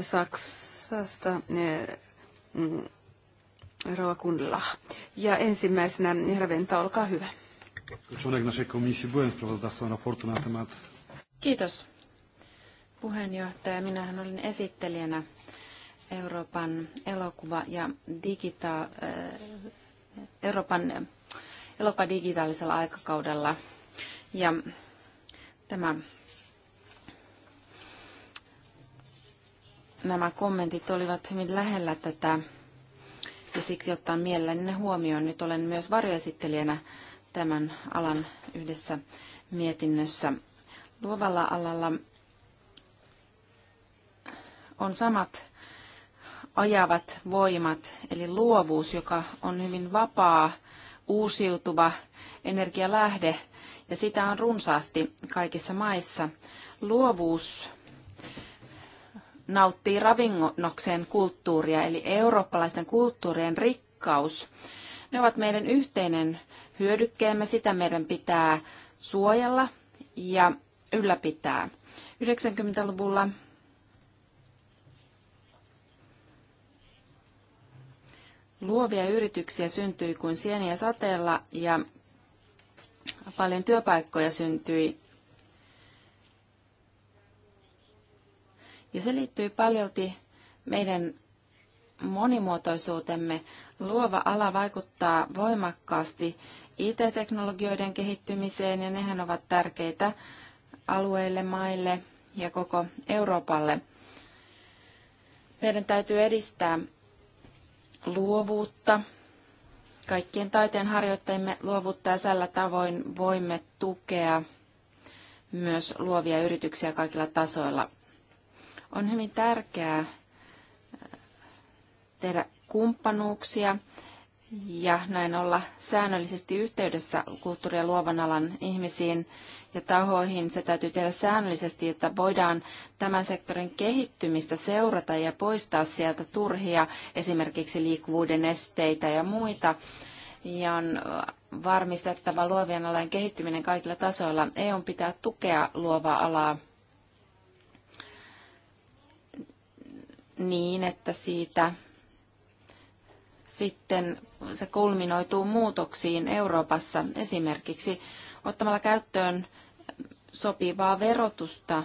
Saksasta eh, mm, Rova Kundla. Ja ensimmäisenä herra Venta, olkaa hyvä. Kiitos puheenjohtaja. Minähän olin esittelijänä Euroopan elokuva- ja digita- eh, Euroopan elokuva digitaalisella aikakaudella. Ja tämä, nämä kommentit olivat hyvin lähellä tätä ja siksi ottaa mielelläni ne huomioon. Nyt olen myös varjoesittelijänä tämän alan yhdessä mietinnössä. Luovalla alalla on samat ajavat voimat, eli luovuus, joka on hyvin vapaa, uusiutuva energialähde, ja sitä on runsaasti kaikissa maissa. Luovuus nauttii ravinnokseen kulttuuria, eli eurooppalaisten kulttuurien rikkaus. Ne ovat meidän yhteinen hyödykkeemme, sitä meidän pitää suojella ja ylläpitää. 90-luvulla luovia yrityksiä syntyi kuin sieniä sateella ja paljon työpaikkoja syntyi Ja se liittyy paljolti meidän monimuotoisuutemme. Luova ala vaikuttaa voimakkaasti IT-teknologioiden kehittymiseen ja nehän ovat tärkeitä alueille, maille ja koko Euroopalle. Meidän täytyy edistää luovuutta, kaikkien taiteen harjoittajien luovuutta ja tällä tavoin voimme tukea myös luovia yrityksiä kaikilla tasoilla. On hyvin tärkeää äh, tehdä kumppanuuksia ja näin olla säännöllisesti yhteydessä kulttuuri- ja luovan alan ihmisiin ja tahoihin. Se täytyy tehdä säännöllisesti, jotta voidaan tämän sektorin kehittymistä seurata ja poistaa sieltä turhia esimerkiksi liikkuvuuden esteitä ja muita. Ja on äh, varmistettava luovien alojen kehittyminen kaikilla tasoilla. EU pitää tukea luovaa alaa niin, että siitä sitten se kulminoituu muutoksiin Euroopassa esimerkiksi ottamalla käyttöön sopivaa verotusta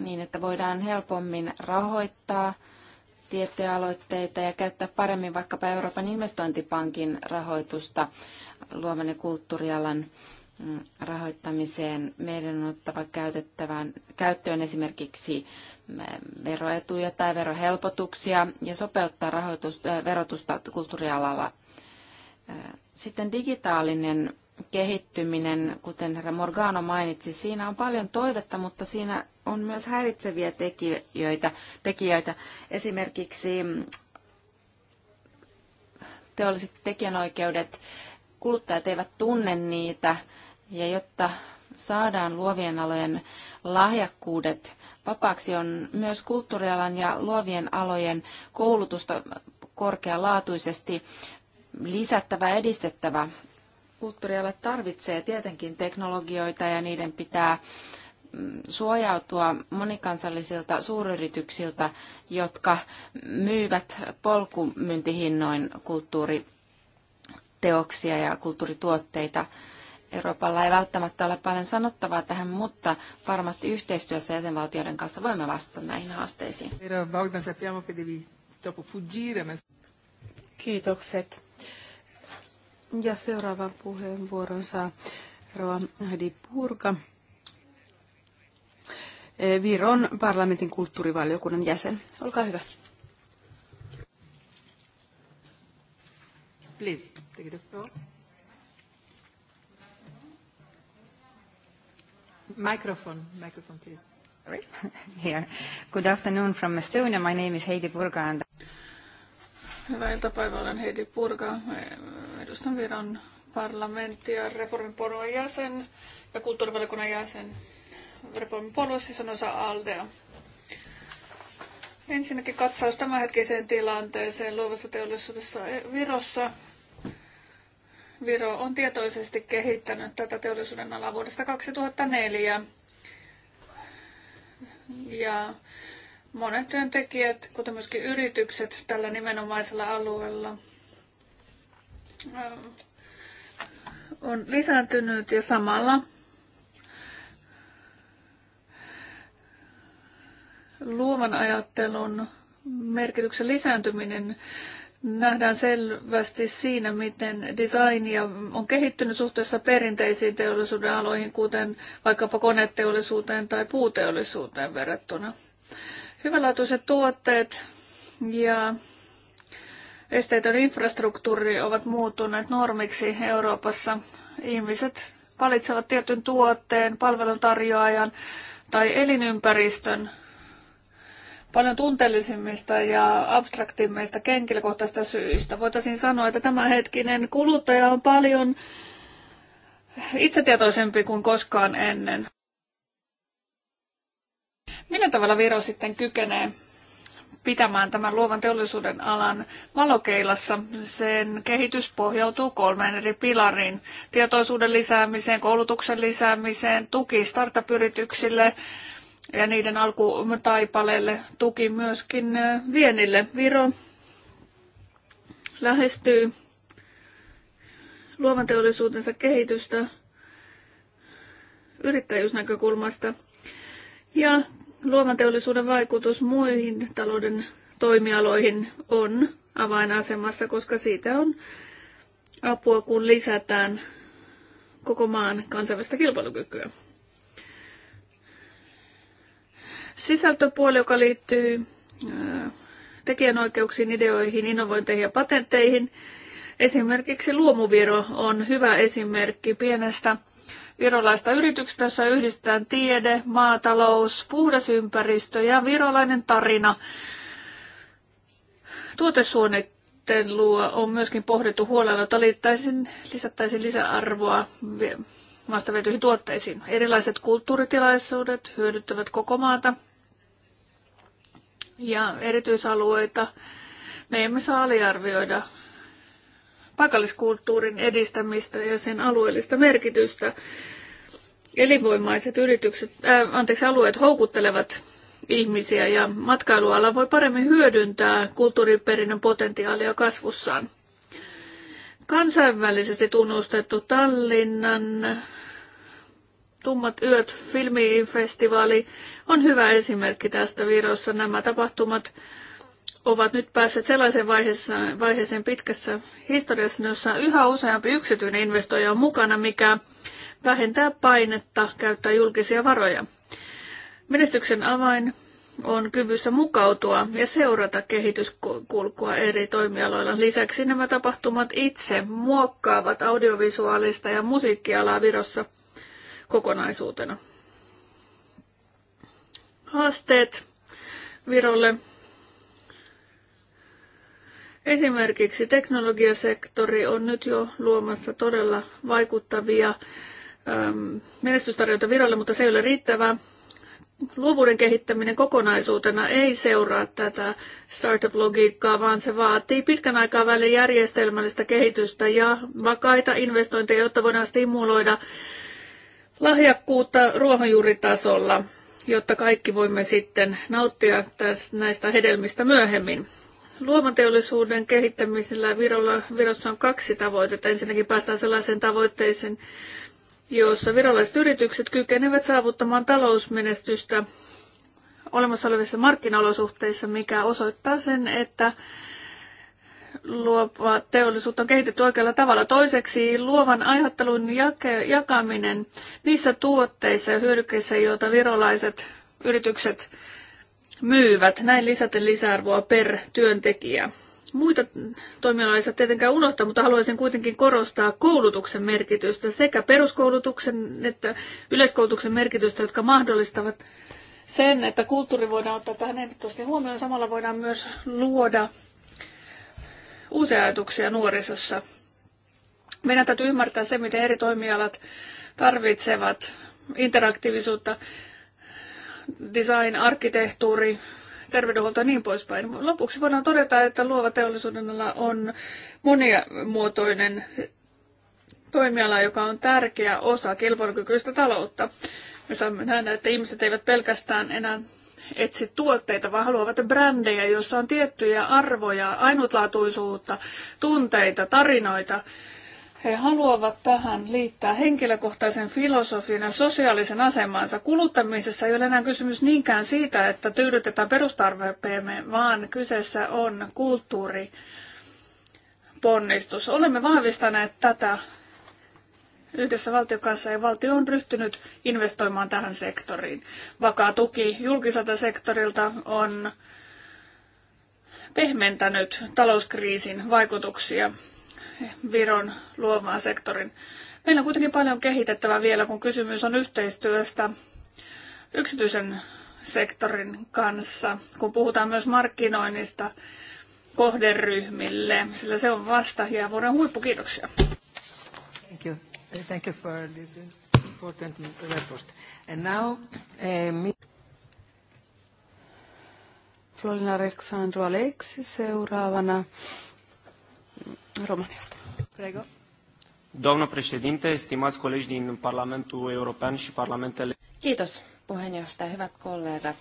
niin, että voidaan helpommin rahoittaa tiettyjä aloitteita ja käyttää paremmin vaikkapa Euroopan investointipankin rahoitusta luovan ja kulttuurialan rahoittamiseen. Meidän on ottava käytettävän, käyttöön esimerkiksi veroetuja tai verohelpotuksia ja sopeuttaa rahoitus, verotusta kulttuurialalla. Sitten digitaalinen kehittyminen, kuten herra Morgano mainitsi, siinä on paljon toivetta, mutta siinä on myös häiritseviä tekijöitä. tekijöitä. Esimerkiksi teolliset tekijänoikeudet kuluttajat eivät tunne niitä, ja jotta saadaan luovien alojen lahjakkuudet vapaaksi, on myös kulttuurialan ja luovien alojen koulutusta korkealaatuisesti lisättävä, edistettävä. Kulttuuriala tarvitsee tietenkin teknologioita ja niiden pitää mm, suojautua monikansallisilta suuryrityksiltä, jotka myyvät polkumyyntihinnoin kulttuuri teoksia ja kulttuurituotteita. Euroopalla ei välttämättä ole paljon sanottavaa tähän, mutta varmasti yhteistyössä jäsenvaltioiden kanssa voimme vastata näihin haasteisiin. Kiitokset. Ja seuraavan puheenvuoron saa Roa Heidi Purka, eh, Viron parlamentin kulttuurivaliokunnan jäsen. Olkaa hyvä. Please, take the floor. Microphone, microphone, please. [laughs] here. Good afternoon from Estonia. My name is Heidi Burga and... Hyvää iltapäivää, olen Heidi Purga, edustan Viron parlamenttia, reformipuolueen jäsen ja kulttuurivaliokunnan jäsen. Reformipuolue siis on osa ALDEa. Ensinnäkin katsaus tämänhetkiseen tilanteeseen luovassa teollisuudessa Virossa. Viro on tietoisesti kehittänyt tätä teollisuuden alaa vuodesta 2004. Ja monet työntekijät, kuten myöskin yritykset tällä nimenomaisella alueella, on lisääntynyt ja samalla luovan ajattelun merkityksen lisääntyminen nähdään selvästi siinä, miten designia on kehittynyt suhteessa perinteisiin teollisuuden aloihin, kuten vaikkapa koneteollisuuteen tai puuteollisuuteen verrattuna. Hyvälaatuiset tuotteet ja esteetön infrastruktuuri ovat muuttuneet normiksi Euroopassa. Ihmiset valitsevat tietyn tuotteen, palveluntarjoajan tai elinympäristön paljon tunteellisimmista ja abstraktimmista henkilökohtaisista syistä. Voitaisiin sanoa, että tämä hetkinen kuluttaja on paljon itsetietoisempi kuin koskaan ennen. Millä tavalla Viro sitten kykenee pitämään tämän luovan teollisuuden alan valokeilassa. Sen kehitys pohjautuu kolmeen eri pilariin. Tietoisuuden lisäämiseen, koulutuksen lisäämiseen, tuki startup-yrityksille, ja niiden alkutaipaleelle tuki myöskin vienille. Viro lähestyy luovan teollisuutensa kehitystä yrittäjyysnäkökulmasta ja luovan teollisuuden vaikutus muihin talouden toimialoihin on avainasemassa, koska siitä on apua, kun lisätään koko maan kansainvälistä kilpailukykyä. sisältöpuoli, joka liittyy äh, tekijänoikeuksiin, ideoihin, innovointeihin ja patentteihin. Esimerkiksi Luomuviro on hyvä esimerkki pienestä virolaista yrityksestä, jossa yhdistetään tiede, maatalous, puhdas ympäristö ja virolainen tarina. Tuotesuunnittelua on myöskin pohdittu huolella, että lisättäisiin lisäarvoa maasta vietyihin tuotteisiin. Erilaiset kulttuuritilaisuudet hyödyttävät koko maata ja erityisalueita. Me emme saa aliarvioida paikalliskulttuurin edistämistä ja sen alueellista merkitystä. Elinvoimaiset yritykset, äh, anteeksi, alueet houkuttelevat ihmisiä ja matkailuala voi paremmin hyödyntää kulttuuriperinnön potentiaalia kasvussaan kansainvälisesti tunnustettu Tallinnan Tummat yöt filmifestivaali on hyvä esimerkki tästä Virossa. Nämä tapahtumat ovat nyt päässeet sellaiseen vaiheeseen, vaiheeseen pitkässä historiassa, jossa yhä useampi yksityinen investoija on mukana, mikä vähentää painetta käyttää julkisia varoja. Menestyksen avain on kyvyssä mukautua ja seurata kehityskulkua eri toimialoilla. Lisäksi nämä tapahtumat itse muokkaavat audiovisuaalista ja musiikkialaa Virossa kokonaisuutena. Haasteet Virolle. Esimerkiksi teknologiasektori on nyt jo luomassa todella vaikuttavia menestystarjoita Virolle, mutta se ei ole riittävää luovuuden kehittäminen kokonaisuutena ei seuraa tätä startup-logiikkaa, vaan se vaatii pitkän aikavälin järjestelmällistä kehitystä ja vakaita investointeja, jotta voidaan stimuloida lahjakkuutta ruohonjuuritasolla, jotta kaikki voimme sitten nauttia tästä, näistä hedelmistä myöhemmin. Luovan teollisuuden kehittämisellä Virolla, Virossa on kaksi tavoitetta. Ensinnäkin päästään sellaiseen tavoitteeseen, jossa viralliset yritykset kykenevät saavuttamaan talousmenestystä olemassa olevissa markkinaolosuhteissa, mikä osoittaa sen, että luova teollisuutta on kehitetty oikealla tavalla. Toiseksi luovan aiheuttelun jakaminen niissä tuotteissa ja hyödykkeissä, joita virolaiset yritykset myyvät. Näin lisäten lisäarvoa per työntekijä muita toimialaisia tietenkään unohtaa, mutta haluaisin kuitenkin korostaa koulutuksen merkitystä, sekä peruskoulutuksen että yleiskoulutuksen merkitystä, jotka mahdollistavat sen, että kulttuuri voidaan ottaa tähän ehdottomasti huomioon. Samalla voidaan myös luoda uusia ajatuksia nuorisossa. Meidän täytyy ymmärtää se, miten eri toimialat tarvitsevat interaktiivisuutta, design, arkkitehtuuri, terveydenhuolto ja niin poispäin. Lopuksi voidaan todeta, että luova teollisuuden ala on monimuotoinen toimiala, joka on tärkeä osa kilpailukykyistä taloutta. Me saamme nähdä, että ihmiset eivät pelkästään enää etsi tuotteita, vaan haluavat brändejä, joissa on tiettyjä arvoja, ainutlaatuisuutta, tunteita, tarinoita he haluavat tähän liittää henkilökohtaisen filosofian, ja sosiaalisen asemansa. Kuluttamisessa ei ole enää kysymys niinkään siitä, että tyydytetään perustarpeemme, vaan kyseessä on kulttuuri ponnistus. Olemme vahvistaneet tätä yhdessä valtion kanssa ja valtio on ryhtynyt investoimaan tähän sektoriin. Vakaa tuki julkiselta sektorilta on pehmentänyt talouskriisin vaikutuksia Viron luomaan sektorin. Meillä on kuitenkin paljon kehitettävää vielä, kun kysymys on yhteistyöstä yksityisen sektorin kanssa, kun puhutaan myös markkinoinnista kohderyhmille, sillä se on vasta jäävuoren huippu. Kiitoksia. Thank you. Thank you for this important report. And now, uh, eh, me... Florina seuraavana Româniasta. Prego. Doamnă președinte, stimați colegi din Parlamentul European și Parlamentele... Kiitos puheenjohtaja, hyvät kollegat.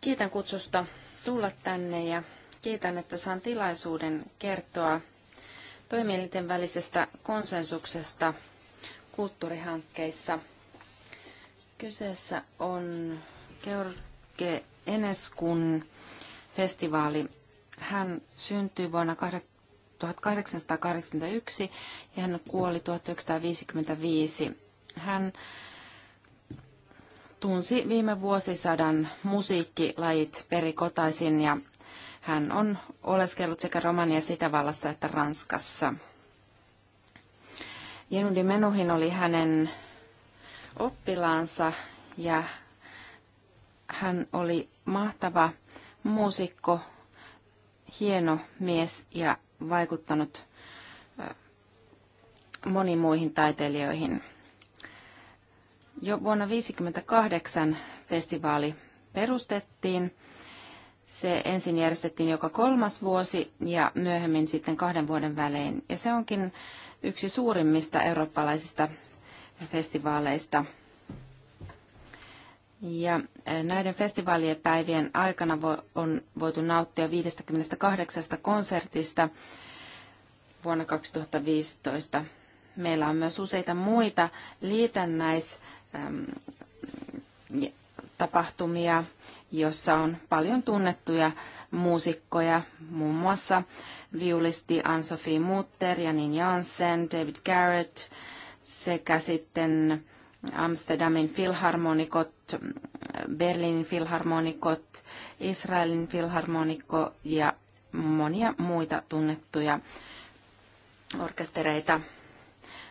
Kiitän kutsusta tulla tänne ja kiitän, että saan tilaisuuden kertoa toimielinten välisestä konsensuksesta kulttuurihankkeissa. Kyseessä on Georg Eneskun festivaali. Hän syntyi vuonna 1881 ja hän kuoli 1955. Hän tunsi viime vuosisadan musiikkilajit perikotaisin ja hän on oleskellut sekä sitä vallassa että Ranskassa. Jenudi Menuhin oli hänen oppilaansa ja hän oli mahtava muusikko, hieno mies ja vaikuttanut moniin muihin taiteilijoihin. Jo vuonna 1958 festivaali perustettiin. Se ensin järjestettiin joka kolmas vuosi ja myöhemmin sitten kahden vuoden välein. Ja se onkin yksi suurimmista eurooppalaisista festivaaleista – ja eh, näiden festivaalien päivien aikana on voitu nauttia 58 konsertista vuonna 2015. Meillä on myös useita muita liitännäistapahtumia, joissa on paljon tunnettuja muusikkoja, muun muassa viulisti Ann-Sophie Mutter, Janin Jansen, David Garrett sekä sitten Amsterdamin filharmonikot, Berliinin filharmonikot, Israelin filharmonikko ja monia muita tunnettuja orkestereita.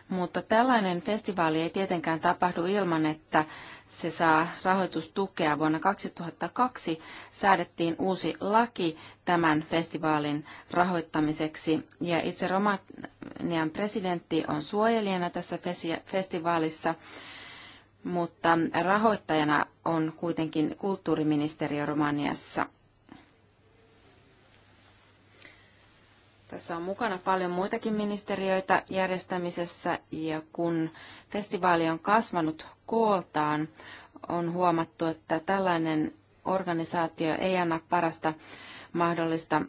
Mutta tällainen festivaali ei tietenkään tapahdu ilman, että se saa rahoitustukea. Vuonna 2002 säädettiin uusi laki tämän festivaalin rahoittamiseksi. Ja itse Romanian presidentti on suojelijana tässä festivaalissa mutta rahoittajana on kuitenkin kulttuuriministeriö Romaniassa. Tässä on mukana paljon muitakin ministeriöitä järjestämisessä ja kun festivaali on kasvanut kooltaan, on huomattu, että tällainen organisaatio ei anna parasta mahdollista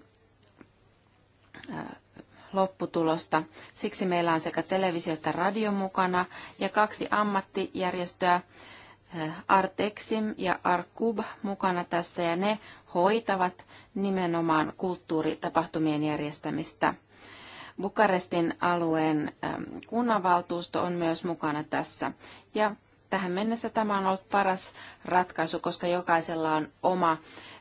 lopputulosta. Siksi meillä on sekä televisio että radio mukana ja kaksi ammattijärjestöä, eh, Artexim ja Arkub mukana tässä ja ne hoitavat nimenomaan kulttuuritapahtumien järjestämistä. Bukarestin alueen eh, kunnanvaltuusto on myös mukana tässä. Ja tähän mennessä tämä on ollut paras ratkaisu, koska jokaisella on oma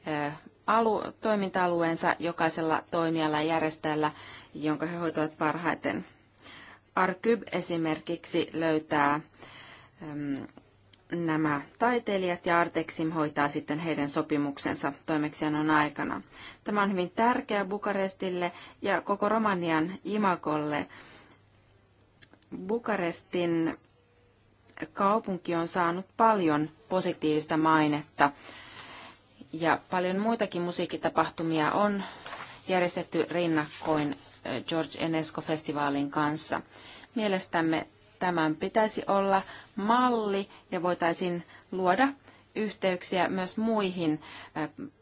eh, alu, toiminta-alueensa jokaisella toimijalla ja järjestäjällä, jonka he hoitavat parhaiten. Arkyb esimerkiksi löytää äm, nämä taiteilijat ja Artexim hoitaa sitten heidän sopimuksensa toimeksiannon aikana. Tämä on hyvin tärkeä Bukarestille ja koko Romanian imakolle. Bukarestin kaupunki on saanut paljon positiivista mainetta ja paljon muitakin musiikkitapahtumia on järjestetty rinnakkoin George Enesco-festivaalin kanssa. Mielestämme tämän pitäisi olla malli ja voitaisiin luoda yhteyksiä myös muihin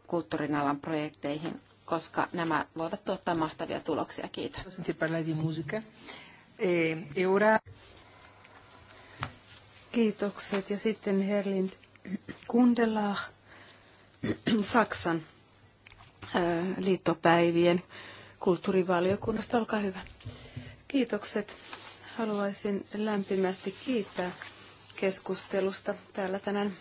kulttuurin alan projekteihin, koska nämä voivat tuottaa mahtavia tuloksia. Kiitos. E, e Kiitokset. Ja sitten Herlind Kundelach. [clears throat] Saksan liittopäivien kulttuurivaliokunnasta. Olkaa hyvä. Kiitokset. Haluaisin lämpimästi kiittää keskustelusta täällä tänään.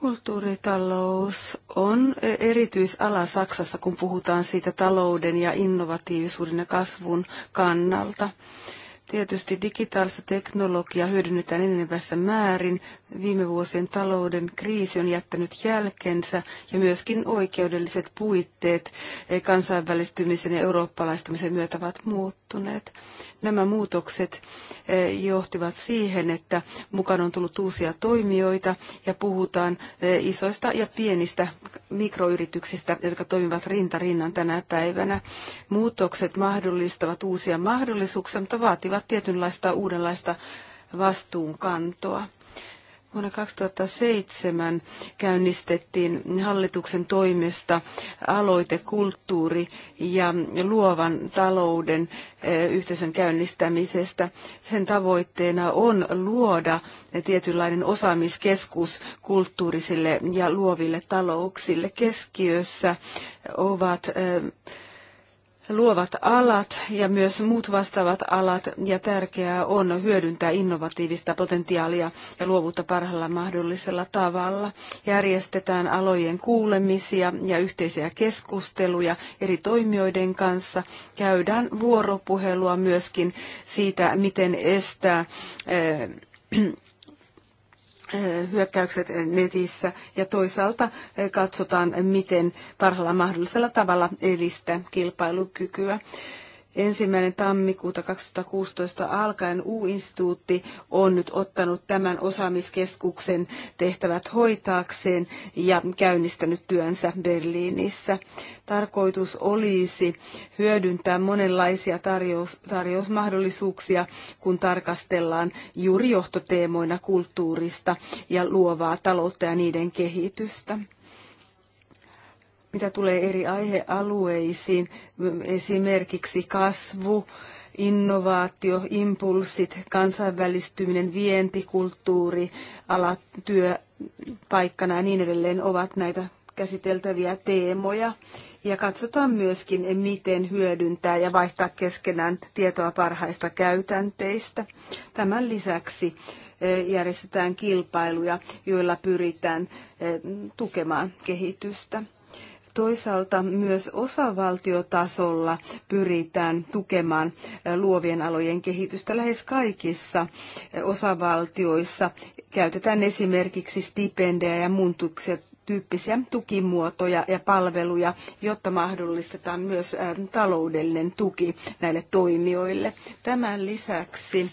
Kulttuuritalous on e- erityisala Saksassa, kun puhutaan siitä talouden ja innovatiivisuuden ja kasvun kannalta. Tietysti digitaalista teknologiaa hyödynnetään enenevässä määrin. Viime vuosien talouden kriisi on jättänyt jälkensä ja myöskin oikeudelliset puitteet eh, kansainvälistymisen ja eurooppalaistumisen myötä ovat muuttuneet. Nämä muutokset eh, johtivat siihen, että mukaan on tullut uusia toimijoita ja puhutaan eh, isoista ja pienistä mikroyrityksistä, jotka toimivat rintarinnan tänä päivänä. Muutokset mahdollistavat uusia mahdollisuuksia, mutta vaativat tietynlaista uudenlaista vastuunkantoa. Vuonna 2007 käynnistettiin hallituksen toimesta aloite kulttuuri ja luovan talouden eh, yhteisön käynnistämisestä. Sen tavoitteena on luoda tietynlainen osaamiskeskus kulttuurisille ja luoville talouksille. Keskiössä ovat eh, luovat alat ja myös muut vastaavat alat ja tärkeää on hyödyntää innovatiivista potentiaalia ja luovuutta parhaalla mahdollisella tavalla. Järjestetään alojen kuulemisia ja yhteisiä keskusteluja eri toimijoiden kanssa. Käydään vuoropuhelua myöskin siitä, miten estää eh, Eh, hyökkäykset netissä ja toisaalta eh, katsotaan, miten parhaalla mahdollisella tavalla edistää kilpailukykyä ensimmäinen tammikuuta 2016 alkaen U-instituutti on nyt ottanut tämän osaamiskeskuksen tehtävät hoitaakseen ja käynnistänyt työnsä Berliinissä. Tarkoitus olisi hyödyntää monenlaisia tarjous, tarjousmahdollisuuksia, kun tarkastellaan juuri johtoteemoina kulttuurista ja luovaa taloutta ja niiden kehitystä mitä tulee eri aihealueisiin, esimerkiksi kasvu, innovaatio, impulssit, kansainvälistyminen, vienti, kulttuuri, alat, työpaikkana ja niin edelleen ovat näitä käsiteltäviä teemoja. Ja katsotaan myöskin, miten hyödyntää ja vaihtaa keskenään tietoa parhaista käytänteistä. Tämän lisäksi e, järjestetään kilpailuja, joilla pyritään e, tukemaan kehitystä. Toisaalta myös osavaltiotasolla pyritään tukemaan luovien alojen kehitystä lähes kaikissa osavaltioissa. Käytetään esimerkiksi stipendejä ja muuntuksia tyyppisiä tukimuotoja ja palveluja, jotta mahdollistetaan myös taloudellinen tuki näille toimijoille. Tämän lisäksi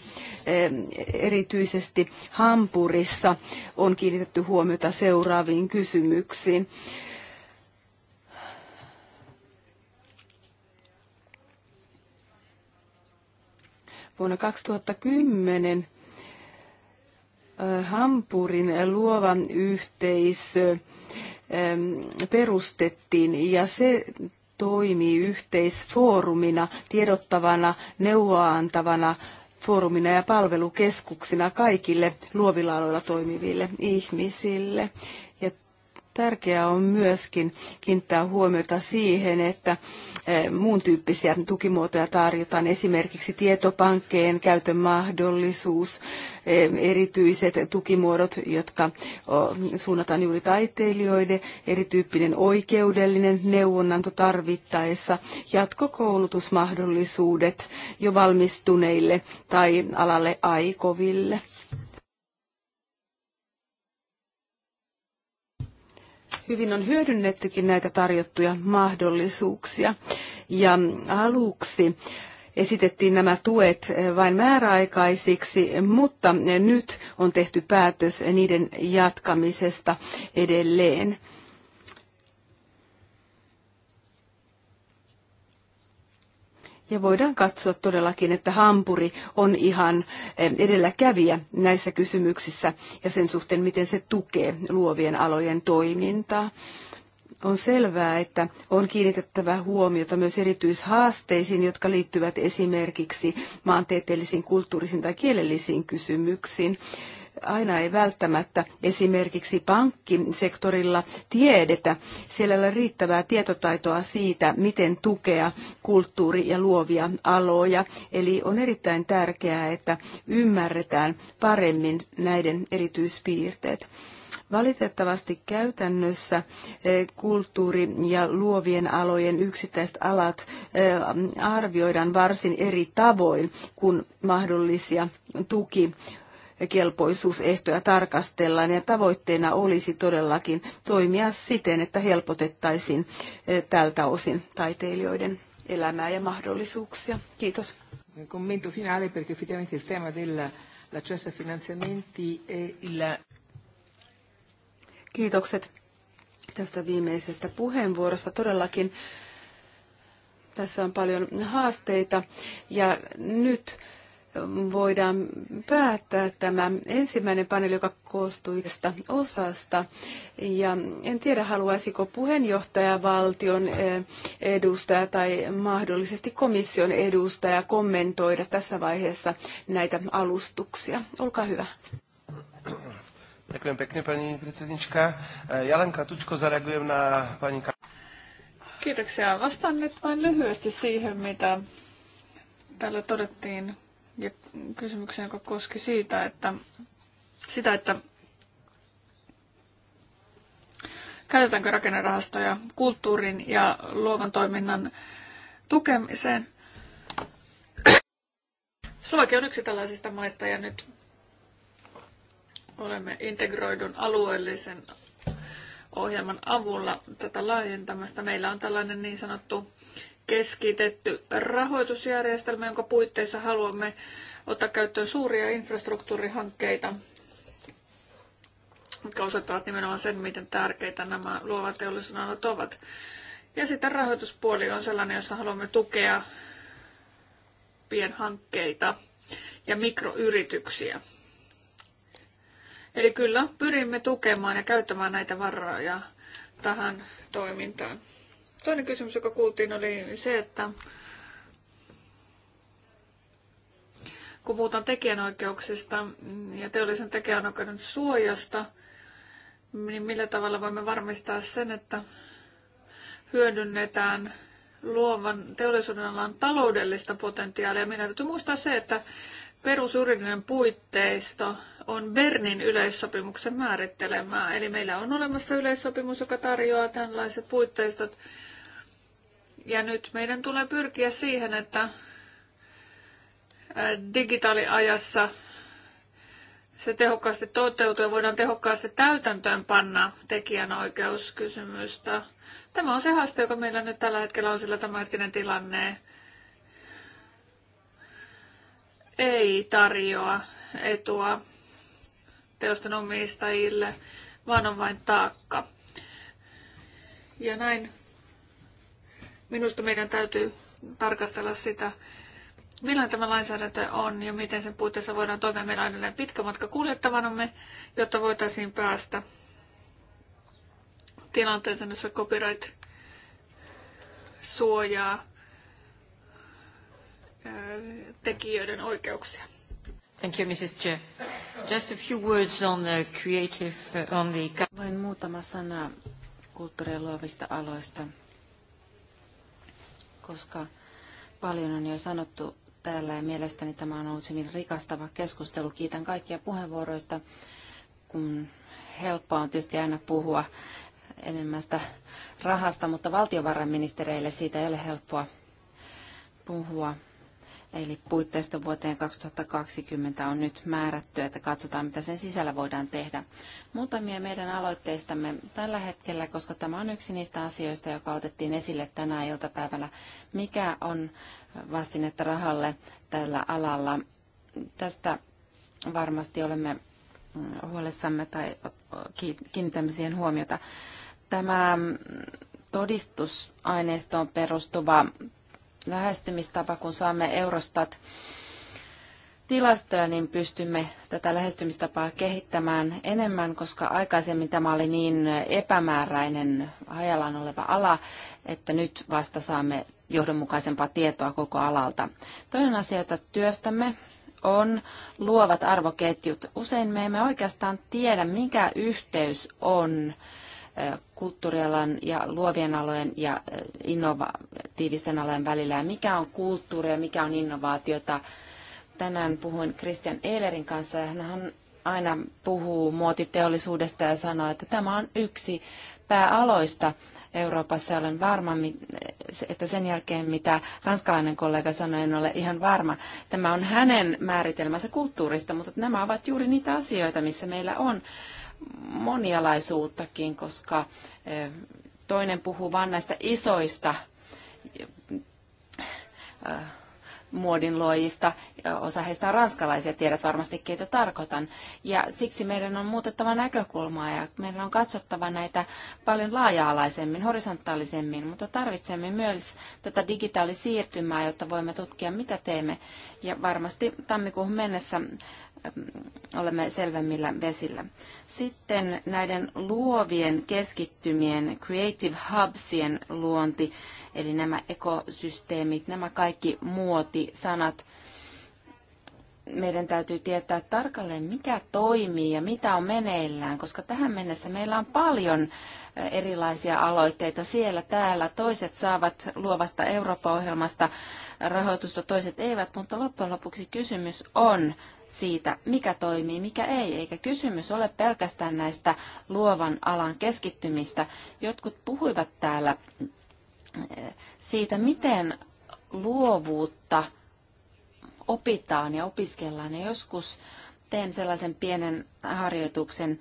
erityisesti Hampurissa on kiinnitetty huomiota seuraaviin kysymyksiin. Vuonna 2010 Hampurin luova yhteisö perustettiin ja se toimii yhteisfoorumina, tiedottavana, neuvoantavana foorumina ja palvelukeskuksina kaikille luovilla aloilla toimiville ihmisille. Tärkeää on myöskin kiinnittää huomiota siihen, että eh, muun tyyppisiä tukimuotoja tarjotaan, esimerkiksi tietopankkeen käytön mahdollisuus, eh, erityiset tukimuodot, jotka suunnataan juuri taiteilijoiden, erityyppinen oikeudellinen neuvonanto tarvittaessa, jatkokoulutusmahdollisuudet jo valmistuneille tai alalle aikoville. hyvin on hyödynnettykin näitä tarjottuja mahdollisuuksia. Ja aluksi esitettiin nämä tuet vain määräaikaisiksi, mutta nyt on tehty päätös niiden jatkamisesta edelleen. Ja voidaan katsoa todellakin, että Hampuri on ihan eh, edelläkävijä näissä kysymyksissä ja sen suhteen, miten se tukee luovien alojen toimintaa. On selvää, että on kiinnitettävä huomiota myös erityishaasteisiin, jotka liittyvät esimerkiksi maantieteellisiin, kulttuurisiin tai kielellisiin kysymyksiin aina ei välttämättä esimerkiksi pankkisektorilla tiedetä. Siellä ei ole riittävää tietotaitoa siitä, miten tukea kulttuuri- ja luovia aloja. Eli on erittäin tärkeää, että ymmärretään paremmin näiden erityispiirteet. Valitettavasti käytännössä eh, kulttuuri- ja luovien alojen yksittäiset alat eh, arvioidaan varsin eri tavoin kuin mahdollisia tuki kelpoisuusehtoja tarkastellaan ja tavoitteena olisi todellakin toimia siten, että helpotettaisiin eh, tältä osin taiteilijoiden elämää ja mahdollisuuksia. Kiitos. Commento finale perché effettivamente il tema dell'accesso ai finanziamenti e il... Kiitokset tästä viimeisestä puheenvuorosta. Todellakin tässä on paljon haasteita ja nyt voidaan päättää tämä ensimmäinen paneeli, joka koostui tästä osasta. Ja en tiedä, haluaisiko puheenjohtaja valtion eh, edustaja tai mahdollisesti komission edustaja kommentoida tässä vaiheessa näitä alustuksia. Olkaa hyvä. Eh, Kiitoksia. Vastaan nyt vain lyhyesti siihen, mitä täällä todettiin ja kysymyksen, joka koski siitä, että, sitä, että käytetäänkö rakennerahastoja kulttuurin ja luovan toiminnan tukemiseen. Slovakia on yksi tällaisista maista ja nyt olemme integroidun alueellisen ohjelman avulla tätä laajentamasta. Meillä on tällainen niin sanottu keskitetty rahoitusjärjestelmä, jonka puitteissa haluamme ottaa käyttöön suuria infrastruktuurihankkeita, jotka osoittavat nimenomaan sen, miten tärkeitä nämä luovat teollisuudenalat ovat. Ja sitten rahoituspuoli on sellainen, jossa haluamme tukea pienhankkeita ja mikroyrityksiä. Eli kyllä pyrimme tukemaan ja käyttämään näitä varoja tähän toimintaan. Toinen kysymys, joka kuultiin, oli se, että kun puhutaan tekijänoikeuksista ja teollisen tekijänoikeuden suojasta, niin millä tavalla voimme varmistaa sen, että hyödynnetään luovan teollisuuden alan taloudellista potentiaalia. Meidän täytyy muistaa se, että perusjuridinen puitteisto on Bernin yleissopimuksen määrittelemää. Eli meillä on olemassa yleissopimus, joka tarjoaa tällaiset puitteistot, ja nyt meidän tulee pyrkiä siihen, että digitaaliajassa se tehokkaasti toteutuu ja voidaan tehokkaasti täytäntöön panna tekijänoikeuskysymystä. Tämä on se haaste, joka meillä nyt tällä hetkellä on, sillä tämänhetkinen tilanne ei tarjoa etua teosten omistajille, vaan on vain taakka. Ja näin Minusta meidän täytyy tarkastella sitä, millainen tämä lainsäädäntö on ja miten sen puitteissa voidaan toimia. Meillä on edelleen pitkä matka kuljettavanamme, jotta voitaisiin päästä tilanteeseen, jossa copyright suojaa tekijöiden oikeuksia. Thank you, Mrs. Chair. Just a few words on the creative, uh, on the... Vain muutama sana kulttuurien luovista aloista koska paljon on jo sanottu täällä ja mielestäni tämä on ollut hyvin rikastava keskustelu. Kiitän kaikkia puheenvuoroista, kun helppoa on tietysti aina puhua enemmästä rahasta, mutta valtiovarainministereille siitä ei ole helppoa puhua. Eli puitteisto vuoteen 2020 on nyt määrätty, että katsotaan, mitä sen sisällä voidaan tehdä. Muutamia meidän aloitteistamme tällä hetkellä, koska tämä on yksi niistä asioista, joka otettiin esille tänä iltapäivällä. Mikä on vastinetta rahalle tällä alalla? Tästä varmasti olemme mm, huolessamme tai kiinnitämme siihen huomiota. Tämä mm, todistusaineistoon perustuva lähestymistapa, kun saamme Eurostat tilastoja, niin pystymme tätä lähestymistapaa kehittämään enemmän, koska aikaisemmin tämä oli niin epämääräinen hajallaan oleva ala, että nyt vasta saamme johdonmukaisempaa tietoa koko alalta. Toinen asia, jota työstämme, on luovat arvoketjut. Usein me emme oikeastaan tiedä, mikä yhteys on kulttuurialan ja luovien alojen ja innovatiivisten alojen välillä ja mikä on kulttuuri ja mikä on innovaatiota. Tänään puhuin Christian Ehlerin kanssa ja hän aina puhuu muotiteollisuudesta ja sanoo, että tämä on yksi pääaloista Euroopassa. Olen varma, että sen jälkeen mitä ranskalainen kollega sanoi, en ole ihan varma. Tämä on hänen määritelmänsä kulttuurista, mutta nämä ovat juuri niitä asioita, missä meillä on monialaisuuttakin, koska eh, toinen puhuu vain näistä isoista eh, muodinluojista. Osa heistä on ranskalaisia, tiedät varmasti keitä tarkoitan. Ja siksi meidän on muutettava näkökulmaa ja meidän on katsottava näitä paljon laaja-alaisemmin, horisontaalisemmin, mutta tarvitsemme myös tätä digitaalisiirtymää, jotta voimme tutkia, mitä teemme. Ja varmasti tammikuuhun mennessä Mm, olemme selvemmillä vesillä. Sitten näiden luovien keskittymien, creative hubsien luonti, eli nämä ekosysteemit, nämä kaikki muotisanat, sanat meidän täytyy tietää tarkalleen, mikä toimii ja mitä on meneillään, koska tähän mennessä meillä on paljon eh, erilaisia aloitteita siellä täällä. Toiset saavat luovasta Eurooppa-ohjelmasta rahoitusta, toiset eivät, mutta loppujen lopuksi kysymys on siitä, mikä toimii, mikä ei, eikä kysymys ole pelkästään näistä luovan alan keskittymistä. Jotkut puhuivat täällä eh, siitä, miten luovuutta – opitaan ja opiskellaan. Ja joskus teen sellaisen pienen harjoituksen,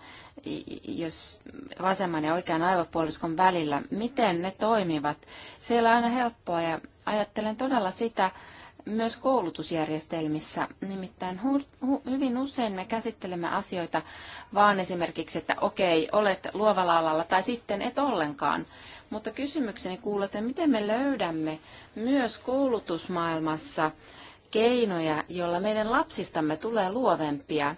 jos vasemman ja oikean aivopuoliskon välillä, miten ne toimivat. Siellä on aina helppoa ja ajattelen todella sitä myös koulutusjärjestelmissä. Nimittäin hu- hu- hyvin usein me käsittelemme asioita vaan esimerkiksi, että okei, olet luovalla alalla tai sitten et ollenkaan. Mutta kysymykseni kuuluu, että miten me löydämme myös koulutusmaailmassa keinoja, joilla meidän lapsistamme tulee luovempia.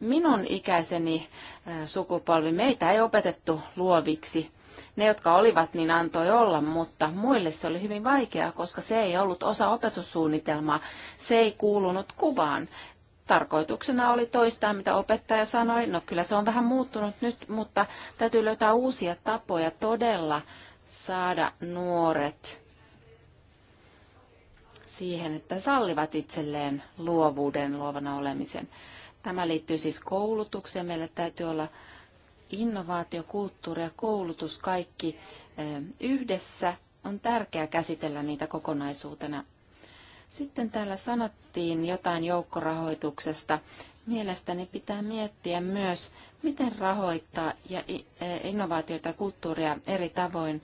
Minun ikäiseni äh, sukupolvi, meitä ei opetettu luoviksi. Ne, jotka olivat, niin antoi olla, mutta muille se oli hyvin vaikeaa, koska se ei ollut osa opetussuunnitelmaa. Se ei kuulunut kuvaan. Tarkoituksena oli toistaa, mitä opettaja sanoi. No kyllä se on vähän muuttunut nyt, mutta täytyy löytää uusia tapoja todella saada nuoret siihen, että sallivat itselleen luovuuden, luovana olemisen. Tämä liittyy siis koulutukseen. Meillä täytyy olla innovaatio, kulttuuri ja koulutus kaikki yhdessä. On tärkeää käsitellä niitä kokonaisuutena. Sitten täällä sanottiin jotain joukkorahoituksesta. Mielestäni pitää miettiä myös, miten rahoittaa ja innovaatioita ja kulttuuria eri tavoin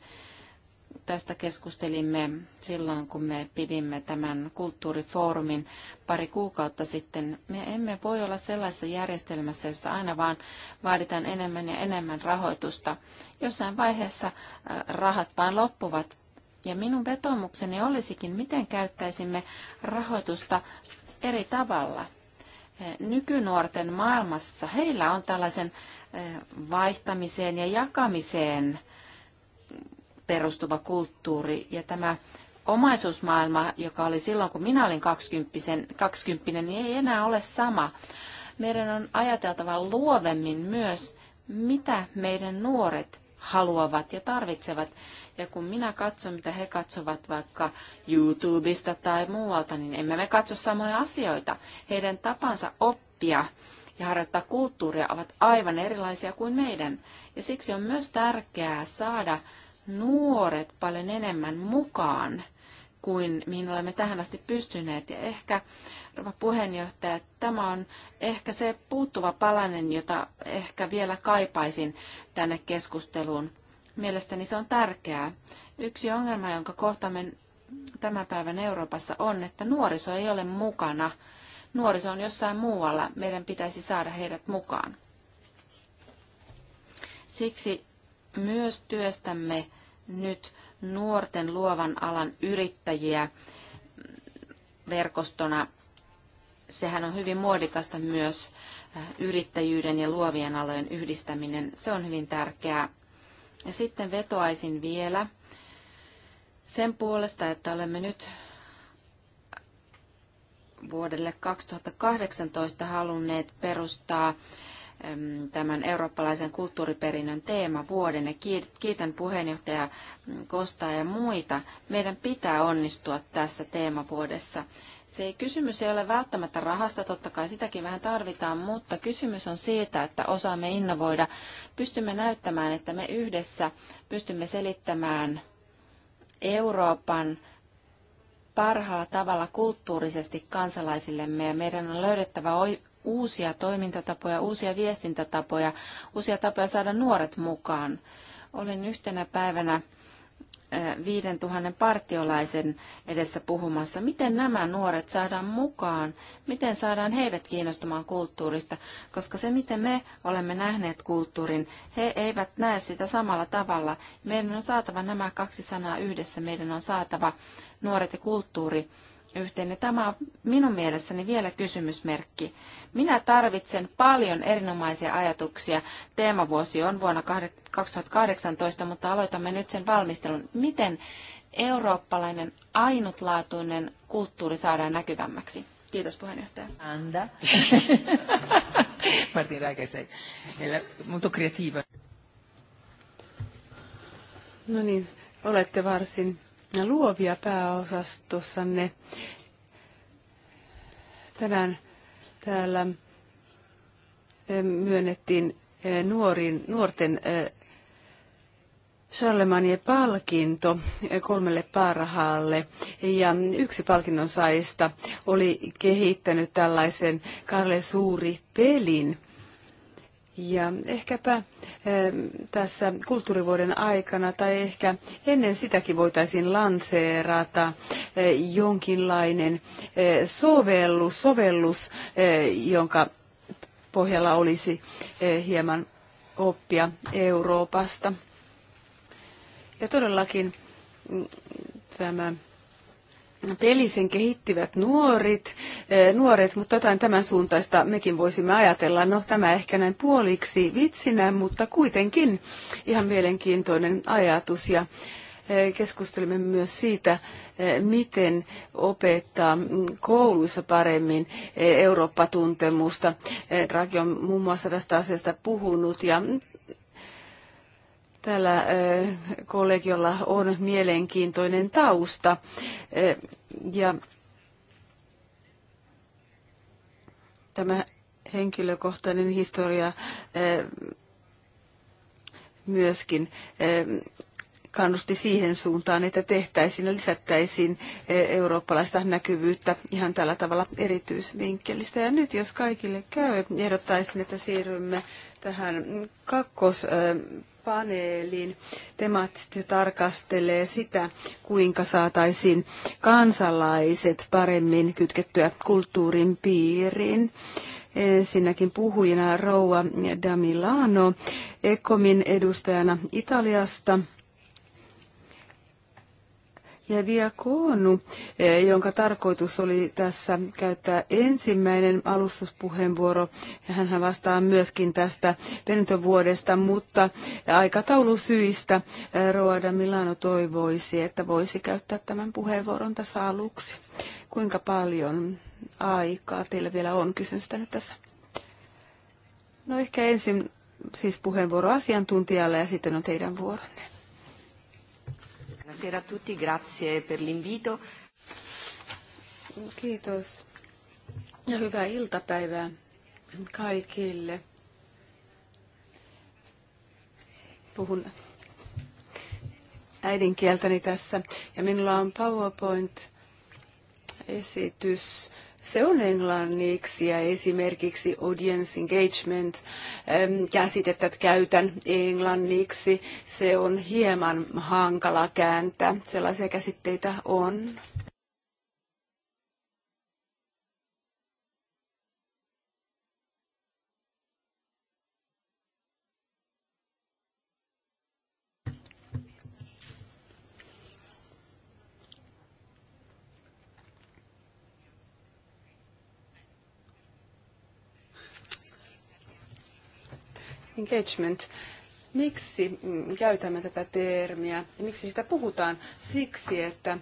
Tästä keskustelimme silloin, kun me pidimme tämän kulttuurifoorumin pari kuukautta sitten. Me emme voi olla sellaisessa järjestelmässä, jossa aina vaan vaaditaan enemmän ja enemmän rahoitusta. Jossain vaiheessa äh, rahat vaan loppuvat. Ja minun vetomukseni olisikin, miten käyttäisimme rahoitusta eri tavalla äh, nykynuorten maailmassa, heillä on tällaisen äh, vaihtamiseen ja jakamiseen perustuva kulttuuri. Ja tämä omaisuusmaailma, joka oli silloin, kun minä olin 20, 20 niin ei enää ole sama. Meidän on ajateltava luovemmin myös, mitä meidän nuoret haluavat ja tarvitsevat. Ja kun minä katson, mitä he katsovat vaikka YouTubesta tai muualta, niin emme me katso samoja asioita. Heidän tapansa oppia ja harjoittaa kulttuuria ovat aivan erilaisia kuin meidän. Ja siksi on myös tärkeää saada nuoret paljon enemmän mukaan kuin mihin olemme tähän asti pystyneet. Ja ehkä, rouva puheenjohtaja, tämä on ehkä se puuttuva palanen, jota ehkä vielä kaipaisin tänne keskusteluun. Mielestäni se on tärkeää. Yksi ongelma, jonka kohtamme tämän päivän Euroopassa on, että nuoriso ei ole mukana. Nuoriso on jossain muualla. Meidän pitäisi saada heidät mukaan. Siksi myös työstämme nyt nuorten luovan alan yrittäjiä verkostona. Sehän on hyvin muodikasta myös äh, yrittäjyyden ja luovien alojen yhdistäminen. Se on hyvin tärkeää. Ja sitten vetoaisin vielä sen puolesta, että olemme nyt vuodelle 2018 halunneet perustaa tämän eurooppalaisen kulttuuriperinnön teema vuoden. kiitän puheenjohtaja mm, Kostaa ja muita. Meidän pitää onnistua tässä teemavuodessa. Se ei, kysymys ei ole välttämättä rahasta, totta kai sitäkin vähän tarvitaan, mutta kysymys on siitä, että osaamme innovoida. Pystymme näyttämään, että me yhdessä pystymme selittämään Euroopan parhaalla tavalla kulttuurisesti kansalaisillemme ja meidän on löydettävä uusia toimintatapoja, uusia viestintätapoja, uusia tapoja saada nuoret mukaan. Olin yhtenä päivänä 5000 partiolaisen edessä puhumassa. Miten nämä nuoret saadaan mukaan? Miten saadaan heidät kiinnostumaan kulttuurista? Koska se, miten me olemme nähneet kulttuurin, he eivät näe sitä samalla tavalla. Meidän on saatava nämä kaksi sanaa yhdessä. Meidän on saatava nuoret ja kulttuuri yhteen. Ja tämä on minun mielessäni vielä kysymysmerkki. Minä tarvitsen paljon erinomaisia ajatuksia. Teemavuosi on vuonna 2018, mutta aloitamme nyt sen valmistelun. Miten eurooppalainen ainutlaatuinen kulttuuri saadaan näkyvämmäksi? Kiitos puheenjohtaja. Anda. [laughs] Martin Räikäisen. Molto kreatiivinen. No niin, olette varsin luovia pääosastossanne. Tänään täällä eh, myönnettiin eh, nuorin, nuorten eh, Charlemagne palkinto kolmelle parhaalle ja yksi palkinnon saista oli kehittänyt tällaisen Karle Suuri pelin ja ehkäpä eh, tässä kulttuurivuoden aikana tai ehkä ennen sitäkin voitaisiin lanseerata eh, jonkinlainen eh, sovellus, sovellus jonka pohjalla olisi hieman oppia Euroopasta. Ja todellakin mm, tämä pelisen kehittivät nuorit, eh, nuoret, mutta jotain tämän suuntaista mekin voisimme ajatella. No tämä ehkä näin puoliksi vitsinä, mutta kuitenkin ihan mielenkiintoinen ajatus ja eh, keskustelimme myös siitä, eh, miten opettaa mm, kouluissa paremmin Eurooppa-tuntemusta. Draghi on muun muassa tästä asiasta puhunut ja Tällä kollegiolla on mielenkiintoinen tausta. Ja tämä henkilökohtainen historia myöskin kannusti siihen suuntaan, että tehtäisiin ja lisättäisiin eurooppalaista näkyvyyttä ihan tällä tavalla erityisvinkkelistä. Ja nyt jos kaikille käy, niin ehdottaisin, että siirrymme tähän kakkos paneelin. Temaattisesti tarkastelee sitä, kuinka saataisiin kansalaiset paremmin kytkettyä kulttuurin piiriin. Ensinnäkin puhujina Rouva Damilano, Ekomin edustajana Italiasta – ja diakoonu, eh, jonka tarkoitus oli tässä käyttää ensimmäinen alustuspuheenvuoro. Hän vastaa myöskin tästä perintövuodesta, mutta aikataulusyistä eh, Roada Milano toivoisi, että voisi käyttää tämän puheenvuoron tässä aluksi. Kuinka paljon aikaa teillä vielä on? Kysyn sitä nyt tässä. No ehkä ensin siis puheenvuoro asiantuntijalle ja sitten on teidän vuoronne. Buonasera a tutti, grazie per l'invito. Kiitos ja hyvää iltapäivää kaikille. Puhun äidinkieltäni tässä ja minulla on PowerPoint-esitys se on englanniksi ja esimerkiksi audience engagement ähm, käsitettä käytän englanniksi. Se on hieman hankala kääntää. Sellaisia käsitteitä on. engagement. Miksi mm, käytämme tätä termiä ja miksi sitä puhutaan? Siksi, että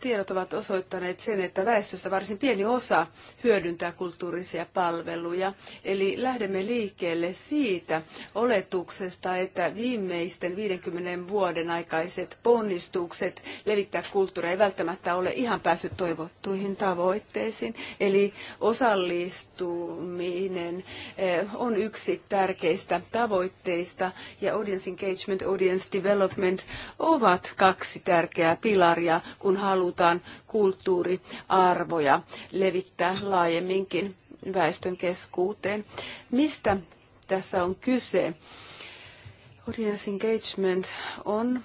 tiedot ovat osoittaneet sen, että väestöstä varsin pieni osa hyödyntää kulttuurisia palveluja. Eli lähdemme liikkeelle siitä oletuksesta, että viimeisten 50 vuoden aikaiset ponnistukset levittää kulttuuria ei välttämättä ole ihan päässyt toivottuihin tavoitteisiin. Eli osallistuminen on yksi tärkeistä tavoitteista ja audience engagement, audience development ovat kaksi tärkeää pilaria kun halutaan kulttuuriarvoja levittää laajemminkin väestön keskuuteen. Mistä tässä on kyse? Audience engagement on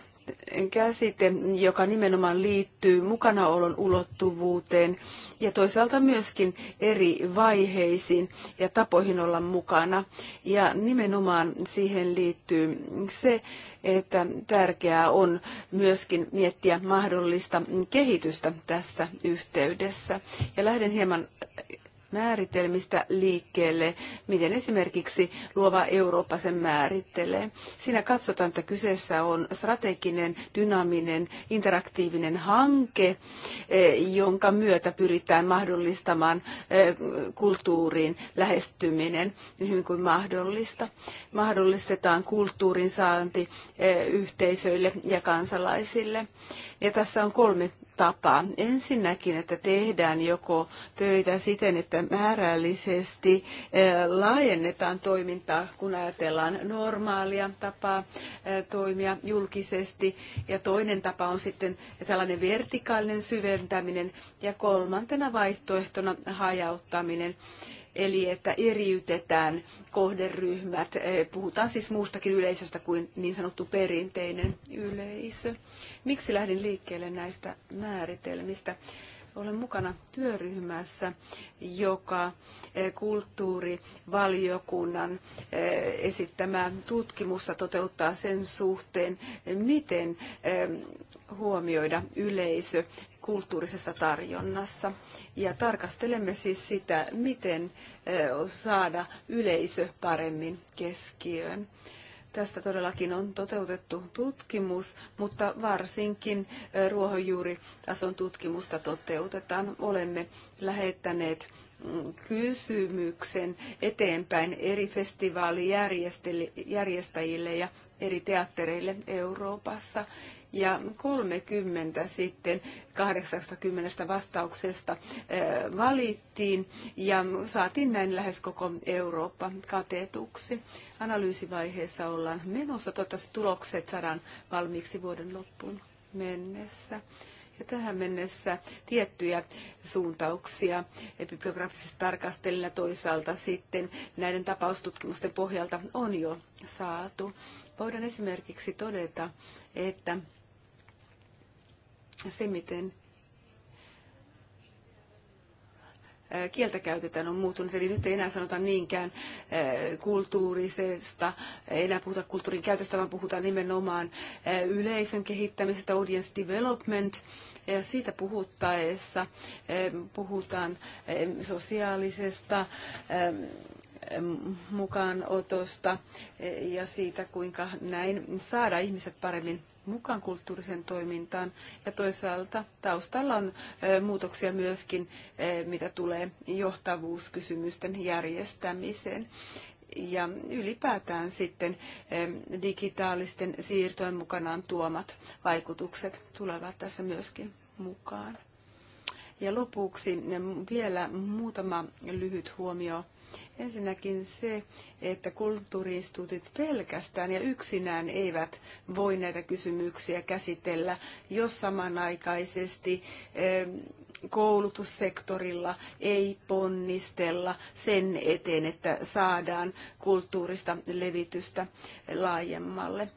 käsite, joka nimenomaan liittyy mukanaolon ulottuvuuteen ja toisaalta myöskin eri vaiheisiin ja tapoihin olla mukana. Ja nimenomaan siihen liittyy se, että tärkeää on myöskin miettiä mahdollista kehitystä tässä yhteydessä. Ja lähden hieman määritelmistä liikkeelle, miten esimerkiksi luova Eurooppa sen määrittelee. Siinä katsotaan, että kyseessä on strateginen, dynaaminen, interaktiivinen hanke, eh, jonka myötä pyritään mahdollistamaan eh, kulttuurin lähestyminen niin hyvin kuin mahdollista. Mahdollistetaan kulttuurin saanti eh, yhteisöille ja kansalaisille. Ja tässä on kolme tapa. Ensinnäkin, että tehdään joko töitä siten, että määrällisesti eh, laajennetaan toimintaa, kun ajatellaan normaalia tapaa eh, toimia julkisesti. Ja toinen tapa on sitten tällainen vertikaalinen syventäminen ja kolmantena vaihtoehtona hajauttaminen eli että eriytetään kohderyhmät. Eh, puhutaan siis muustakin yleisöstä kuin niin sanottu perinteinen yleisö. Miksi lähdin liikkeelle näistä määritelmistä? Olen mukana työryhmässä, joka eh, kulttuurivaliokunnan eh, esittämää tutkimusta toteuttaa sen suhteen, miten huomioida yleisö kulttuurisessa tarjonnassa. Ja tarkastelemme siis sitä, miten saada yleisö paremmin keskiöön. Tästä todellakin on toteutettu tutkimus, mutta varsinkin ruohonjuuritason tutkimusta toteutetaan. Olemme lähettäneet mm, kysymyksen eteenpäin eri festivaalijärjestäjille ja eri teattereille Euroopassa ja 30 sitten 80 vastauksesta eh, valittiin ja saatiin näin lähes koko Eurooppa katetuksi. Analyysivaiheessa ollaan menossa, toivottavasti tulokset saadaan valmiiksi vuoden loppuun mennessä. Ja tähän mennessä tiettyjä suuntauksia bibliografisesti tarkastella toisaalta sitten näiden tapaustutkimusten pohjalta on jo saatu. Voidaan esimerkiksi todeta, että se, miten kieltä käytetään, on muuttunut. Eli nyt ei enää sanota niinkään kulttuurisesta, ei enää puhuta kulttuurin käytöstä, vaan puhutaan nimenomaan yleisön kehittämisestä, audience development. Ja siitä puhuttaessa puhutaan sosiaalisesta mukaanotosta ja siitä, kuinka näin saada ihmiset paremmin mukaan kulttuuriseen toimintaan ja toisaalta taustalla on muutoksia myöskin, mitä tulee johtavuuskysymysten järjestämiseen. Ja ylipäätään sitten digitaalisten siirtojen mukanaan tuomat vaikutukset tulevat tässä myöskin mukaan. Ja lopuksi vielä muutama lyhyt huomio Ensinnäkin se, että kulttuuriinstituutit pelkästään ja yksinään eivät voi näitä kysymyksiä käsitellä, jos samanaikaisesti koulutussektorilla ei ponnistella sen eteen, että saadaan kulttuurista levitystä laajemmalle.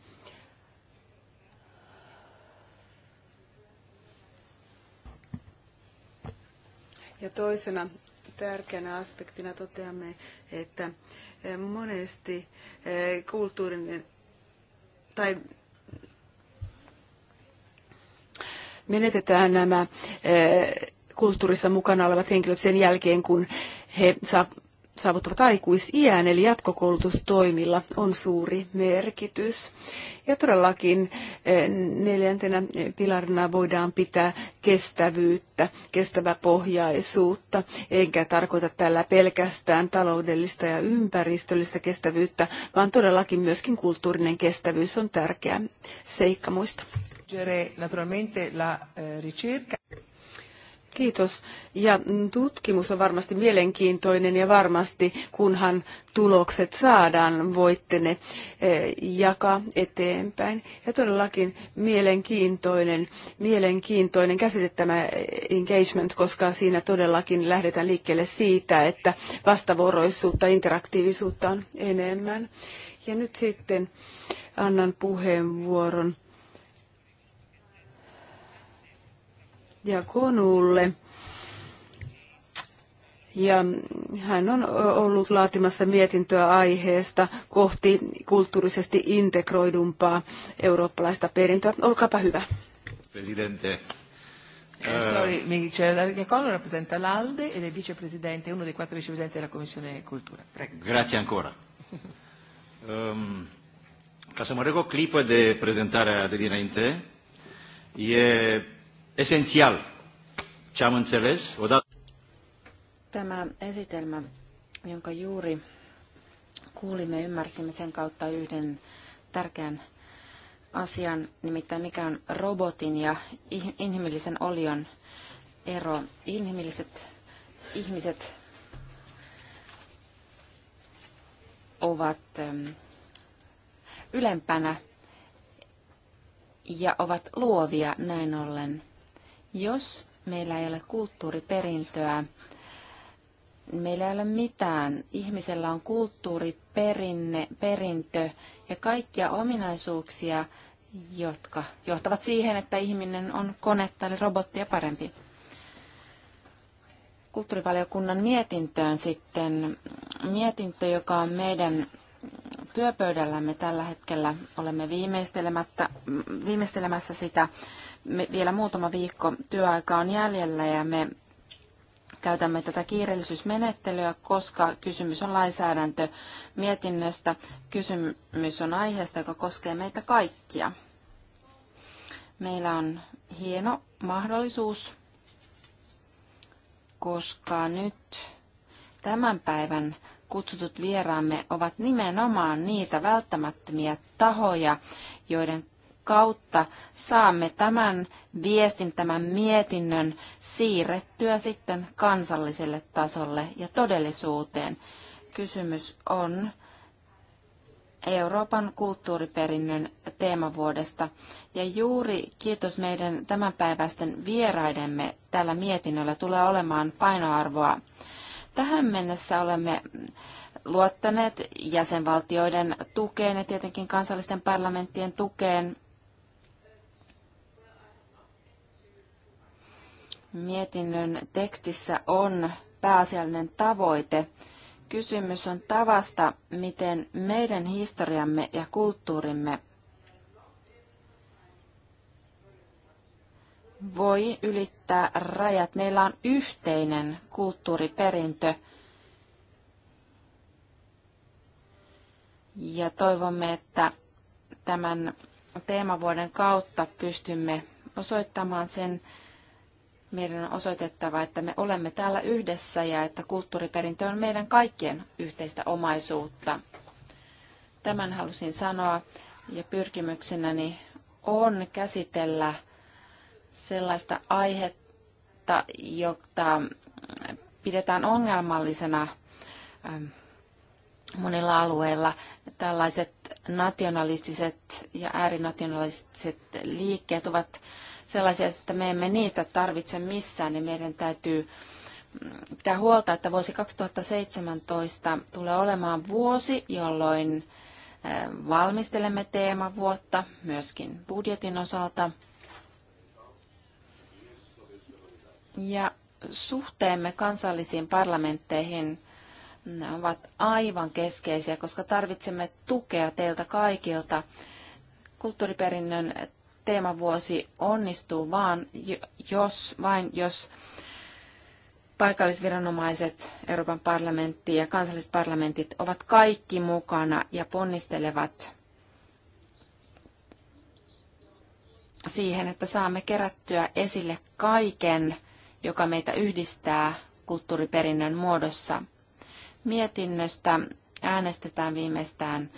Ja toisena tärkeänä aspektina toteamme, että eh, monesti eh, kulttuurinen tai menetetään nämä eh, kulttuurissa mukana olevat henkilöt sen jälkeen, kun he saavuttavat aikuisiän, eli jatkokoulutustoimilla on suuri merkitys. Ja todellakin eh, neljäntenä pilarina voidaan pitää kestävyyttä, pohjaisuutta, enkä tarkoita tällä pelkästään taloudellista ja ympäristöllistä kestävyyttä, vaan todellakin myöskin kulttuurinen kestävyys on tärkeä seikka muista. Naturalmente la eh, ricerca. Kiitos. Ja tutkimus on varmasti mielenkiintoinen ja varmasti, kunhan tulokset saadaan, voitte ne eh, jakaa eteenpäin. Ja todellakin mielenkiintoinen, mielenkiintoinen käsite tämä engagement, koska siinä todellakin lähdetään liikkeelle siitä, että vastavuoroisuutta, interaktiivisuutta on enemmän. Ja nyt sitten annan puheenvuoron Diakonulle. Ja hän on ollut laatimassa mietintöä aiheesta kohti kulttuurisesti integroidumpaa eurooppalaista perintöä. Olkaapa hyvä. Presidente. Eh, sorry, mi c'è la Diacono rappresenta l'Alde ed è vicepresidente, uno dei quattro vicepresidenti della Commissione Cultura. Prego. Grazie ancora. um, ca să mă rog o clipă de prezentarea de dinainte, e esențial ce am înțeles odată. Tämä esitelmä, jonka juuri kuulimme, ymmärsimme sen kautta yhden tärkeän asian, nimittäin mikä on robotin ja inhimillisen olion ero. Inhimilliset ihmiset ovat ähm, ylempänä ja ovat luovia näin ollen. Jos meillä ei ole kulttuuriperintöä, meillä ei ole mitään. Ihmisellä on kulttuuriperinne, perintö ja kaikkia ominaisuuksia, jotka johtavat siihen, että ihminen on konetta eli robottia parempi. Kulttuurivaliokunnan mietintöön sitten mietintö, joka on meidän työpöydällämme tällä hetkellä. Olemme viimeistelemässä sitä me, vielä muutama viikko työaika on jäljellä ja me käytämme tätä kiireellisyysmenettelyä, koska kysymys on mietinnöstä. kysymys on aiheesta, joka koskee meitä kaikkia. Meillä on hieno mahdollisuus, koska nyt tämän päivän kutsutut vieraamme ovat nimenomaan niitä välttämättömiä tahoja, joiden kautta saamme tämän viestin, tämän mietinnön siirrettyä sitten kansalliselle tasolle ja todellisuuteen. Kysymys on Euroopan kulttuuriperinnön teemavuodesta. Ja juuri kiitos meidän tämänpäiväisten vieraidemme tällä mietinnöllä tulee olemaan painoarvoa. Tähän mennessä olemme luottaneet jäsenvaltioiden tukeen ja tietenkin kansallisten parlamenttien tukeen Mietinnön tekstissä on pääasiallinen tavoite. Kysymys on tavasta, miten meidän historiamme ja kulttuurimme voi ylittää rajat. Meillä on yhteinen kulttuuriperintö. Ja toivomme, että tämän teemavuoden kautta pystymme osoittamaan sen, meidän on osoitettava, että me olemme täällä yhdessä ja että kulttuuriperintö on meidän kaikkien yhteistä omaisuutta. Tämän halusin sanoa ja pyrkimyksenäni on käsitellä sellaista aihetta, jota pidetään ongelmallisena ähm, monilla alueilla. Tällaiset nationalistiset ja äärinationalistiset liikkeet ovat sellaisia, että me emme niitä tarvitse missään, niin meidän täytyy mm, pitää huolta, että vuosi 2017 tulee olemaan vuosi, jolloin eh, valmistelemme teemavuotta myöskin budjetin osalta. Ja suhteemme kansallisiin parlamentteihin ne mm, ovat aivan keskeisiä, koska tarvitsemme tukea teiltä kaikilta kulttuuriperinnön teemavuosi onnistuu vaan, jos, vain jos paikallisviranomaiset, Euroopan parlamentti ja kansalliset parlamentit ovat kaikki mukana ja ponnistelevat siihen, että saamme kerättyä esille kaiken, joka meitä yhdistää kulttuuriperinnön muodossa. Mietinnöstä äänestetään viimeistään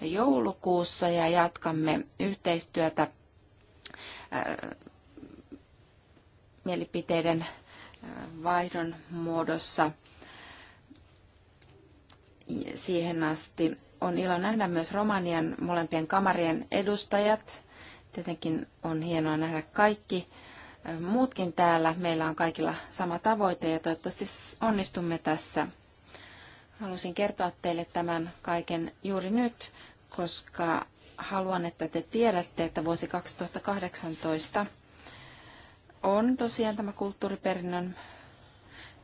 joulukuussa ja jatkamme yhteistyötä mielipiteiden vaihdon muodossa siihen asti. On ilo nähdä myös Romanian molempien kamarien edustajat. Tietenkin on hienoa nähdä kaikki muutkin täällä. Meillä on kaikilla sama tavoite ja toivottavasti onnistumme tässä. Halusin kertoa teille tämän kaiken juuri nyt, koska haluan, että te tiedätte, että vuosi 2018 on tosiaan tämä kulttuuriperinnön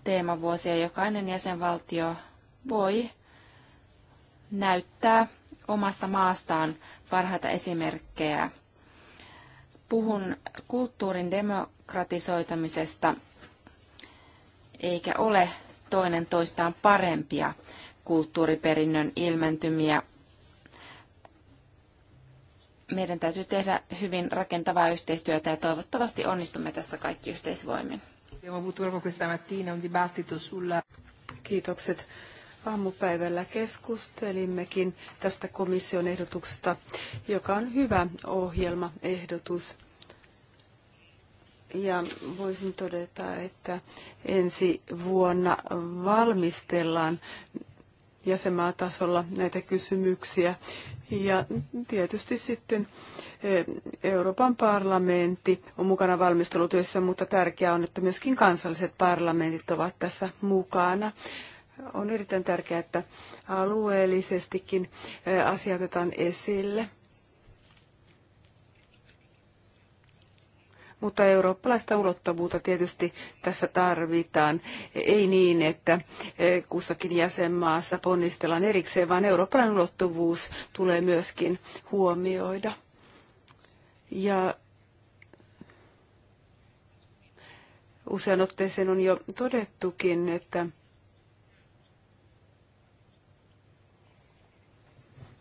teemavuosi ja jokainen jäsenvaltio voi näyttää omasta maastaan parhaita esimerkkejä. Puhun kulttuurin demokratisoitamisesta, eikä ole toinen toistaan parempia kulttuuriperinnön ilmentymiä meidän täytyy tehdä hyvin rakentavaa yhteistyötä ja toivottavasti onnistumme tässä kaikki yhteisvoimin. Kiitokset. Aamupäivällä keskustelimmekin tästä komission ehdotuksesta, joka on hyvä ohjelmaehdotus. Ja voisin todeta, että ensi vuonna valmistellaan jäsenmaatasolla näitä kysymyksiä. Ja tietysti sitten eh, Euroopan parlamentti on mukana valmistelutyössä, mutta tärkeää on, että myöskin kansalliset parlamentit ovat tässä mukana. On erittäin tärkeää, että alueellisestikin eh, asia otetaan esille. mutta eurooppalaista ulottuvuutta tietysti tässä tarvitaan. Ei niin, että eh, kussakin jäsenmaassa ponnistellaan erikseen, vaan eurooppalainen ulottuvuus tulee myöskin huomioida. Ja usean otteeseen on jo todettukin, että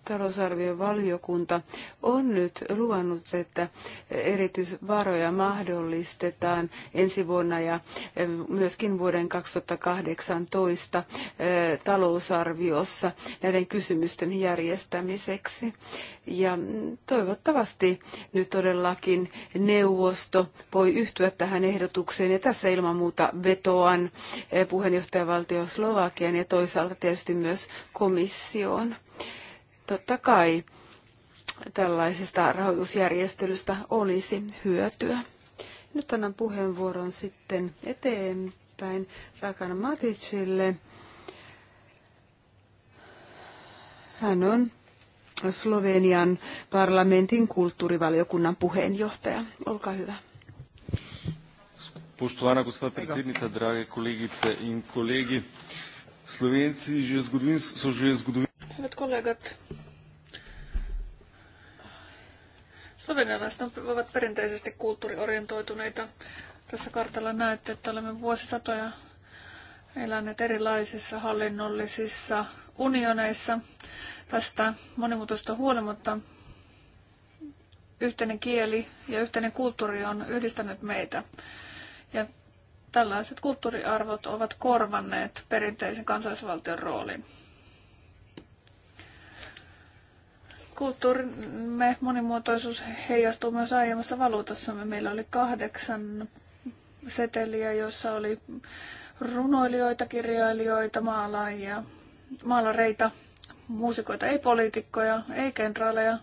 talousarviovaliokunta on nyt luvannut, että erityisvaroja mahdollistetaan ensi vuonna ja eh, myöskin vuoden 2018 eh, talousarviossa näiden kysymysten järjestämiseksi. Ja mm, toivottavasti nyt todellakin neuvosto voi yhtyä tähän ehdotukseen ja tässä ilman muuta vetoan eh, puheenjohtajavaltio Slovakian ja toisaalta tietysti myös komissioon. Totta kai tällaisesta rahoitusjärjestelystä olisi hyötyä. Nyt annan puheenvuoron sitten eteenpäin Rakan Maticille. Hän on Slovenian parlamentin kulttuurivaliokunnan puheenjohtaja. Olkaa hyvä. Poštovana gospa predsjednica, drage kolegice in kolegi. Slovenci že zgodovinsko, so že zgodovinsko. Hyvät kollegat, Slovenialaiset ovat perinteisesti kulttuuriorientoituneita. Tässä kartalla näette, että olemme vuosisatoja eläneet erilaisissa hallinnollisissa unioneissa. Tästä monimuotoista huolimatta yhteinen kieli ja yhteinen kulttuuri on yhdistänyt meitä. Ja tällaiset kulttuuriarvot ovat korvanneet perinteisen kansallisvaltion roolin. Kulttuurimme monimuotoisuus heijastuu myös aiemmassa valuutassamme. Meillä oli kahdeksan seteliä, joissa oli runoilijoita, kirjailijoita, maalaajia, maalareita, muusikoita, ei poliitikkoja, ei kenraaleja,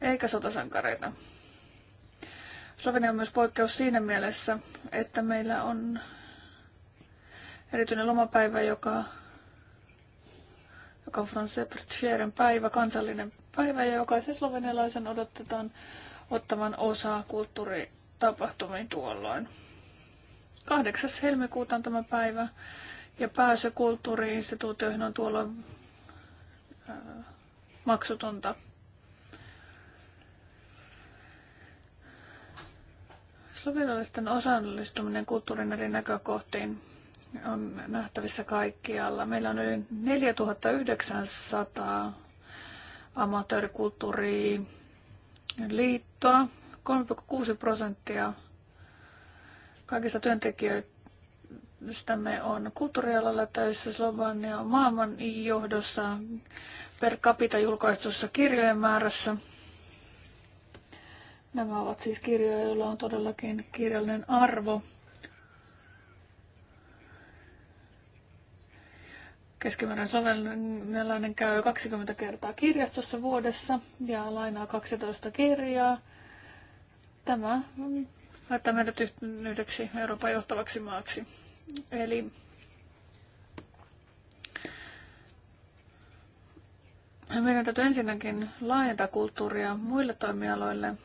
eikä sotasankareita. Slovenia on myös poikkeus siinä mielessä, että meillä on erityinen lomapäivä, joka, joka on Francepertieren päivä, kansallinen päivä, ja jokaisen slovenialaisen odotetaan ottavan osaa kulttuuritapahtumiin tuolloin. 8. helmikuuta on tämä päivä, ja pääsy kulttuuriinstituutioihin on tuolloin äh, maksutonta. Slovenialaisten osallistuminen kulttuurin eri näkökohtiin on nähtävissä kaikkialla. Meillä on yli 4900 amatöörikulttuuriliittoa, 3,6 prosenttia kaikista työntekijöistämme on kulttuurialalla töissä. Slovenia maailman johdossa per capita julkaistussa kirjojen määrässä – Nämä ovat siis kirjoja, joilla on todellakin kirjallinen arvo. Keskimääräinen sovellinen käy 20 kertaa kirjastossa vuodessa ja lainaa 12 kirjaa. Tämä laittaa meidät yhdeksi Euroopan johtavaksi maaksi. Eli meidän täytyy ensinnäkin laajentaa kulttuuria muille toimialoille –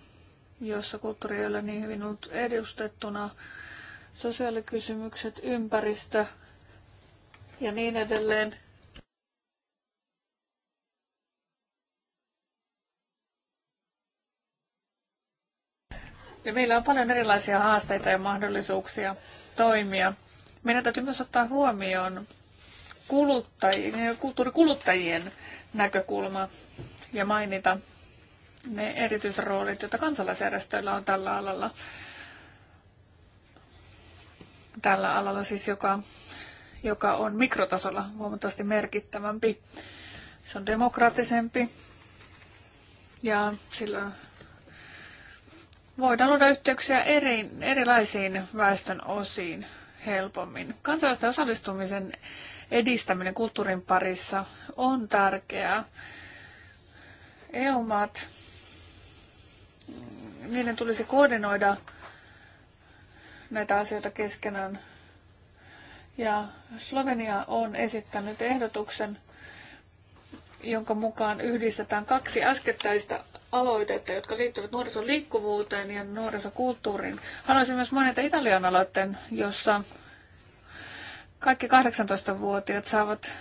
joissa kulttuuri ei ole niin hyvin ollut edustettuna, sosiaalikysymykset, ympäristö ja niin edelleen. Ja meillä on paljon erilaisia haasteita ja mahdollisuuksia toimia. Meidän täytyy myös ottaa huomioon kuluttajien, kulttuurikuluttajien näkökulma ja mainita ne erityisroolit, joita kansalaisjärjestöillä on tällä alalla. Tällä alalla siis, joka, joka on mikrotasolla huomattavasti merkittävämpi. Se on demokraattisempi ja sillä voidaan luoda yhteyksiä eri, erilaisiin väestön osiin helpommin. Kansalaisten osallistumisen edistäminen kulttuurin parissa on tärkeää. EU-maat niiden tulisi koordinoida näitä asioita keskenään. Ja Slovenia on esittänyt ehdotuksen, jonka mukaan yhdistetään kaksi äskettäistä aloitetta, jotka liittyvät nuorison liikkuvuuteen ja nuorisokulttuuriin. Haluaisin myös mainita Italian aloitteen, jossa kaikki 18-vuotiaat saavat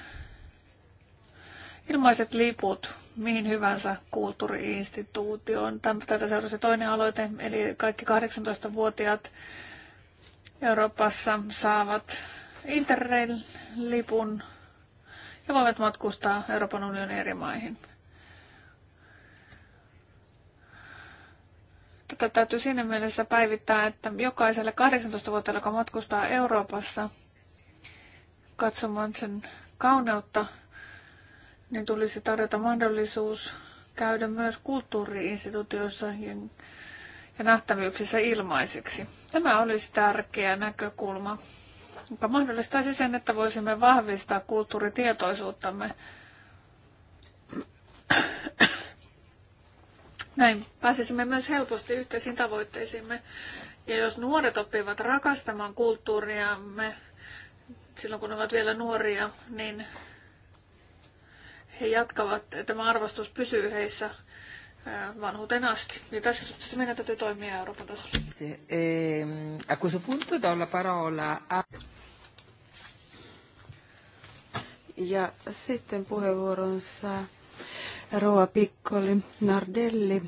Ilmaiset liput mihin hyvänsä kulttuuriinstituutioon. Tätä seurasi toinen aloite, eli kaikki 18-vuotiaat Euroopassa saavat Interrail-lipun ja voivat matkustaa Euroopan unionin eri maihin. Tätä täytyy siinä mielessä päivittää, että jokaiselle 18-vuotiaalle, joka matkustaa Euroopassa katsomaan sen kauneutta, niin tulisi tarjota mahdollisuus käydä myös kulttuuriinstituutioissa ja nähtävyyksissä ilmaiseksi. Tämä olisi tärkeä näkökulma, joka mahdollistaisi sen, että voisimme vahvistaa kulttuuritietoisuuttamme. Näin pääsisimme myös helposti yhteisiin tavoitteisiimme. Ja jos nuoret oppivat rakastamaan kulttuuriamme silloin, kun ovat vielä nuoria, niin he jatkavat, että tämä arvostus pysyy heissä vanhuuteen asti. Ja niin tässä suhteessa meidän täytyy toimia Euroopan tasolla. Ehm, a questo punto do la parola a... Ja sitten puheenvuoronsa Roa Pikkoli Nardelli,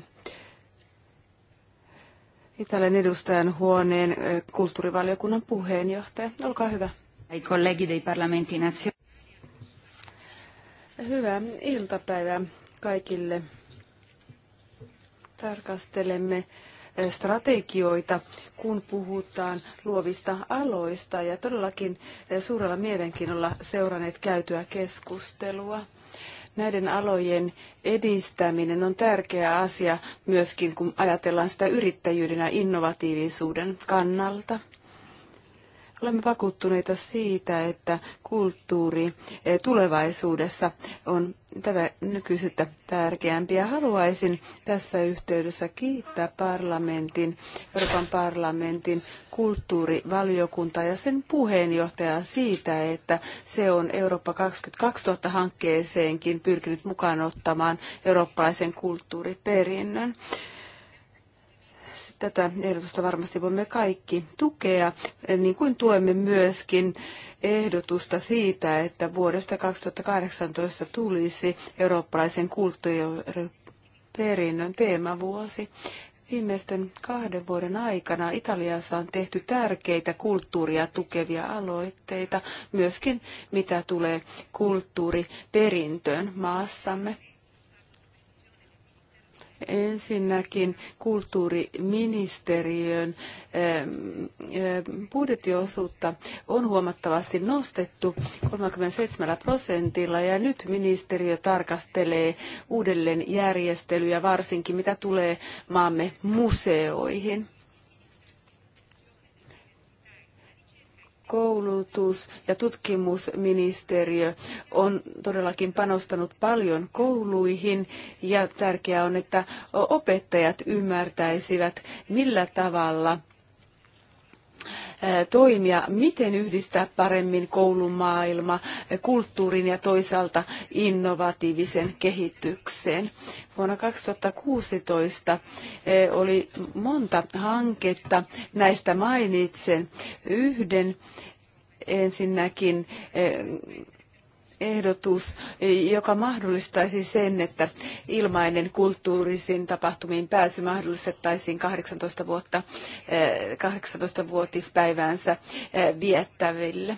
Italian edustajan huoneen kulttuurivaliokunnan puheenjohtaja. Olkaa hyvä. Ai kollegi dei parlamenti nazionali. Hyvää iltapäivää kaikille. Tarkastelemme eh, strategioita, kun puhutaan luovista aloista ja todellakin eh, suurella mielenkiinnolla seuranneet käytyä keskustelua. Näiden alojen edistäminen on tärkeä asia myöskin, kun ajatellaan sitä yrittäjyyden ja innovatiivisuuden kannalta. Olemme vakuuttuneita siitä, että kulttuuri eh, tulevaisuudessa on tätä nykyisyyttä tärkeämpiä. Haluaisin tässä yhteydessä kiittää parlamentin, Euroopan parlamentin kulttuurivaliokuntaa ja sen puheenjohtajaa siitä, että se on Eurooppa 2020 hankkeeseenkin pyrkinyt mukaan ottamaan eurooppalaisen kulttuuriperinnön. Tätä ehdotusta varmasti voimme kaikki tukea, niin kuin tuemme myöskin ehdotusta siitä, että vuodesta 2018 tulisi eurooppalaisen kulttuuriperinnön teemavuosi. Viimeisten kahden vuoden aikana Italiassa on tehty tärkeitä kulttuuria tukevia aloitteita, myöskin mitä tulee kulttuuriperintöön maassamme. Ensinnäkin kulttuuriministeriön ähm, ähm, budjettiosuutta on huomattavasti nostettu 37 prosentilla ja nyt ministeriö tarkastelee uudelleen järjestelyjä varsinkin mitä tulee maamme museoihin. koulutus- ja tutkimusministeriö on todellakin panostanut paljon kouluihin ja tärkeää on, että opettajat ymmärtäisivät, millä tavalla – toimia, miten yhdistää paremmin koulumaailma kulttuurin ja toisaalta innovatiivisen kehitykseen. Vuonna 2016 oli monta hanketta, näistä mainitsen yhden ensinnäkin ehdotus, joka mahdollistaisi sen, että ilmainen kulttuurisiin tapahtumiin pääsy mahdollistettaisiin 18 vuotta, 18-vuotispäiväänsä eh, eh, viettäville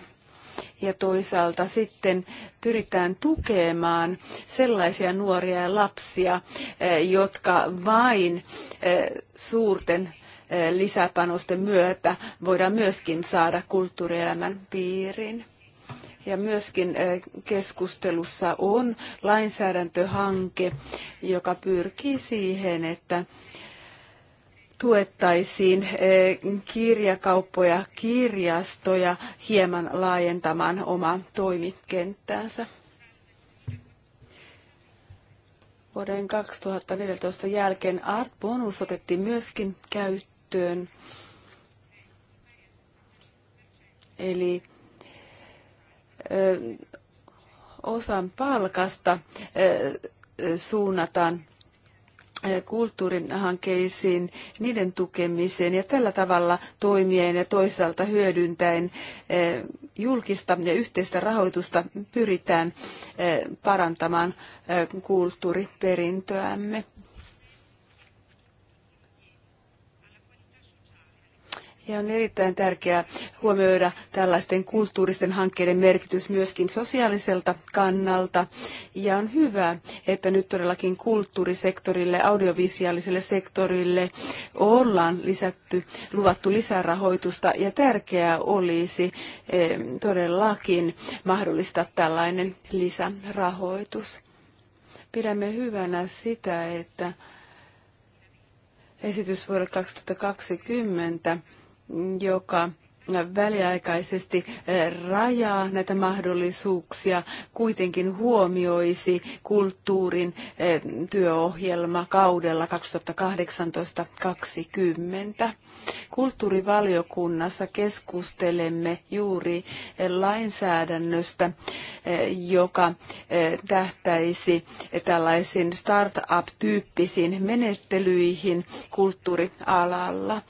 ja toisaalta sitten pyritään tukemaan sellaisia nuoria ja lapsia, eh, jotka vain suurten lisäpanosten myötä voidaan myöskin saada kulttuurielämän piiriin. Ja myöskin keskustelussa on lainsäädäntöhanke, joka pyrkii siihen, että tuettaisiin kirjakauppoja, kirjastoja hieman laajentamaan omaa toimikenttäänsä. Vuoden 2014 jälkeen Art Bonus otettiin myöskin käyttöön. Eli osan palkasta suunnataan hankkeisiin, niiden tukemiseen ja tällä tavalla toimien ja toisaalta hyödyntäen julkista ja yhteistä rahoitusta pyritään parantamaan kulttuuriperintöämme. Ja on erittäin tärkeää huomioida tällaisten kulttuuristen hankkeiden merkitys myöskin sosiaaliselta kannalta. Ja on hyvä, että nyt todellakin kulttuurisektorille, audiovisiaaliselle sektorille ollaan lisätty, luvattu lisärahoitusta. Ja tärkeää olisi eh, todellakin mahdollistaa tällainen lisärahoitus. Pidämme hyvänä sitä, että esitys vuodelle 2020 joka väliaikaisesti eh, rajaa näitä mahdollisuuksia, kuitenkin huomioisi kulttuurin eh, työohjelma kaudella 2018-2020. Kulttuurivaliokunnassa keskustelemme juuri eh, lainsäädännöstä, joka tähtäisi tällaisiin startup-tyyppisiin menettelyihin kulttuurialalla.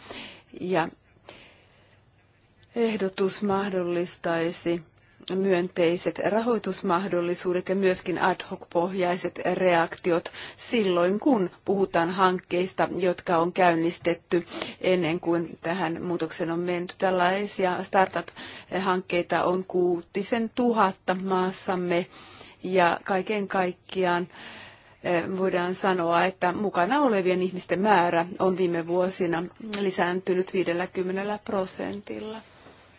Ja ehdotus mahdollistaisi myönteiset rahoitusmahdollisuudet ja myöskin ad hoc-pohjaiset reaktiot silloin, kun puhutaan hankkeista, jotka on käynnistetty ennen kuin tähän muutokseen on menty. Tällaisia startup-hankkeita on kuutisen tuhatta maassamme ja kaiken kaikkiaan eh, voidaan sanoa, että mukana olevien ihmisten määrä on viime vuosina lisääntynyt 50 prosentilla.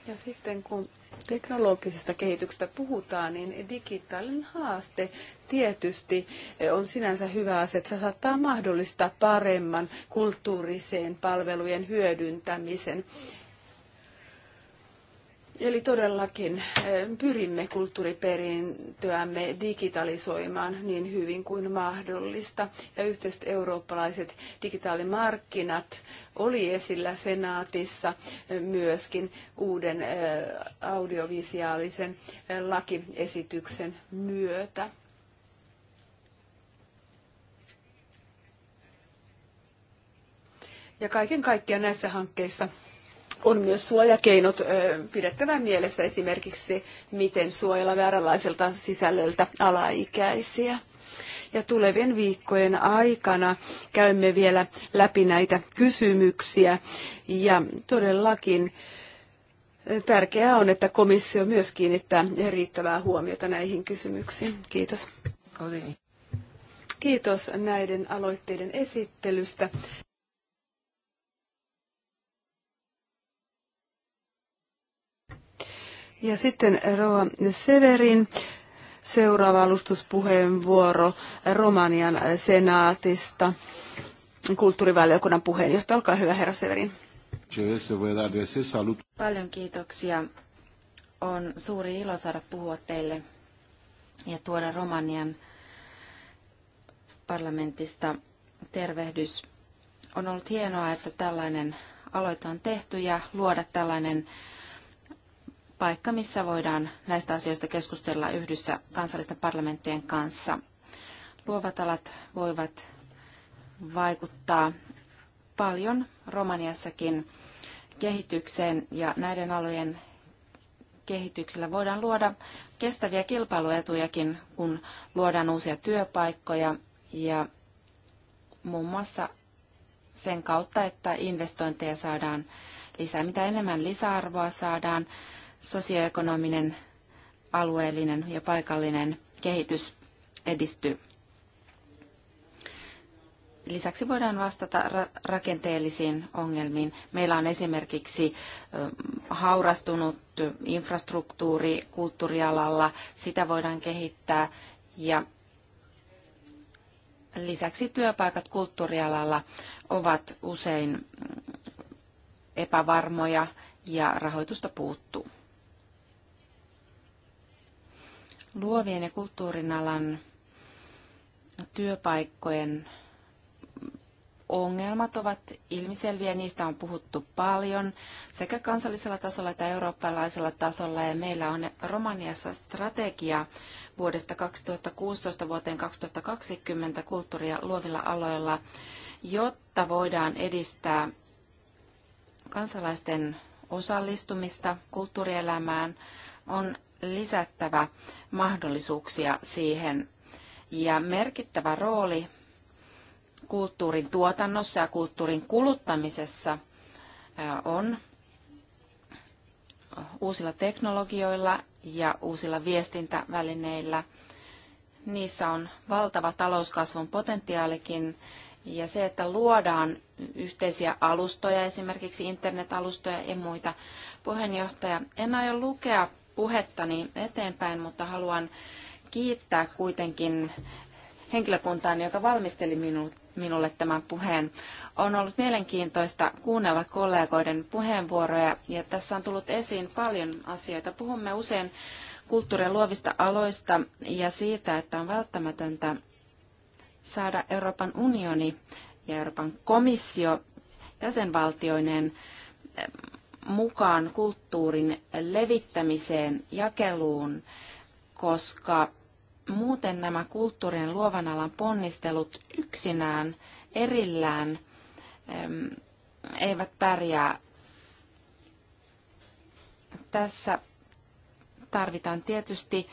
Ja sitten kun teknologisesta kehityksestä puhutaan, niin digitaalinen haaste tietysti eh, on sinänsä hyvä asia, että se saattaa mahdollistaa paremman kulttuuriseen palvelujen hyödyntämisen Eli todellakin eh, pyrimme kulttuuriperintöämme digitalisoimaan niin hyvin kuin mahdollista. Ja yhteiset eurooppalaiset digitaalimarkkinat oli esillä senaatissa eh, myöskin uuden eh, audiovisiaalisen lakiesityksen myötä. Ja kaiken kaikkiaan näissä hankkeissa on myös suojakeinot pidettävä mielessä esimerkiksi se, miten suojella vääränlaiselta sisällöltä alaikäisiä. Ja tulevien viikkojen aikana käymme vielä läpi näitä kysymyksiä ja todellakin tärkeää on, että komissio myös kiinnittää riittävää huomiota näihin kysymyksiin. Kiitos. Kiitos näiden aloitteiden esittelystä. Ja sitten Roa Severin seuraava alustuspuheenvuoro Romanian senaatista. Kulttuurivaliokunnan puheenjohtaja, olkaa hyvä herra Severin. Paljon kiitoksia. On suuri ilo saada puhua teille ja tuoda Romanian parlamentista tervehdys. On ollut hienoa, että tällainen aloite on tehty ja luoda tällainen äh, paikka, missä voidaan näistä asioista keskustella yhdessä kansallisten parlamenttien kanssa. Luovat alat voivat vaikuttaa paljon Romaniassakin kehitykseen ja näiden alojen kehityksellä voidaan luoda kestäviä kilpailuetujakin, kun luodaan uusia työpaikkoja ja muun muassa sen kautta, että investointeja saadaan lisää. Mitä enemmän lisäarvoa saadaan, sosioekonominen, alueellinen ja paikallinen kehitys edistyy. Lisäksi voidaan vastata rakenteellisiin ongelmiin. Meillä on esimerkiksi haurastunut infrastruktuuri kulttuurialalla, sitä voidaan kehittää ja lisäksi työpaikat kulttuurialalla ovat usein mm, epävarmoja ja rahoitusta puuttuu. luovien ja kulttuurin alan työpaikkojen ongelmat ovat ilmiselviä, niistä on puhuttu paljon sekä kansallisella tasolla että eurooppalaisella tasolla. Ja meillä on Romaniassa strategia vuodesta 2016 vuoteen 2020 kulttuuria luovilla aloilla, jotta voidaan edistää kansalaisten osallistumista kulttuurielämään. On lisättävä mahdollisuuksia siihen. Ja merkittävä rooli kulttuurin tuotannossa ja kulttuurin kuluttamisessa on uusilla teknologioilla ja uusilla viestintävälineillä. Niissä on valtava talouskasvun potentiaalikin ja se, että luodaan yhteisiä alustoja, esimerkiksi internetalustoja ja muita. Puheenjohtaja, en aio lukea puhettani eteenpäin, mutta haluan kiittää kuitenkin henkilökuntaa, joka valmisteli minut minulle tämän puheen. On ollut mielenkiintoista kuunnella kollegoiden puheenvuoroja ja tässä on tullut esiin paljon asioita. Puhumme usein kulttuurin luovista aloista ja siitä, että on välttämätöntä saada Euroopan unioni ja Euroopan komissio jäsenvaltioineen mukaan kulttuurin levittämiseen, jakeluun, koska muuten nämä kulttuurin luovan alan ponnistelut yksinään, erillään, eivät pärjää. Tässä tarvitaan tietysti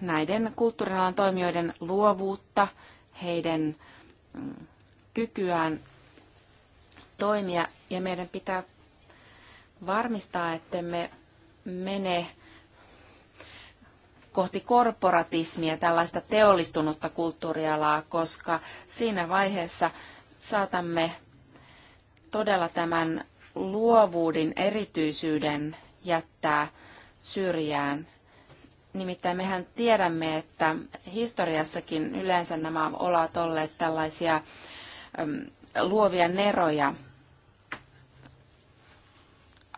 näiden kulttuurialan toimijoiden luovuutta, heidän mm, kykyään toimia ja meidän pitää varmistaa, että me mene kohti korporatismia, tällaista teollistunutta kulttuurialaa, koska siinä vaiheessa saatamme todella tämän luovuuden erityisyyden jättää syrjään. Nimittäin mehän tiedämme, että historiassakin yleensä nämä ovat olleet tällaisia luovia neroja,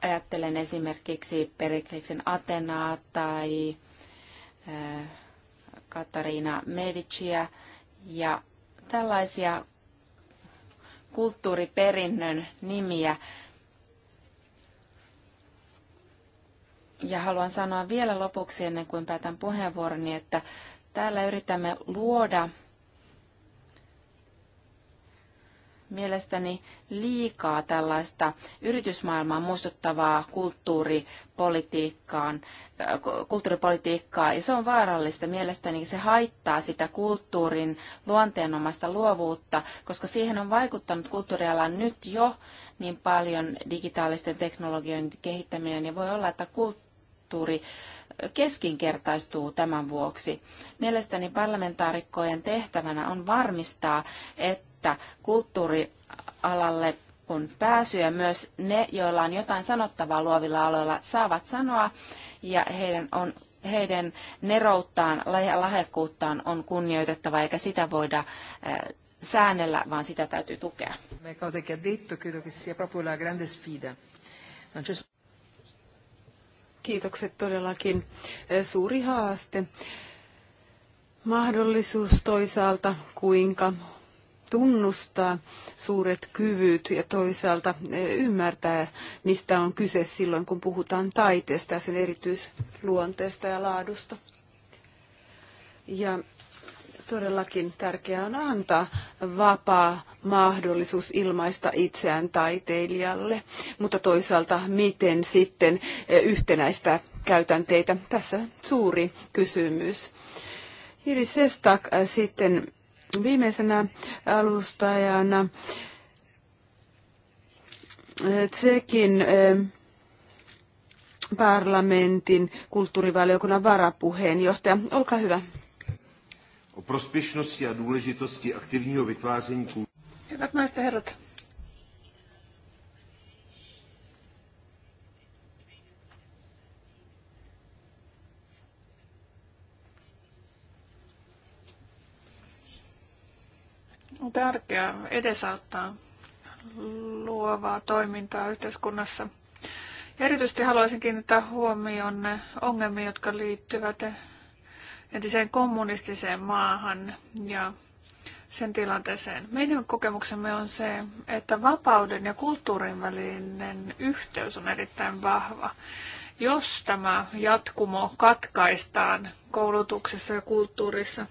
Ajattelen esimerkiksi Perikliksen Atenaa tai Katariina Mediciä ja tällaisia kulttuuriperinnön nimiä. Ja haluan sanoa vielä lopuksi, ennen kuin päätän puheenvuoroni, että täällä yritämme luoda mielestäni liikaa tällaista yritysmaailmaa muistuttavaa kulttuuripolitiikkaan, äh, kulttuuripolitiikkaa, ja se on vaarallista. Mielestäni se haittaa sitä kulttuurin luonteenomaista luovuutta, koska siihen on vaikuttanut kulttuurialan nyt jo niin paljon digitaalisten teknologioiden kehittäminen, ja voi olla, että kulttuuri äh, keskinkertaistuu tämän vuoksi. Mielestäni parlamentaarikkojen tehtävänä on varmistaa, että että kulttuurialalle on pääsy ja myös ne, joilla on jotain sanottavaa luovilla aloilla, saavat sanoa ja heidän, on, heidän nerouttaan, lahjakkuuttaan on kunnioitettava eikä sitä voida säännellä, vaan sitä täytyy tukea. kiitokset todellakin. Suuri haaste. Mahdollisuus toisaalta, kuinka tunnustaa suuret kyvyt ja toisaalta e, ymmärtää, mistä on kyse silloin, kun puhutaan taiteesta ja sen erityisluonteesta ja laadusta. Ja todellakin tärkeää on antaa vapaa mahdollisuus ilmaista itseään taiteilijalle, mutta toisaalta miten sitten e, yhtenäistä käytänteitä. Tässä suuri kysymys. Iris Sestak sitten Viimeisenä alustajana eh, Tsekin eh, parlamentin kulttuurivaliokunnan varapuheenjohtaja. Olkaa hyvä. O prospěšnosti a důležitosti aktivního vytváření Hyvät naiset ja herrat, On tärkeää edesauttaa luovaa toimintaa yhteiskunnassa. Erityisesti haluaisin kiinnittää huomioon ongelmiin, jotka liittyvät entiseen kommunistiseen maahan ja sen tilanteeseen. Meidän kokemuksemme on se, että vapauden ja kulttuurin välinen yhteys on erittäin vahva. Jos tämä jatkumo katkaistaan koulutuksessa ja kulttuurissa,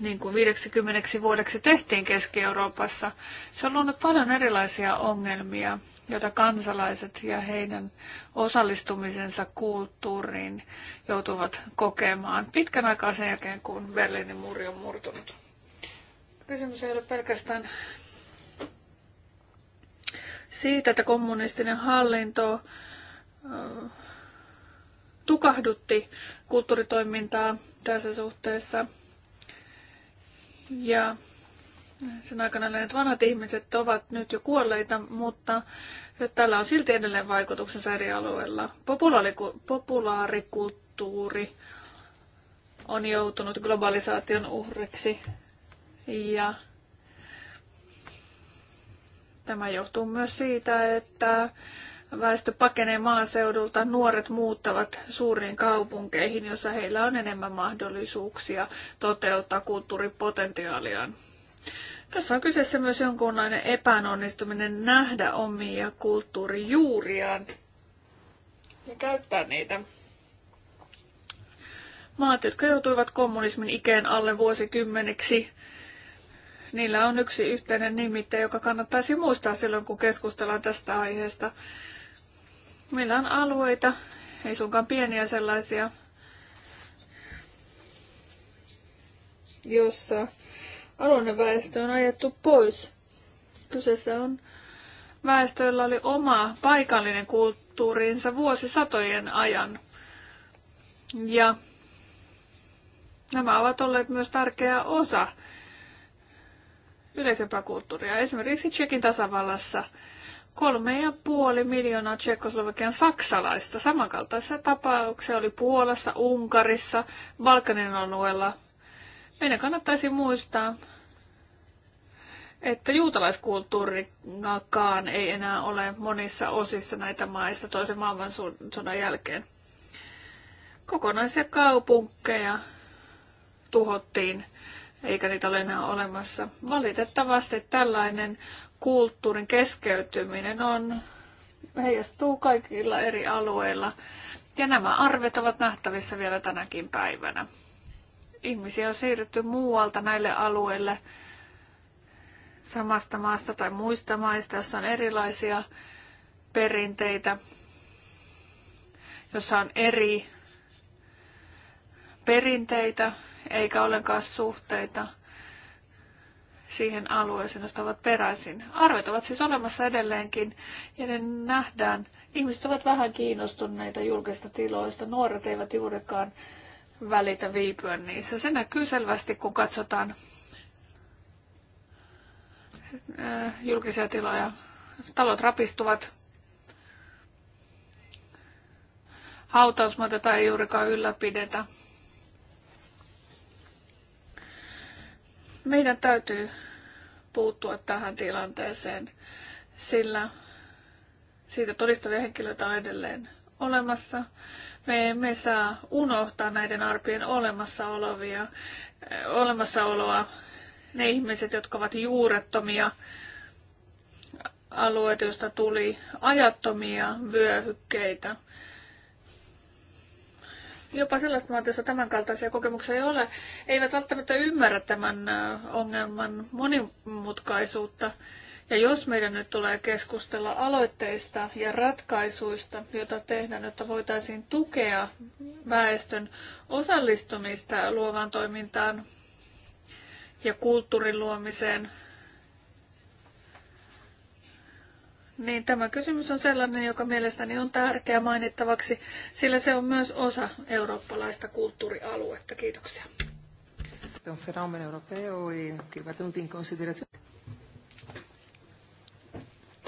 niin kuin 50 vuodeksi tehtiin Keski-Euroopassa. Se on luonut paljon erilaisia ongelmia, joita kansalaiset ja heidän osallistumisensa kulttuuriin joutuvat kokemaan pitkän aikaa sen jälkeen, kun Berliinin muri on murtunut. Kysymys ei ole pelkästään siitä, että kommunistinen hallinto äh, tukahdutti kulttuuritoimintaa tässä suhteessa – ja sen aikana että vanhat ihmiset ovat nyt jo kuolleita, mutta tällä on silti edelleen vaikutuksensa eri alueilla. Populaarikulttuuri on joutunut globalisaation uhreksi. ja tämä johtuu myös siitä, että väestö pakenee maaseudulta, nuoret muuttavat suuriin kaupunkeihin, jossa heillä on enemmän mahdollisuuksia toteuttaa kulttuuripotentiaaliaan. Tässä on kyseessä myös jonkunlainen epäonnistuminen nähdä omia kulttuurijuuriaan ja käyttää niitä. Maat, jotka joutuivat kommunismin ikeen alle vuosikymmeniksi, niillä on yksi yhteinen nimittäjä, joka kannattaisi muistaa silloin, kun keskustellaan tästä aiheesta. Meillä on alueita, ei suinkaan pieniä sellaisia, jossa alueen väestö on ajettu pois. Kyseessä on väestöllä oli oma paikallinen kulttuurinsa vuosisatojen ajan. Ja nämä ovat olleet myös tärkeä osa yleisempää kulttuuria. Esimerkiksi Tsekin tasavallassa – kolme ja puoli miljoonaa Tsekoslovakian saksalaista. Samankaltaisia tapauksia oli Puolassa, Unkarissa, Balkanin alueella. Meidän kannattaisi muistaa, että juutalaiskulttuurikaan ei enää ole monissa osissa näitä maista toisen maailmansodan jälkeen. Kokonaisia kaupunkkeja tuhottiin, eikä niitä ole enää olemassa. Valitettavasti tällainen kulttuurin keskeytyminen on, heijastuu kaikilla eri alueilla. Ja nämä arvet ovat nähtävissä vielä tänäkin päivänä. Ihmisiä on siirretty muualta näille alueille samasta maasta tai muista maista, jossa on erilaisia perinteitä, jossa on eri perinteitä eikä ollenkaan suhteita – siihen alueeseen, josta ovat peräisin. Arvet ovat siis olemassa edelleenkin ja ne nähdään. Ihmiset ovat vähän kiinnostuneita julkista tiloista. Nuoret eivät juurikaan välitä viipyä niissä. Se näkyy selvästi, kun katsotaan äh, julkisia tiloja. Talot rapistuvat. Hautausmaita tai juurikaan ylläpidetä. Meidän täytyy puuttua tähän tilanteeseen, sillä siitä todistavia henkilöitä on edelleen olemassa. Me emme saa unohtaa näiden arpien olemassa olevia, olemassaoloa. Ne ihmiset, jotka ovat juurettomia alueita, joista tuli ajattomia vyöhykkeitä – jopa sellaiset maat, joissa tämänkaltaisia kokemuksia ei ole, eivät välttämättä ymmärrä tämän ongelman monimutkaisuutta. Ja jos meidän nyt tulee keskustella aloitteista ja ratkaisuista, joita tehdään, jotta voitaisiin tukea väestön osallistumista luovaan toimintaan ja kulttuurin luomiseen, niin tämä kysymys on sellainen, joka mielestäni on tärkeä mainittavaksi, sillä se on myös osa eurooppalaista kulttuurialuetta. Kiitoksia.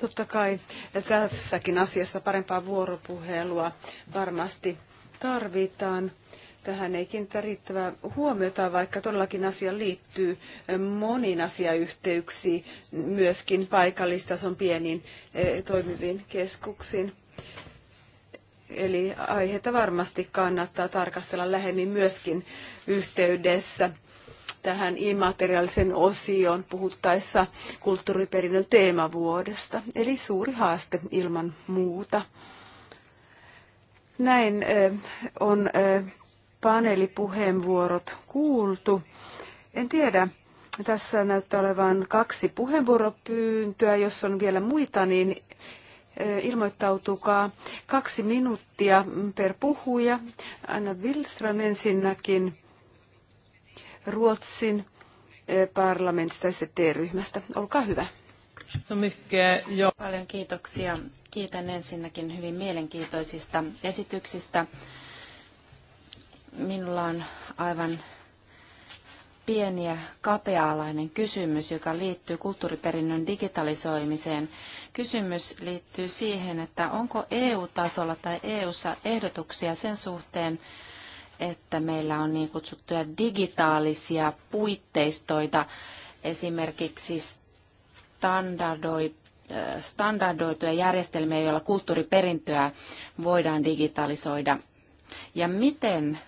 Totta kai tässäkin asiassa parempaa vuoropuhelua varmasti tarvitaan tähän ei kiinnitä riittävää huomiota, vaikka todellakin asia liittyy eh, moniin asiayhteyksiin, myöskin paikallistason pieniin eh, toimiviin keskuksiin. Eli aiheita varmasti kannattaa tarkastella lähemmin myöskin yhteydessä tähän immateriaalisen osioon puhuttaessa kulttuuriperinnön teemavuodesta. Eli suuri haaste ilman muuta. Näin eh, on paneelipuheenvuorot kuultu. En tiedä, tässä näyttää olevan kaksi puheenvuoropyyntöä. Jos on vielä muita, niin e, ilmoittautukaa. Kaksi minuuttia per puhuja. Anna Wilström ensinnäkin Ruotsin e, parlamentista ja ryhmästä Olkaa hyvä. Paljon kiitoksia. Kiitän ensinnäkin hyvin mielenkiintoisista esityksistä. Minulla on aivan pieni ja kapea-alainen kysymys, joka liittyy kulttuuriperinnön digitalisoimiseen. Kysymys liittyy siihen, että onko EU-tasolla tai EU-ssa ehdotuksia sen suhteen, että meillä on niin kutsuttuja digitaalisia puitteistoita, esimerkiksi standardoi, äh, standardoituja järjestelmiä, joilla kulttuuriperintöä voidaan digitalisoida. Ja miten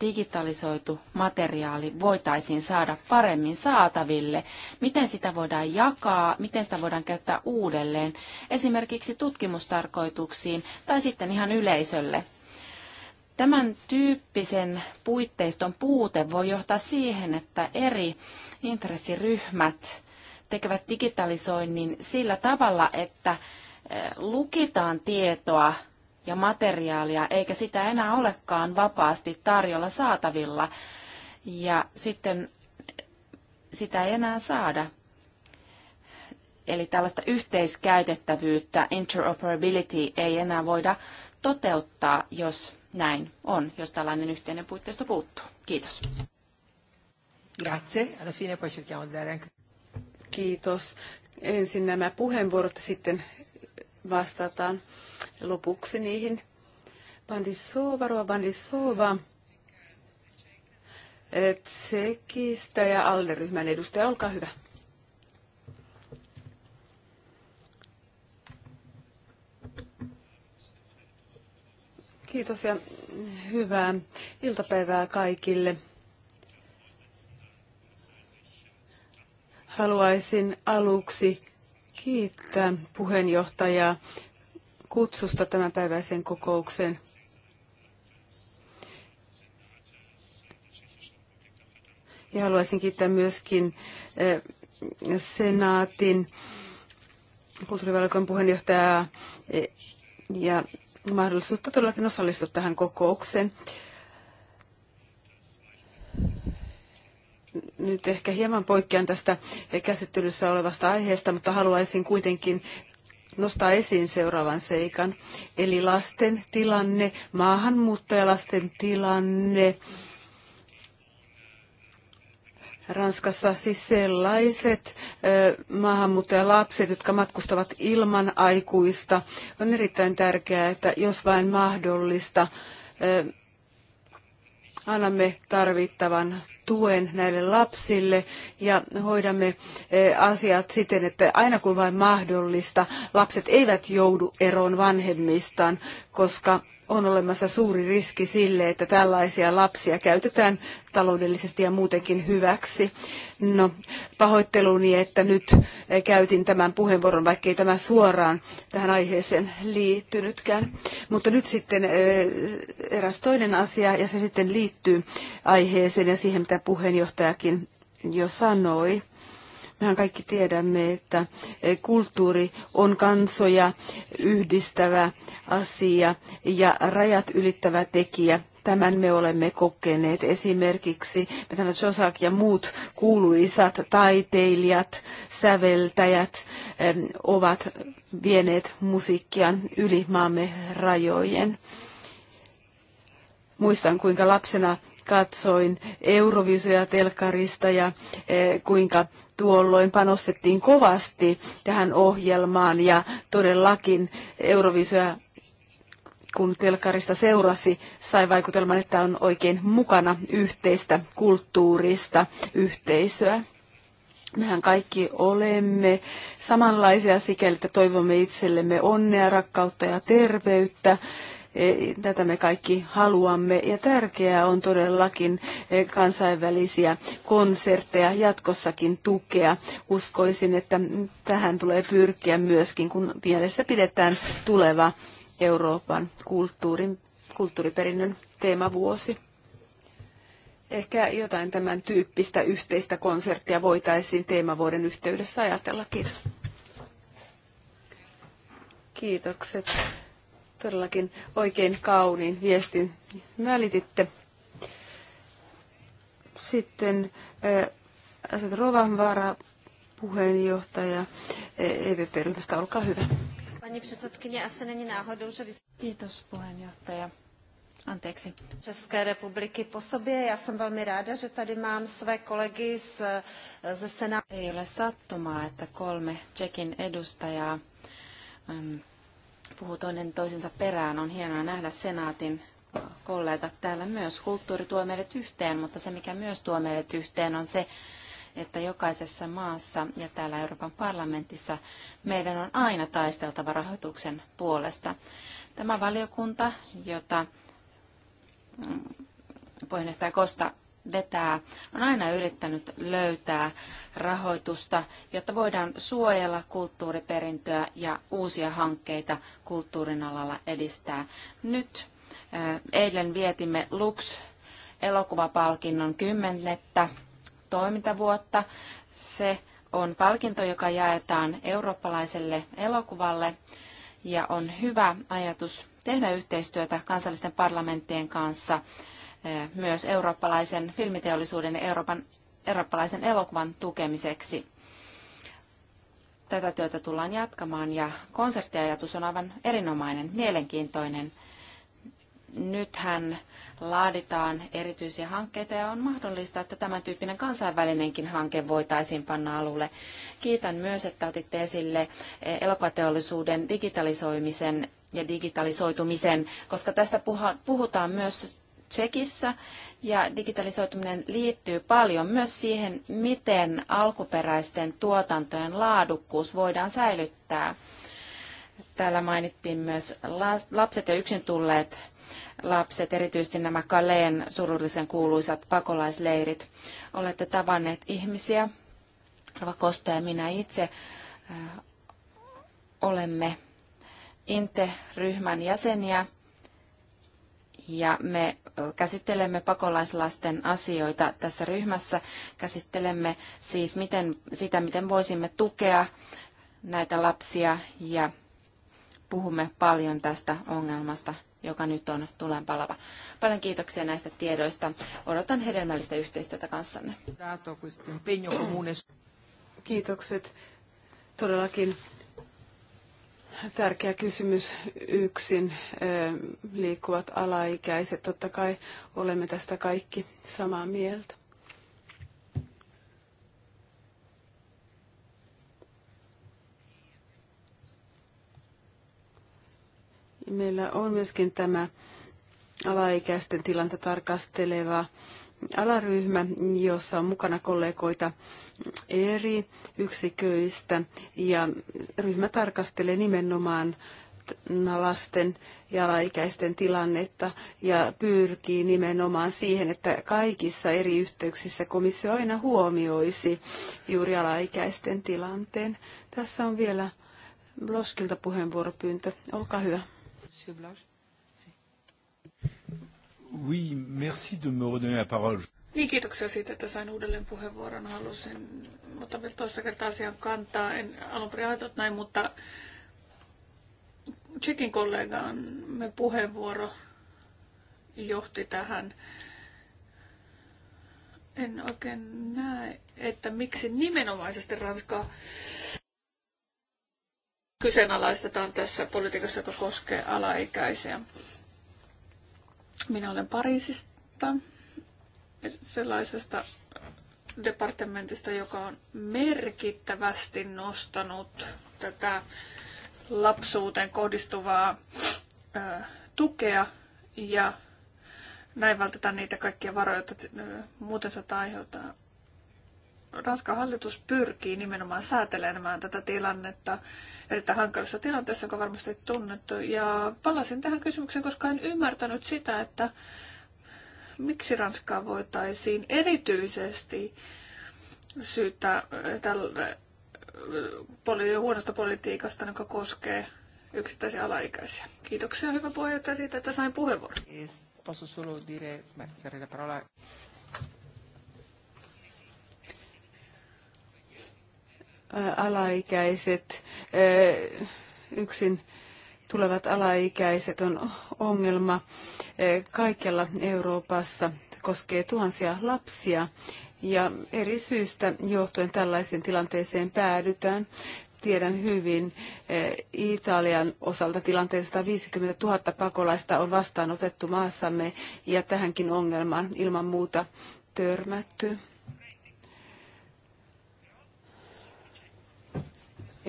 digitalisoitu materiaali voitaisiin saada paremmin saataville? Miten sitä voidaan jakaa? Miten sitä voidaan käyttää uudelleen? Esimerkiksi tutkimustarkoituksiin tai sitten ihan yleisölle. Tämän tyyppisen puitteiston puute voi johtaa siihen, että eri intressiryhmät tekevät digitalisoinnin sillä tavalla, että eh, lukitaan tietoa ja materiaalia, eikä sitä enää olekaan vapaasti tarjolla saatavilla. Ja sitten sitä ei enää saada. Eli tällaista yhteiskäytettävyyttä, interoperability, ei enää voida toteuttaa, jos näin on, jos tällainen yhteinen puitteisto puuttuu. Kiitos. Grazie. Alla fine poi cerchiamo di dare anche... Kiitos. Ensin nämä puheenvuorot sitten vastataan lopuksi niihin. Bandisova, Rova Bandisova. Tsekistä ja Alderyhmän edustaja, olkaa hyvä. Kiitos ja hyvää iltapäivää kaikille. Haluaisin aluksi kiittää puheenjohtajaa kutsusta tämänpäiväiseen kokoukseen. Ja haluaisin kiittää myöskin eh, senaatin kulttuurivaliokunnan puheenjohtajaa eh, ja mahdollisuutta todellakin osallistua tähän kokoukseen nyt ehkä hieman poikkean tästä käsittelyssä olevasta aiheesta, mutta haluaisin kuitenkin nostaa esiin seuraavan seikan. Eli lasten tilanne, maahanmuuttajalasten tilanne. Ranskassa siis sellaiset maahanmuuttajalapset, jotka matkustavat ilman aikuista. On erittäin tärkeää, että jos vain mahdollista, annamme tarvittavan tuen näille lapsille ja hoidamme eh, asiat siten, että aina kun vain mahdollista, lapset eivät joudu eroon vanhemmistaan, koska on olemassa suuri riski sille, että tällaisia lapsia käytetään taloudellisesti ja muutenkin hyväksi. No, pahoitteluni, että nyt käytin tämän puheenvuoron, vaikkei tämä suoraan tähän aiheeseen liittynytkään. Mutta nyt sitten eh, eräs toinen asia, ja se sitten liittyy aiheeseen ja siihen, mitä puheenjohtajakin jo sanoi. Mehän kaikki tiedämme, että eh, kulttuuri on kansoja yhdistävä asia ja rajat ylittävä tekijä. Tämän me olemme kokeneet esimerkiksi Betana Josak ja muut kuuluisat taiteilijat, säveltäjät ovat vieneet musiikkiaan yli maamme rajojen. Muistan, kuinka lapsena katsoin Eurovisoja telkarista ja e, kuinka tuolloin panostettiin kovasti tähän ohjelmaan ja todellakin Eurovisoja kun telkarista seurasi, sai vaikutelman, että on oikein mukana yhteistä kulttuurista yhteisöä. Mehän kaikki olemme samanlaisia sikäli, että toivomme itsellemme onnea, rakkautta ja terveyttä. E, tätä me kaikki haluamme ja tärkeää on todellakin e, kansainvälisiä konserteja jatkossakin tukea. Uskoisin, että tähän tulee pyrkiä myöskin, kun mielessä pidetään tuleva Euroopan kulttuurin, kulttuuriperinnön teemavuosi. Ehkä jotain tämän tyyppistä yhteistä konserttia voitaisiin teemavuoden yhteydessä ajatella. Kiitos. Kiitokset todellakin oikein kauniin viestin välititte. Sitten äh, Rovanvaara puheenjohtaja EVP-ryhmästä, e olkaa hyvä. Kiitos puheenjohtaja. Anteeksi. České republiky po sobě. Já jsem velmi ráda, že tady mám své kolegy z, ze Senátu. Ei ole sattumaa, että kolme Tšekin edustajaa on puhuu toinen toisensa perään. On hienoa nähdä senaatin kollegat täällä myös. Kulttuuri tuo meidät yhteen, mutta se mikä myös tuo meidät yhteen on se, että jokaisessa maassa ja täällä Euroopan parlamentissa meidän on aina taisteltava rahoituksen puolesta. Tämä valiokunta, jota mm, puheenjohtaja Kosta vetää, on aina yrittänyt löytää rahoitusta, jotta voidaan suojella kulttuuriperintöä ja uusia hankkeita kulttuurin alalla edistää. Nyt eh, eilen vietimme Lux elokuvapalkinnon kymmenettä toimintavuotta. Se on palkinto, joka jaetaan eurooppalaiselle elokuvalle ja on hyvä ajatus tehdä yhteistyötä kansallisten parlamenttien kanssa Eh, myös eurooppalaisen filmiteollisuuden ja Euroopan, eurooppalaisen elokuvan tukemiseksi. Tätä työtä tullaan jatkamaan ja konserttiajatus on aivan erinomainen, mielenkiintoinen. Nythän laaditaan erityisiä hankkeita ja on mahdollista, että tämän tyyppinen kansainvälinenkin hanke voitaisiin panna alulle. Kiitän myös, että otitte esille eh, elokuvateollisuuden digitalisoimisen ja digitalisoitumisen, koska tästä puhutaan myös Tsekissä ja digitalisoituminen liittyy paljon myös siihen, miten alkuperäisten tuotantojen laadukkuus voidaan säilyttää. Täällä mainittiin myös lapset ja yksin tulleet lapset, erityisesti nämä Kaleen surullisen kuuluisat pakolaisleirit. Olette tavanneet ihmisiä, Rova Kosta ja minä itse olemme Inte-ryhmän jäseniä ja me käsittelemme pakolaislasten asioita tässä ryhmässä. Käsittelemme siis miten, sitä, miten voisimme tukea näitä lapsia ja puhumme paljon tästä ongelmasta, joka nyt on palava. Paljon kiitoksia näistä tiedoista. Odotan hedelmällistä yhteistyötä kanssanne. Kiitokset. Todellakin tärkeä kysymys yksin liikkuvat alaikäiset. Totta kai olemme tästä kaikki samaa mieltä. Meillä on myöskin tämä alaikäisten tilanta tarkasteleva alaryhmä, jossa on mukana kollegoita eri yksiköistä ja ryhmä tarkastelee nimenomaan lasten ja alaikäisten tilannetta ja pyrkii nimenomaan siihen, että kaikissa eri yhteyksissä komissio aina huomioisi juuri alaikäisten tilanteen. Tässä on vielä Bloskilta puheenvuoropyyntö. Olkaa hyvä. Syblaus. Oui, merci de me redonner la parole. Niin, kiitoksia siitä, että sain uudelleen puheenvuoron. Halusin ottaa vielä toista kertaa asian kantaa. En alun perin ajatellut näin, mutta Tsekin me puheenvuoro johti tähän. En oikein näe, että miksi nimenomaisesti Ranska kyseenalaistetaan tässä politiikassa, joka koskee alaikäisiä. Minä olen Pariisista, sellaisesta departementista, joka on merkittävästi nostanut tätä lapsuuteen kohdistuvaa ö, tukea ja näin vältetään niitä kaikkia varoja, joita muuten saattaa aiheuttaa Ranskan hallitus pyrkii nimenomaan säätelemään tätä tilannetta erittäin hankalassa tilanteessa, joka on varmasti tunnettu. Ja palasin tähän kysymykseen, koska en ymmärtänyt sitä, että miksi Ranskaa voitaisiin erityisesti syyttää tälle poli- huonosta politiikasta, joka koskee yksittäisiä alaikäisiä. Kiitoksia hyvä puheenjohtaja siitä, että sain puheenvuoron. alaikäiset, yksin tulevat alaikäiset on ongelma kaikella Euroopassa. Koskee tuhansia lapsia ja eri syistä johtuen tällaiseen tilanteeseen päädytään. Tiedän hyvin, Italian osalta tilanteen 150 000 pakolaista on vastaanotettu maassamme ja tähänkin ongelmaan ilman muuta törmätty.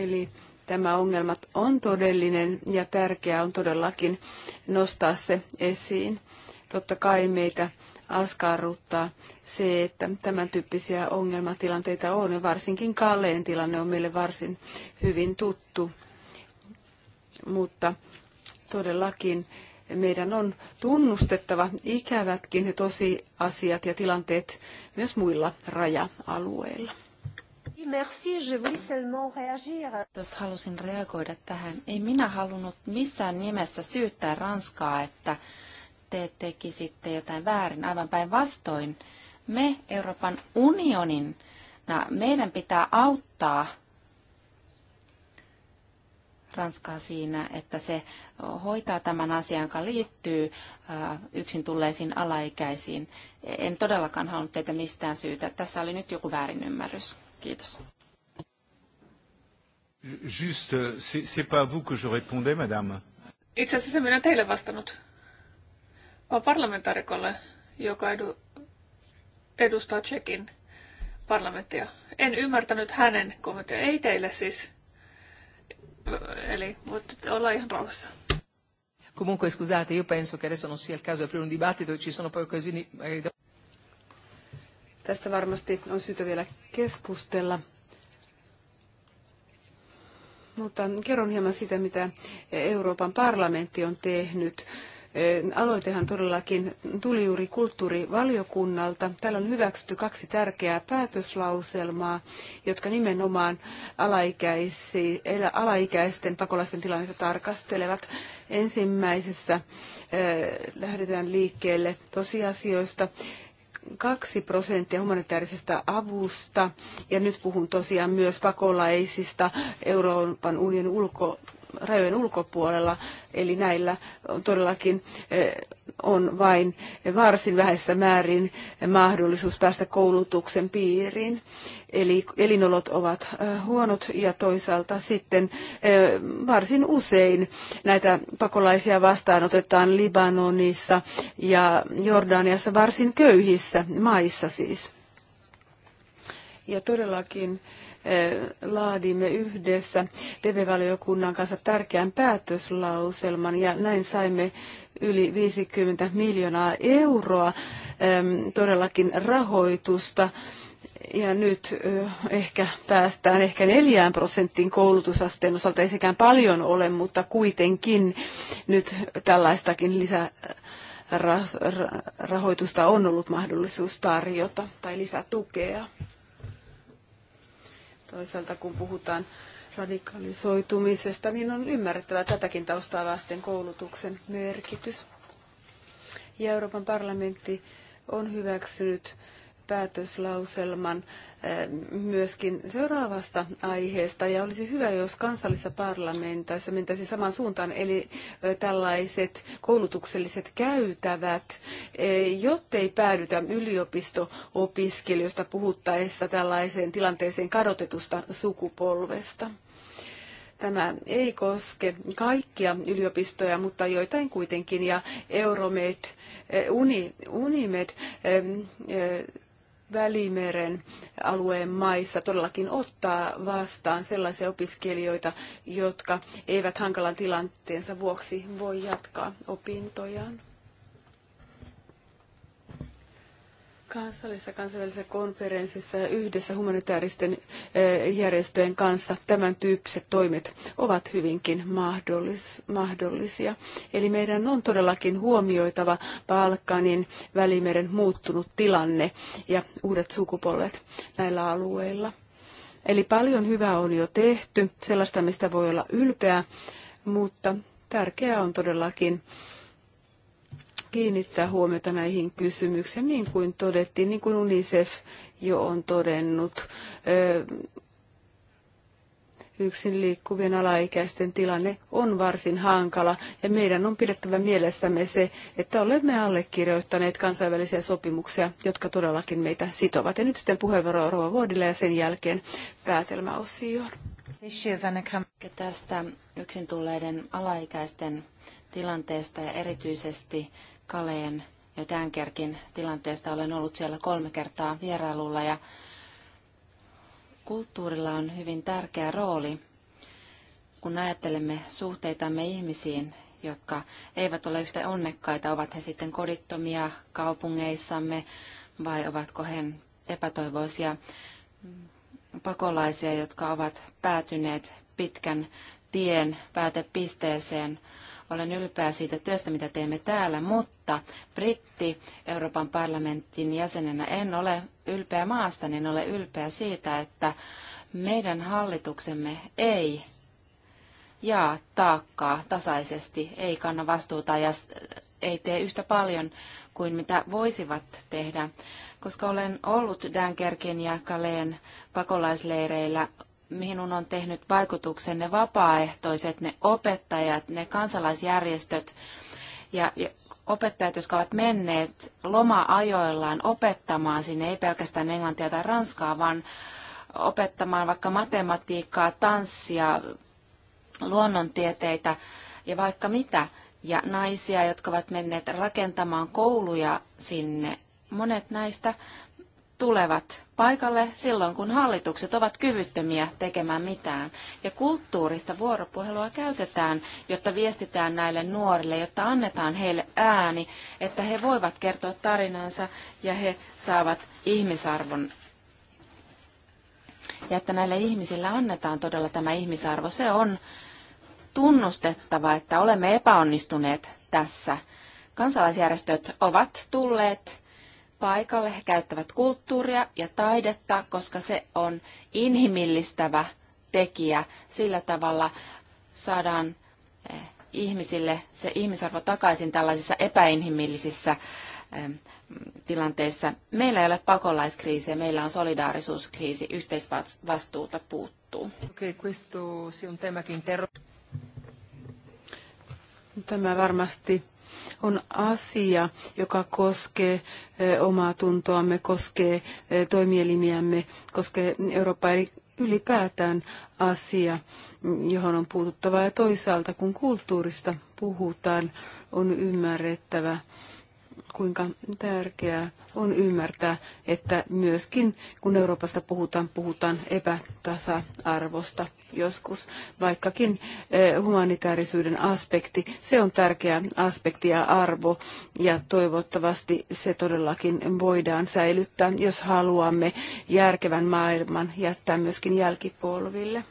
Eli tämä ongelma on todellinen ja tärkeää on todellakin nostaa se esiin. Totta kai meitä askarruttaa se, että tämän tyyppisiä ongelmatilanteita on ja varsinkin Kalleen tilanne on meille varsin hyvin tuttu. Mutta todellakin meidän on tunnustettava ikävätkin ne tosiasiat ja tilanteet myös muilla raja-alueilla. Merci, je voulais seulement réagir. Jos halusin reagoida tähän, ei minä halunnut missään nimessä syyttää Ranskaa, että te tekisitte jotain väärin, aivan päinvastoin. Me Euroopan unionin, meidän pitää auttaa Ranskaa siinä, että se hoitaa tämän asian, joka liittyy yksin tulleisiin alaikäisiin. En todellakaan halunnut teitä mistään syytä. Tässä oli nyt joku väärinymmärrys. Kiitos. Just, c'est pas à vous que je répondais, madame. Itse asiassa minä teille vastannut, vaan parlamentaarikolle, joka edu, edustaa Tsekin parlamenttia. En ymmärtänyt hänen kommenttia, ei teille siis. Eli voitte olla ihan rauhassa. Comunque scusate, io penso che adesso non sia il caso di aprire un dibattito, ci sono poi occasioni... Eh, Tästä varmasti on syytä vielä keskustella. Mutta kerron hieman sitä, mitä Euroopan parlamentti on tehnyt. Aloitehan todellakin tuli juuri kulttuurivaliokunnalta. Täällä on hyväksytty kaksi tärkeää päätöslauselmaa, jotka nimenomaan alaikäisten pakolaisten tilannetta tarkastelevat. Ensimmäisessä eh, lähdetään liikkeelle tosiasioista 2 prosenttia humanitaarisesta avusta, ja nyt puhun tosiaan myös pakolaisista Euroopan unionin ulko rajojen ulkopuolella, eli näillä on todellakin eh, on vain varsin vähäisessä määrin mahdollisuus päästä koulutuksen piiriin. Eli elinolot ovat eh, huonot ja toisaalta sitten eh, varsin usein näitä pakolaisia vastaanotetaan Libanonissa ja Jordaniassa varsin köyhissä maissa siis. Ja todellakin äh, laadimme yhdessä TV-valiokunnan kanssa tärkeän päätöslauselman ja näin saimme yli 50 miljoonaa euroa todellakin rahoitusta. Ja nyt ehkä päästään ehkä neljään prosenttiin koulutusasteen osalta, ei sekään paljon ole, mutta kuitenkin nyt tällaistakin lisärahoitusta on ollut mahdollisuus tarjota tai lisätukea. Toisaalta kun puhutaan radikalisoitumisesta, niin on ymmärrettävä tätäkin taustaa vasten koulutuksen merkitys. Ja Euroopan parlamentti on hyväksynyt päätöslauselman myöskin seuraavasta aiheesta, ja olisi hyvä, jos kansallisessa parlamentaissa mentäisiin samaan suuntaan, eli tällaiset koulutukselliset käytävät, e, jottei päädytä yliopisto-opiskelijoista puhuttaessa tällaiseen tilanteeseen kadotetusta sukupolvesta. Tämä ei koske kaikkia yliopistoja, mutta joitain kuitenkin, ja Euromed, e, Uni, Unimed e, Välimeren alueen maissa todellakin ottaa vastaan sellaisia opiskelijoita, jotka eivät hankalan tilanteensa vuoksi voi jatkaa opintojaan. kansallisessa kansainvälisessä konferenssissa ja yhdessä humanitaaristen eh, järjestöjen kanssa tämän tyyppiset toimet ovat hyvinkin mahdollis- mahdollisia. Eli meidän on todellakin huomioitava Balkanin välimeren muuttunut tilanne ja uudet sukupolvet näillä alueilla. Eli paljon hyvää on jo tehty, sellaista mistä voi olla ylpeä, mutta tärkeää on todellakin kiinnittää huomiota näihin kysymyksiin, niin kuin todettiin, niin kuin UNICEF jo on todennut. Yksin liikkuvien alaikäisten tilanne on varsin hankala ja meidän on pidettävä mielessämme se, että olemme allekirjoittaneet kansainvälisiä sopimuksia, jotka todellakin meitä sitovat. Ja nyt sitten puheenvuoro Rova Vuodille ja sen jälkeen päätelmäosioon. Tästä yksin tulleiden alaikäisten tilanteesta ja erityisesti Kaleen ja Dänkerkin tilanteesta. Olen ollut siellä kolme kertaa vierailulla ja kulttuurilla on hyvin tärkeä rooli, kun ajattelemme suhteitamme ihmisiin, jotka eivät ole yhtä onnekkaita, ovat he sitten kodittomia kaupungeissamme vai ovatko he epätoivoisia pakolaisia, jotka ovat päätyneet pitkän tien päätepisteeseen. pisteeseen olen ylpeä siitä työstä, mitä teemme täällä, mutta britti Euroopan parlamentin jäsenenä en ole ylpeä maasta, niin ole ylpeä siitä, että meidän hallituksemme ei jaa taakkaa tasaisesti, ei kanna vastuuta ja ei tee yhtä paljon kuin mitä voisivat tehdä koska olen ollut dänkerkin ja Kaleen pakolaisleireillä, mihin on tehnyt vaikutuksen ne vapaaehtoiset, ne opettajat, ne kansalaisjärjestöt ja, ja opettajat, jotka ovat menneet loma-ajoillaan opettamaan sinne, ei pelkästään englantia tai ranskaa, vaan opettamaan vaikka matematiikkaa, tanssia, luonnontieteitä ja vaikka mitä. Ja naisia, jotka ovat menneet rakentamaan kouluja sinne. Monet näistä tulevat paikalle silloin, kun hallitukset ovat kyvyttömiä tekemään mitään. Ja kulttuurista vuoropuhelua käytetään, jotta viestitään näille nuorille, jotta annetaan heille ääni, että he voivat kertoa tarinansa ja he saavat ihmisarvon. Ja että näille ihmisille annetaan todella tämä ihmisarvo. Se on tunnustettava, että olemme epäonnistuneet tässä. Kansalaisjärjestöt ovat tulleet paikalle. He käyttävät kulttuuria ja taidetta, koska se on inhimillistävä tekijä. Sillä tavalla saadaan eh, ihmisille se ihmisarvo takaisin tällaisissa epäinhimillisissä tilanteissa. Meillä ei ole pakolaiskriisiä, meillä on solidaarisuuskriisi, yhteisvastuuta puuttuu. Okay, Tämä varmasti on asia, joka koskee omaa tuntoamme, koskee toimielimiämme, koskee Eurooppaa eli ylipäätään asia, johon on puututtava. Ja toisaalta, kun kulttuurista puhutaan, on ymmärrettävä, kuinka tärkeää on ymmärtää, että myöskin kun Euroopasta puhutaan, puhutaan epätasa-arvosta joskus, vaikkakin eh, humanitaarisuuden aspekti, se on tärkeä aspekti ja arvo, ja toivottavasti se todellakin voidaan säilyttää, jos haluamme järkevän maailman jättää myöskin jälkipolville.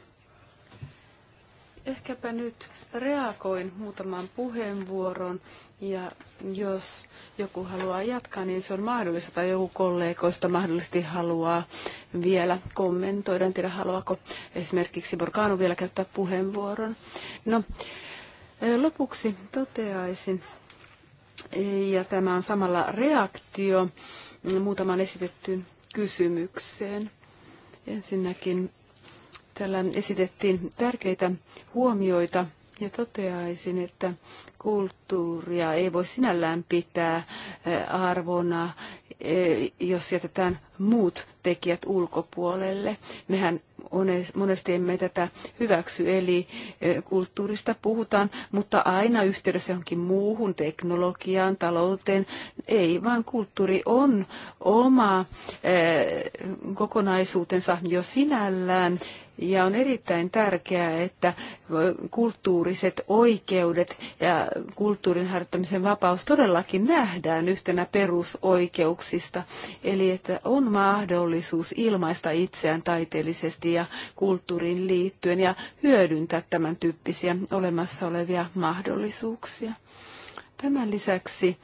Ehkäpä nyt reagoin muutamaan puheenvuoron ja jos joku haluaa jatkaa, niin se on mahdollista tai joku kollegoista mahdollisesti haluaa vielä kommentoida. En tiedä, haluaako esimerkiksi Borkano vielä käyttää puheenvuoron. No, e, lopuksi toteaisin, e, ja tämä on samalla reaktio muutaman esitettyyn kysymykseen. Ensinnäkin Täällä esitettiin tärkeitä huomioita ja toteaisin, että kulttuuria ei voi sinällään pitää eh, arvona, eh, jos jätetään muut tekijät ulkopuolelle. Mehän monesti emme tätä hyväksy, eli eh, kulttuurista puhutaan, mutta aina yhteydessä johonkin muuhun teknologiaan, talouteen. Ei, vaan kulttuuri on oma kokonaisuutensa jo sinällään ja on erittäin tärkeää, että kulttuuriset oikeudet ja kulttuurin harjoittamisen vapaus todellakin nähdään yhtenä perusoikeuksista. Eli että on mahdollisuus ilmaista itseään taiteellisesti ja kulttuuriin liittyen ja hyödyntää tämän tyyppisiä olemassa olevia mahdollisuuksia. Tämän lisäksi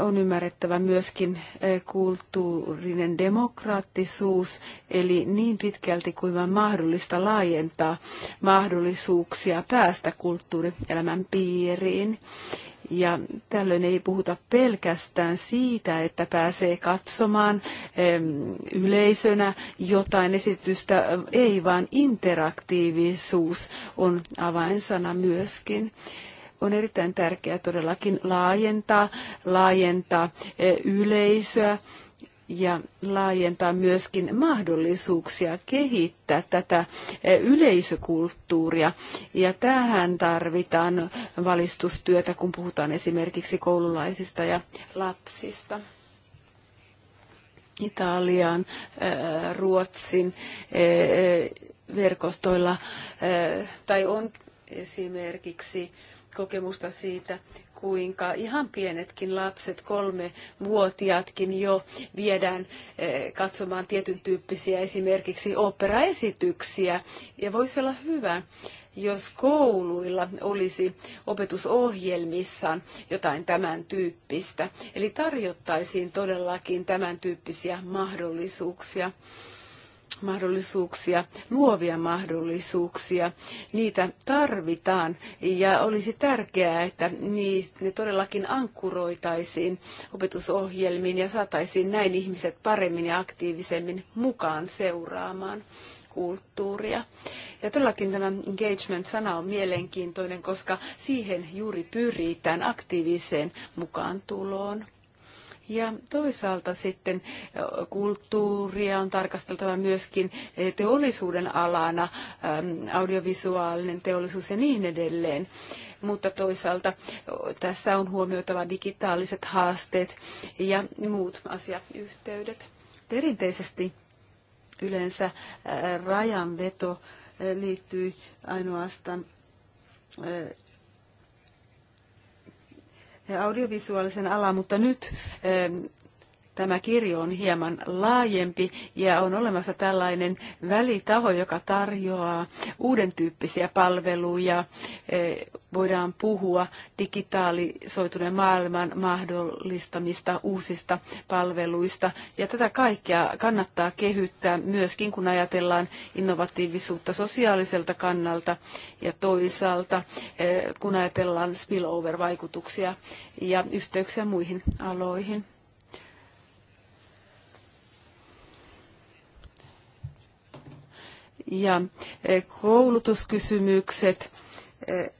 on ymmärrettävä myöskin eh, kulttuurinen demokraattisuus, eli niin pitkälti kuin vain mahdollista laajentaa mahdollisuuksia päästä kulttuurielämän piiriin. Ja tällöin ei puhuta pelkästään siitä, että pääsee katsomaan yleisönä jotain esitystä, ei vaan interaktiivisuus on avainsana myöskin on erittäin tärkeää todellakin laajentaa, laajentaa eh, yleisöä ja laajentaa myöskin mahdollisuuksia kehittää tätä eh, yleisökulttuuria. Ja tähän tarvitaan valistustyötä, kun puhutaan esimerkiksi koululaisista ja lapsista. Italian, eh, Ruotsin verkostoilla tai on esimerkiksi kokemusta siitä, kuinka ihan pienetkin lapset, kolme vuotiaatkin jo viedään eh, katsomaan tietyn tyyppisiä esimerkiksi operaesityksiä. Ja voisi olla hyvä, jos kouluilla olisi opetusohjelmissaan jotain tämän tyyppistä. Eli tarjottaisiin todellakin tämän tyyppisiä mahdollisuuksia mahdollisuuksia, luovia mahdollisuuksia. Niitä tarvitaan ja olisi tärkeää, että ne todellakin ankkuroitaisiin opetusohjelmiin ja saataisiin näin ihmiset paremmin ja aktiivisemmin mukaan seuraamaan kulttuuria. Ja todellakin tämä engagement-sana on mielenkiintoinen, koska siihen juuri pyritään aktiiviseen mukaantuloon. Ja toisaalta sitten kulttuuria on tarkasteltava myöskin teollisuuden alana, audiovisuaalinen teollisuus ja niin edelleen. Mutta toisaalta tässä on huomioitava digitaaliset haasteet ja muut asiayhteydet. Perinteisesti yleensä rajanveto liittyy ainoastaan audiovisuaalisen alan, mutta nyt eh, tämä kirjo on hieman laajempi ja on olemassa tällainen välitaho, joka tarjoaa uuden tyyppisiä palveluja. E, voidaan puhua digitaalisoituneen maailman mahdollistamista uusista palveluista ja tätä kaikkea kannattaa kehyttää myöskin, kun ajatellaan innovatiivisuutta sosiaaliselta kannalta ja toisaalta, e, kun ajatellaan spillover-vaikutuksia ja yhteyksiä muihin aloihin. ja eh, koulutuskysymykset. Eh,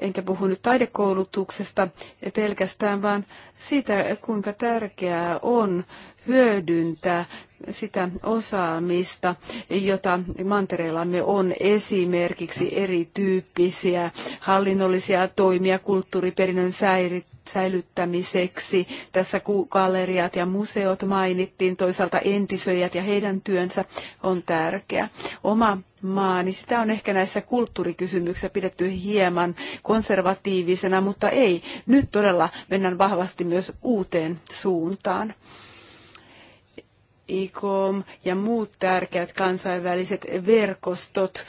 enkä puhu nyt taidekoulutuksesta pelkästään, vaan siitä, kuinka tärkeää on hyödyntää sitä osaamista, jota mantereillamme on esimerkiksi erityyppisiä hallinnollisia toimia, kulttuuriperinnön säilyttämiseksi. Tässä galleriat ja museot mainittiin, toisaalta entisöjät ja heidän työnsä on tärkeä. Oma maa, niin sitä on ehkä näissä kulttuurikysymyksissä pidetty hieman konservatiivisena, mutta ei. Nyt todella mennään vahvasti myös uuteen suuntaan. ICOM ja muut tärkeät kansainväliset verkostot,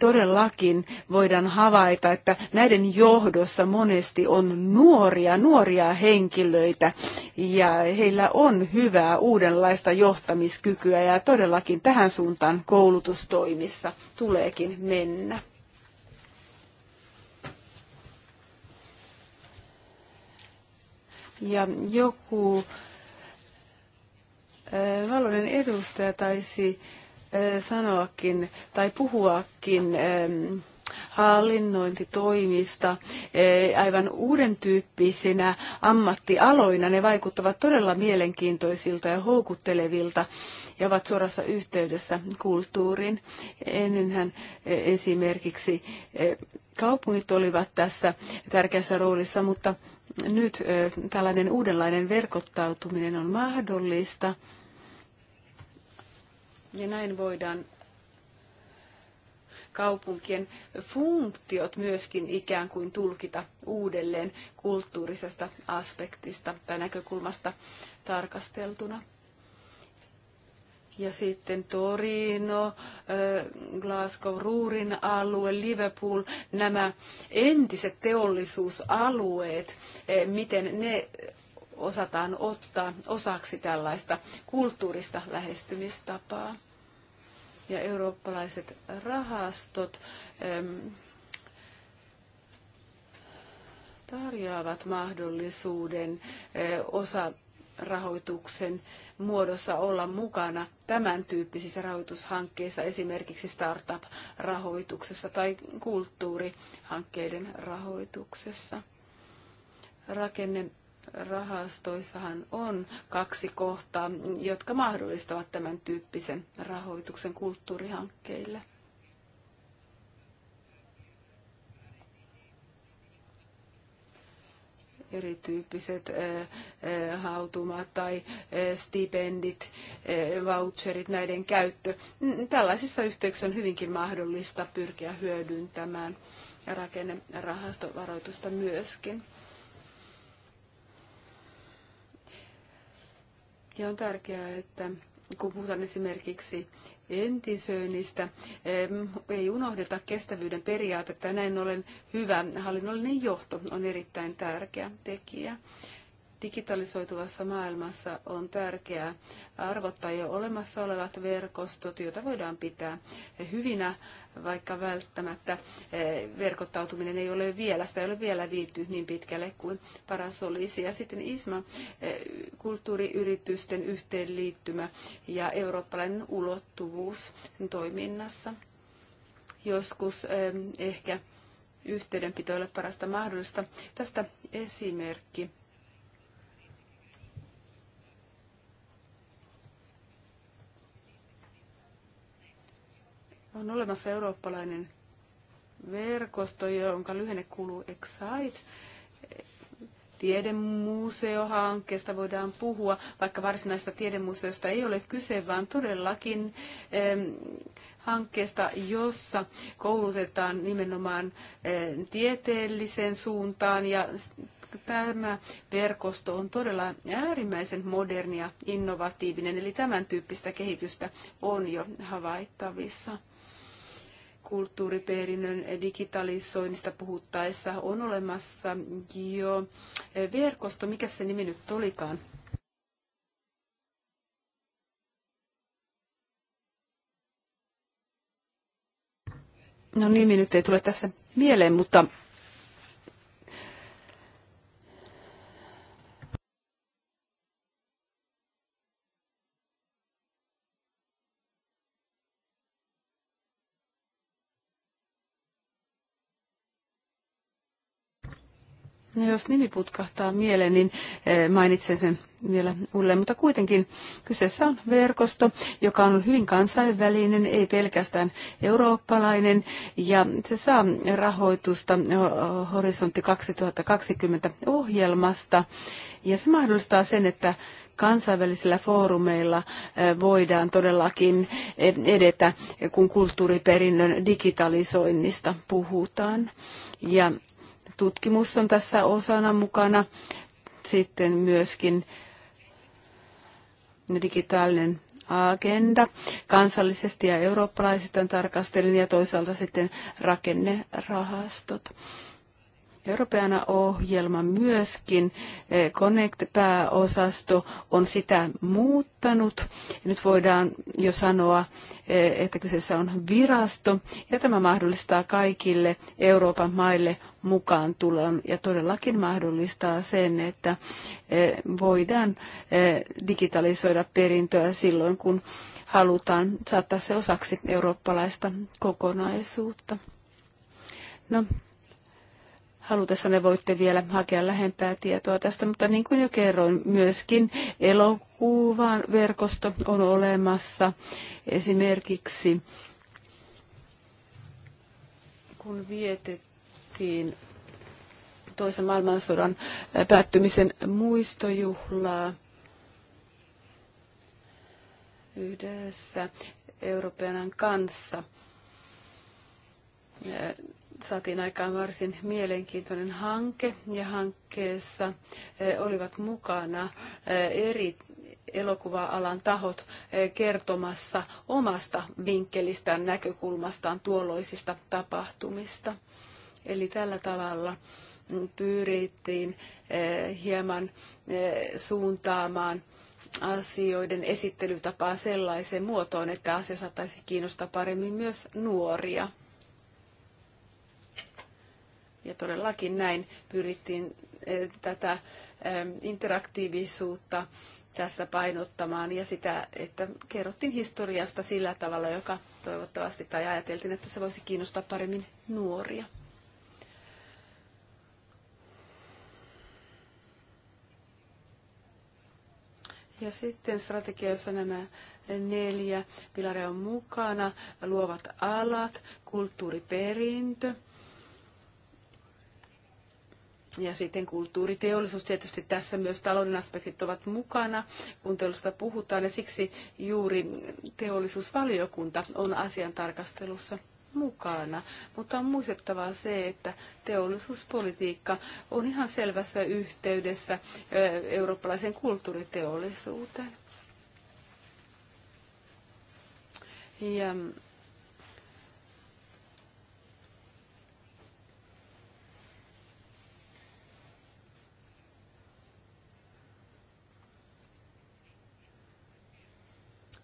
todellakin voidaan havaita, että näiden johdossa monesti on nuoria, nuoria henkilöitä ja heillä on hyvää uudenlaista johtamiskykyä ja todellakin tähän suuntaan koulutustoimissa tuleekin mennä. Ja joku Valoinen edustaja taisi sanoakin tai puhuakin hallinnointitoimista e, aivan uuden tyyppisinä ammattialoina. Ne vaikuttavat todella mielenkiintoisilta ja houkuttelevilta ja ovat suorassa yhteydessä kulttuuriin. Ennenhän e, esimerkiksi e, kaupungit olivat tässä tärkeässä roolissa, mutta nyt tällainen uudenlainen verkottautuminen on mahdollista. Ja näin voidaan kaupunkien funktiot myöskin ikään kuin tulkita uudelleen kulttuurisesta aspektista tai näkökulmasta tarkasteltuna. Ja sitten Torino, Glasgow, Ruurin alue, Liverpool, nämä entiset teollisuusalueet, miten ne osataan ottaa osaksi tällaista kulttuurista lähestymistapaa ja eurooppalaiset rahastot tarjoavat mahdollisuuden e, osa rahoituksen muodossa olla mukana tämän tyyppisissä rahoitushankkeissa, esimerkiksi startup-rahoituksessa tai kulttuurihankkeiden rahoituksessa. Rakenne rahastoissahan on kaksi kohtaa, jotka mahdollistavat tämän tyyppisen rahoituksen kulttuurihankkeille. erityyppiset eh, eh, hautumat tai eh, stipendit, voucherit, näiden käyttö. Mm, tällaisissa yhteyksissä on hyvinkin mahdollista pyrkiä hyödyntämään rakennerahastovaroitusta myöskin. Ja on tärkeää, että kun puhutaan esimerkiksi entisöinnistä, ei unohdeta kestävyyden periaatetta. Näin ollen hyvä hallinnollinen johto on erittäin tärkeä tekijä. Digitalisoituvassa maailmassa on tärkeää arvottaa jo olemassa olevat verkostot, joita voidaan pitää hyvinä vaikka välttämättä eh, verkottautuminen ei ole vielä, sitä ei ole vielä viity niin pitkälle kuin paras olisi. Ja sitten ISMA, eh, kulttuuriyritysten yhteenliittymä ja eurooppalainen ulottuvuus toiminnassa. Joskus eh, ehkä yhteydenpito ei ole parasta mahdollista. Tästä esimerkki On olemassa eurooppalainen verkosto, jonka lyhenne kuuluu Excite. Tiedemuseohankkeesta voidaan puhua, vaikka varsinaista tiedemuseosta ei ole kyse, vaan todellakin hankkeesta, jossa koulutetaan nimenomaan tieteelliseen suuntaan ja tämä verkosto on todella äärimmäisen moderni ja innovatiivinen, eli tämän tyyppistä kehitystä on jo havaittavissa kulttuuriperinnön digitalisoinnista puhuttaessa on olemassa jo verkosto, mikä se nimi nyt olikaan? No nimi nyt ei tule tässä mieleen, mutta No jos nimi putkahtaa mieleen, niin eh, mainitsen sen vielä uudelleen, mutta kuitenkin kyseessä on verkosto, joka on hyvin kansainvälinen, ei pelkästään eurooppalainen, ja se saa rahoitusta eh, Horisontti 2020 ohjelmasta, ja se mahdollistaa sen, että kansainvälisillä foorumeilla eh, voidaan todellakin edetä, kun kulttuuriperinnön digitalisoinnista puhutaan. Ja tutkimus on tässä osana mukana. Sitten myöskin digitaalinen agenda kansallisesti ja eurooppalaisista tarkastelin ja toisaalta sitten rakennerahastot. Euroopana ohjelma myöskin, eh, Connect-pääosasto on sitä muuttanut. Nyt voidaan jo sanoa, eh, että kyseessä on virasto ja tämä mahdollistaa kaikille Euroopan maille mukaan tulon ja todellakin mahdollistaa sen, että eh, voidaan eh, digitalisoida perintöä silloin, kun halutaan saattaa se osaksi eurooppalaista kokonaisuutta. No, ne voitte vielä hakea lähempää tietoa tästä, mutta niin kuin jo kerroin, myöskin elokuvan verkosto on olemassa. Esimerkiksi kun vietet kotiin toisen maailmansodan päättymisen muistojuhlaa yhdessä Euroopan kanssa. Saatiin aikaan varsin mielenkiintoinen hanke ja hankkeessa olivat mukana eri elokuva-alan tahot kertomassa omasta vinkkelistään, näkökulmastaan tuolloisista tapahtumista. Eli tällä tavalla pyrittiin eh, hieman eh, suuntaamaan asioiden esittelytapaa sellaiseen muotoon, että asia saattaisi kiinnostaa paremmin myös nuoria. Ja todellakin näin pyrittiin eh, tätä interaktiivisuutta tässä painottamaan ja sitä, että kerrottiin historiasta sillä tavalla, joka toivottavasti tai ajateltiin, että se voisi kiinnostaa paremmin nuoria. Ja sitten strategiassa nämä neljä pilaria on mukana, luovat alat, kulttuuriperintö, ja sitten kulttuuriteollisuus, tietysti tässä myös talouden aspektit ovat mukana, kun teollisuudesta puhutaan, ja siksi juuri teollisuusvaliokunta on asian tarkastelussa mukana. Mutta on muistettava se, että teollisuuspolitiikka on ihan selvässä yhteydessä eurooppalaisen kulttuuriteollisuuteen. Ja mm,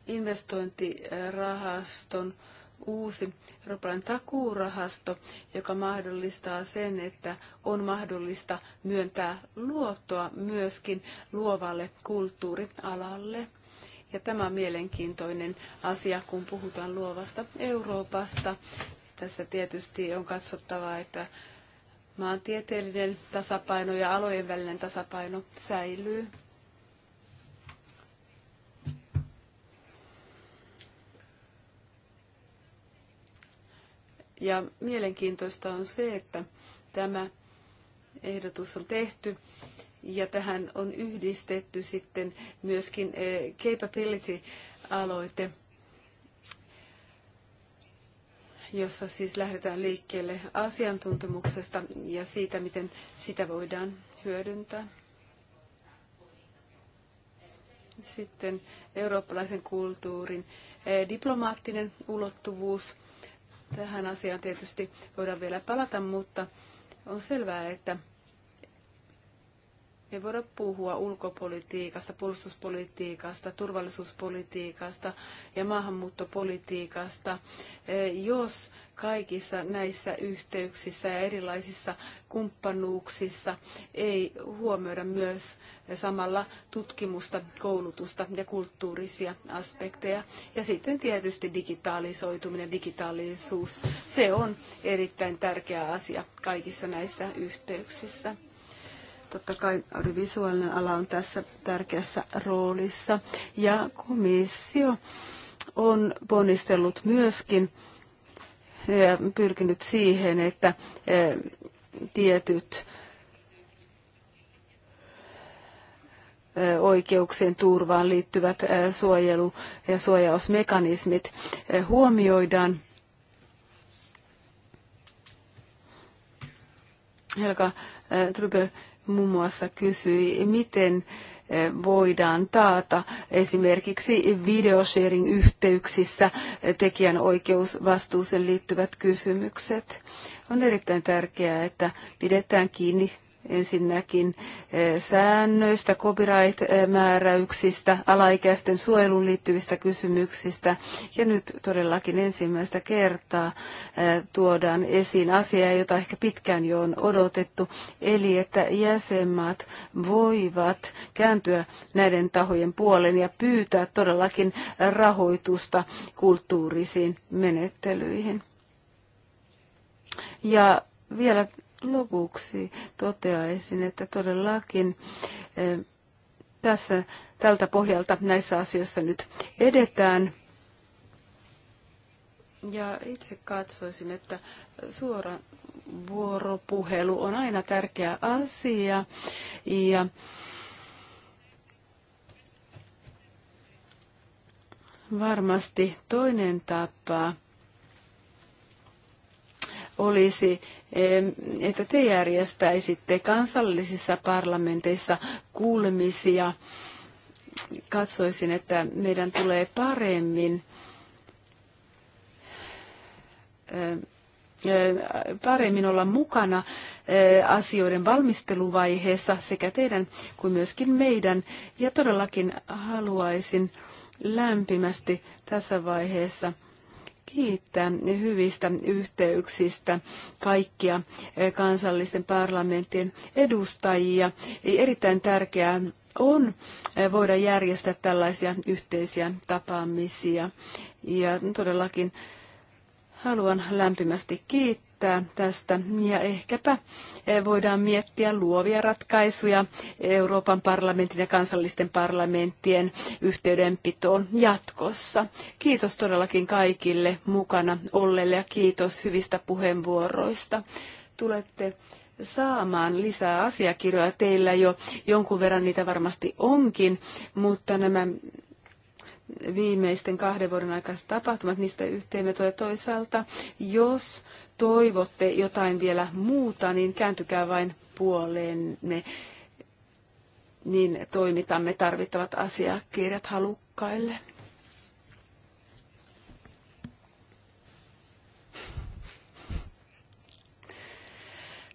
investointirahaston uusi Euroopan takuurahasto, joka mahdollistaa sen, että on mahdollista myöntää luottoa myöskin luovalle kulttuurialalle. Ja tämä on mielenkiintoinen asia, kun puhutaan luovasta Euroopasta. Tässä tietysti on katsottava, että maantieteellinen tasapaino ja alojen välinen tasapaino säilyy. Ja mielenkiintoista on se, että tämä ehdotus on tehty ja tähän on yhdistetty sitten myöskin eh, capability-aloite, jossa siis lähdetään liikkeelle asiantuntemuksesta ja siitä, miten sitä voidaan hyödyntää. Sitten eurooppalaisen kulttuurin eh, diplomaattinen ulottuvuus – Tähän asiaan tietysti voidaan vielä palata, mutta on selvää, että me voida puhua ulkopolitiikasta, puolustuspolitiikasta, turvallisuuspolitiikasta ja maahanmuuttopolitiikasta, e, jos kaikissa näissä yhteyksissä ja erilaisissa kumppanuuksissa ei huomioida myös samalla tutkimusta, koulutusta ja kulttuurisia aspekteja. Ja sitten tietysti digitalisoituminen, digitaalisuus, se on erittäin tärkeä asia kaikissa näissä yhteyksissä. Totta kai audiovisuaalinen ala on tässä tärkeässä roolissa ja komissio on ponnistellut myöskin ja pyrkinyt siihen, että e, tietyt e, oikeuksien turvaan liittyvät e, suojelu- ja suojausmekanismit huomioidaan. Helka Trubel muun muassa kysyi, miten eh, voidaan taata esimerkiksi videosharing-yhteyksissä tekijänoikeusvastuuseen liittyvät kysymykset. On erittäin tärkeää, että pidetään kiinni ensinnäkin eh, säännöistä, copyright-määräyksistä, alaikäisten suojeluun liittyvistä kysymyksistä. Ja nyt todellakin ensimmäistä kertaa eh, tuodaan esiin asiaa, jota ehkä pitkään jo on odotettu, eli että jäsenmaat voivat kääntyä näiden tahojen puolen ja pyytää todellakin rahoitusta kulttuurisiin menettelyihin. Ja vielä Lopuksi toteaisin, että todellakin eh, tässä, tältä pohjalta näissä asioissa nyt edetään. Ja itse katsoisin, että suora vuoropuhelu on aina tärkeä asia. Ja varmasti toinen tapa olisi että te järjestäisitte kansallisissa parlamenteissa kuulemisia. Katsoisin, että meidän tulee paremmin paremmin olla mukana asioiden valmisteluvaiheessa sekä teidän kuin myöskin meidän. Ja todellakin haluaisin lämpimästi tässä vaiheessa kiittää hyvistä yhteyksistä kaikkia eh, kansallisten parlamenttien edustajia. Erittäin tärkeää on eh, voida järjestää tällaisia yhteisiä tapaamisia. Ja todellakin haluan lämpimästi kiittää löytää tästä ja ehkäpä eh, voidaan miettiä luovia ratkaisuja Euroopan parlamentin ja kansallisten parlamenttien yhteydenpitoon jatkossa. Kiitos todellakin kaikille mukana olleille ja kiitos hyvistä puheenvuoroista. Tulette saamaan lisää asiakirjoja teillä jo. Jonkun verran niitä varmasti onkin, mutta nämä viimeisten kahden vuoden aikaiset tapahtumat, niistä yhteenvetoja toisaalta, jos toivotte jotain vielä muuta, niin kääntykää vain puoleenne, niin toimitamme tarvittavat asiakirjat halukkaille.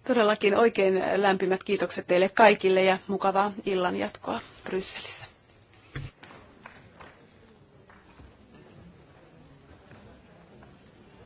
Todellakin oikein lämpimät kiitokset teille kaikille ja mukavaa illan jatkoa Brysselissä.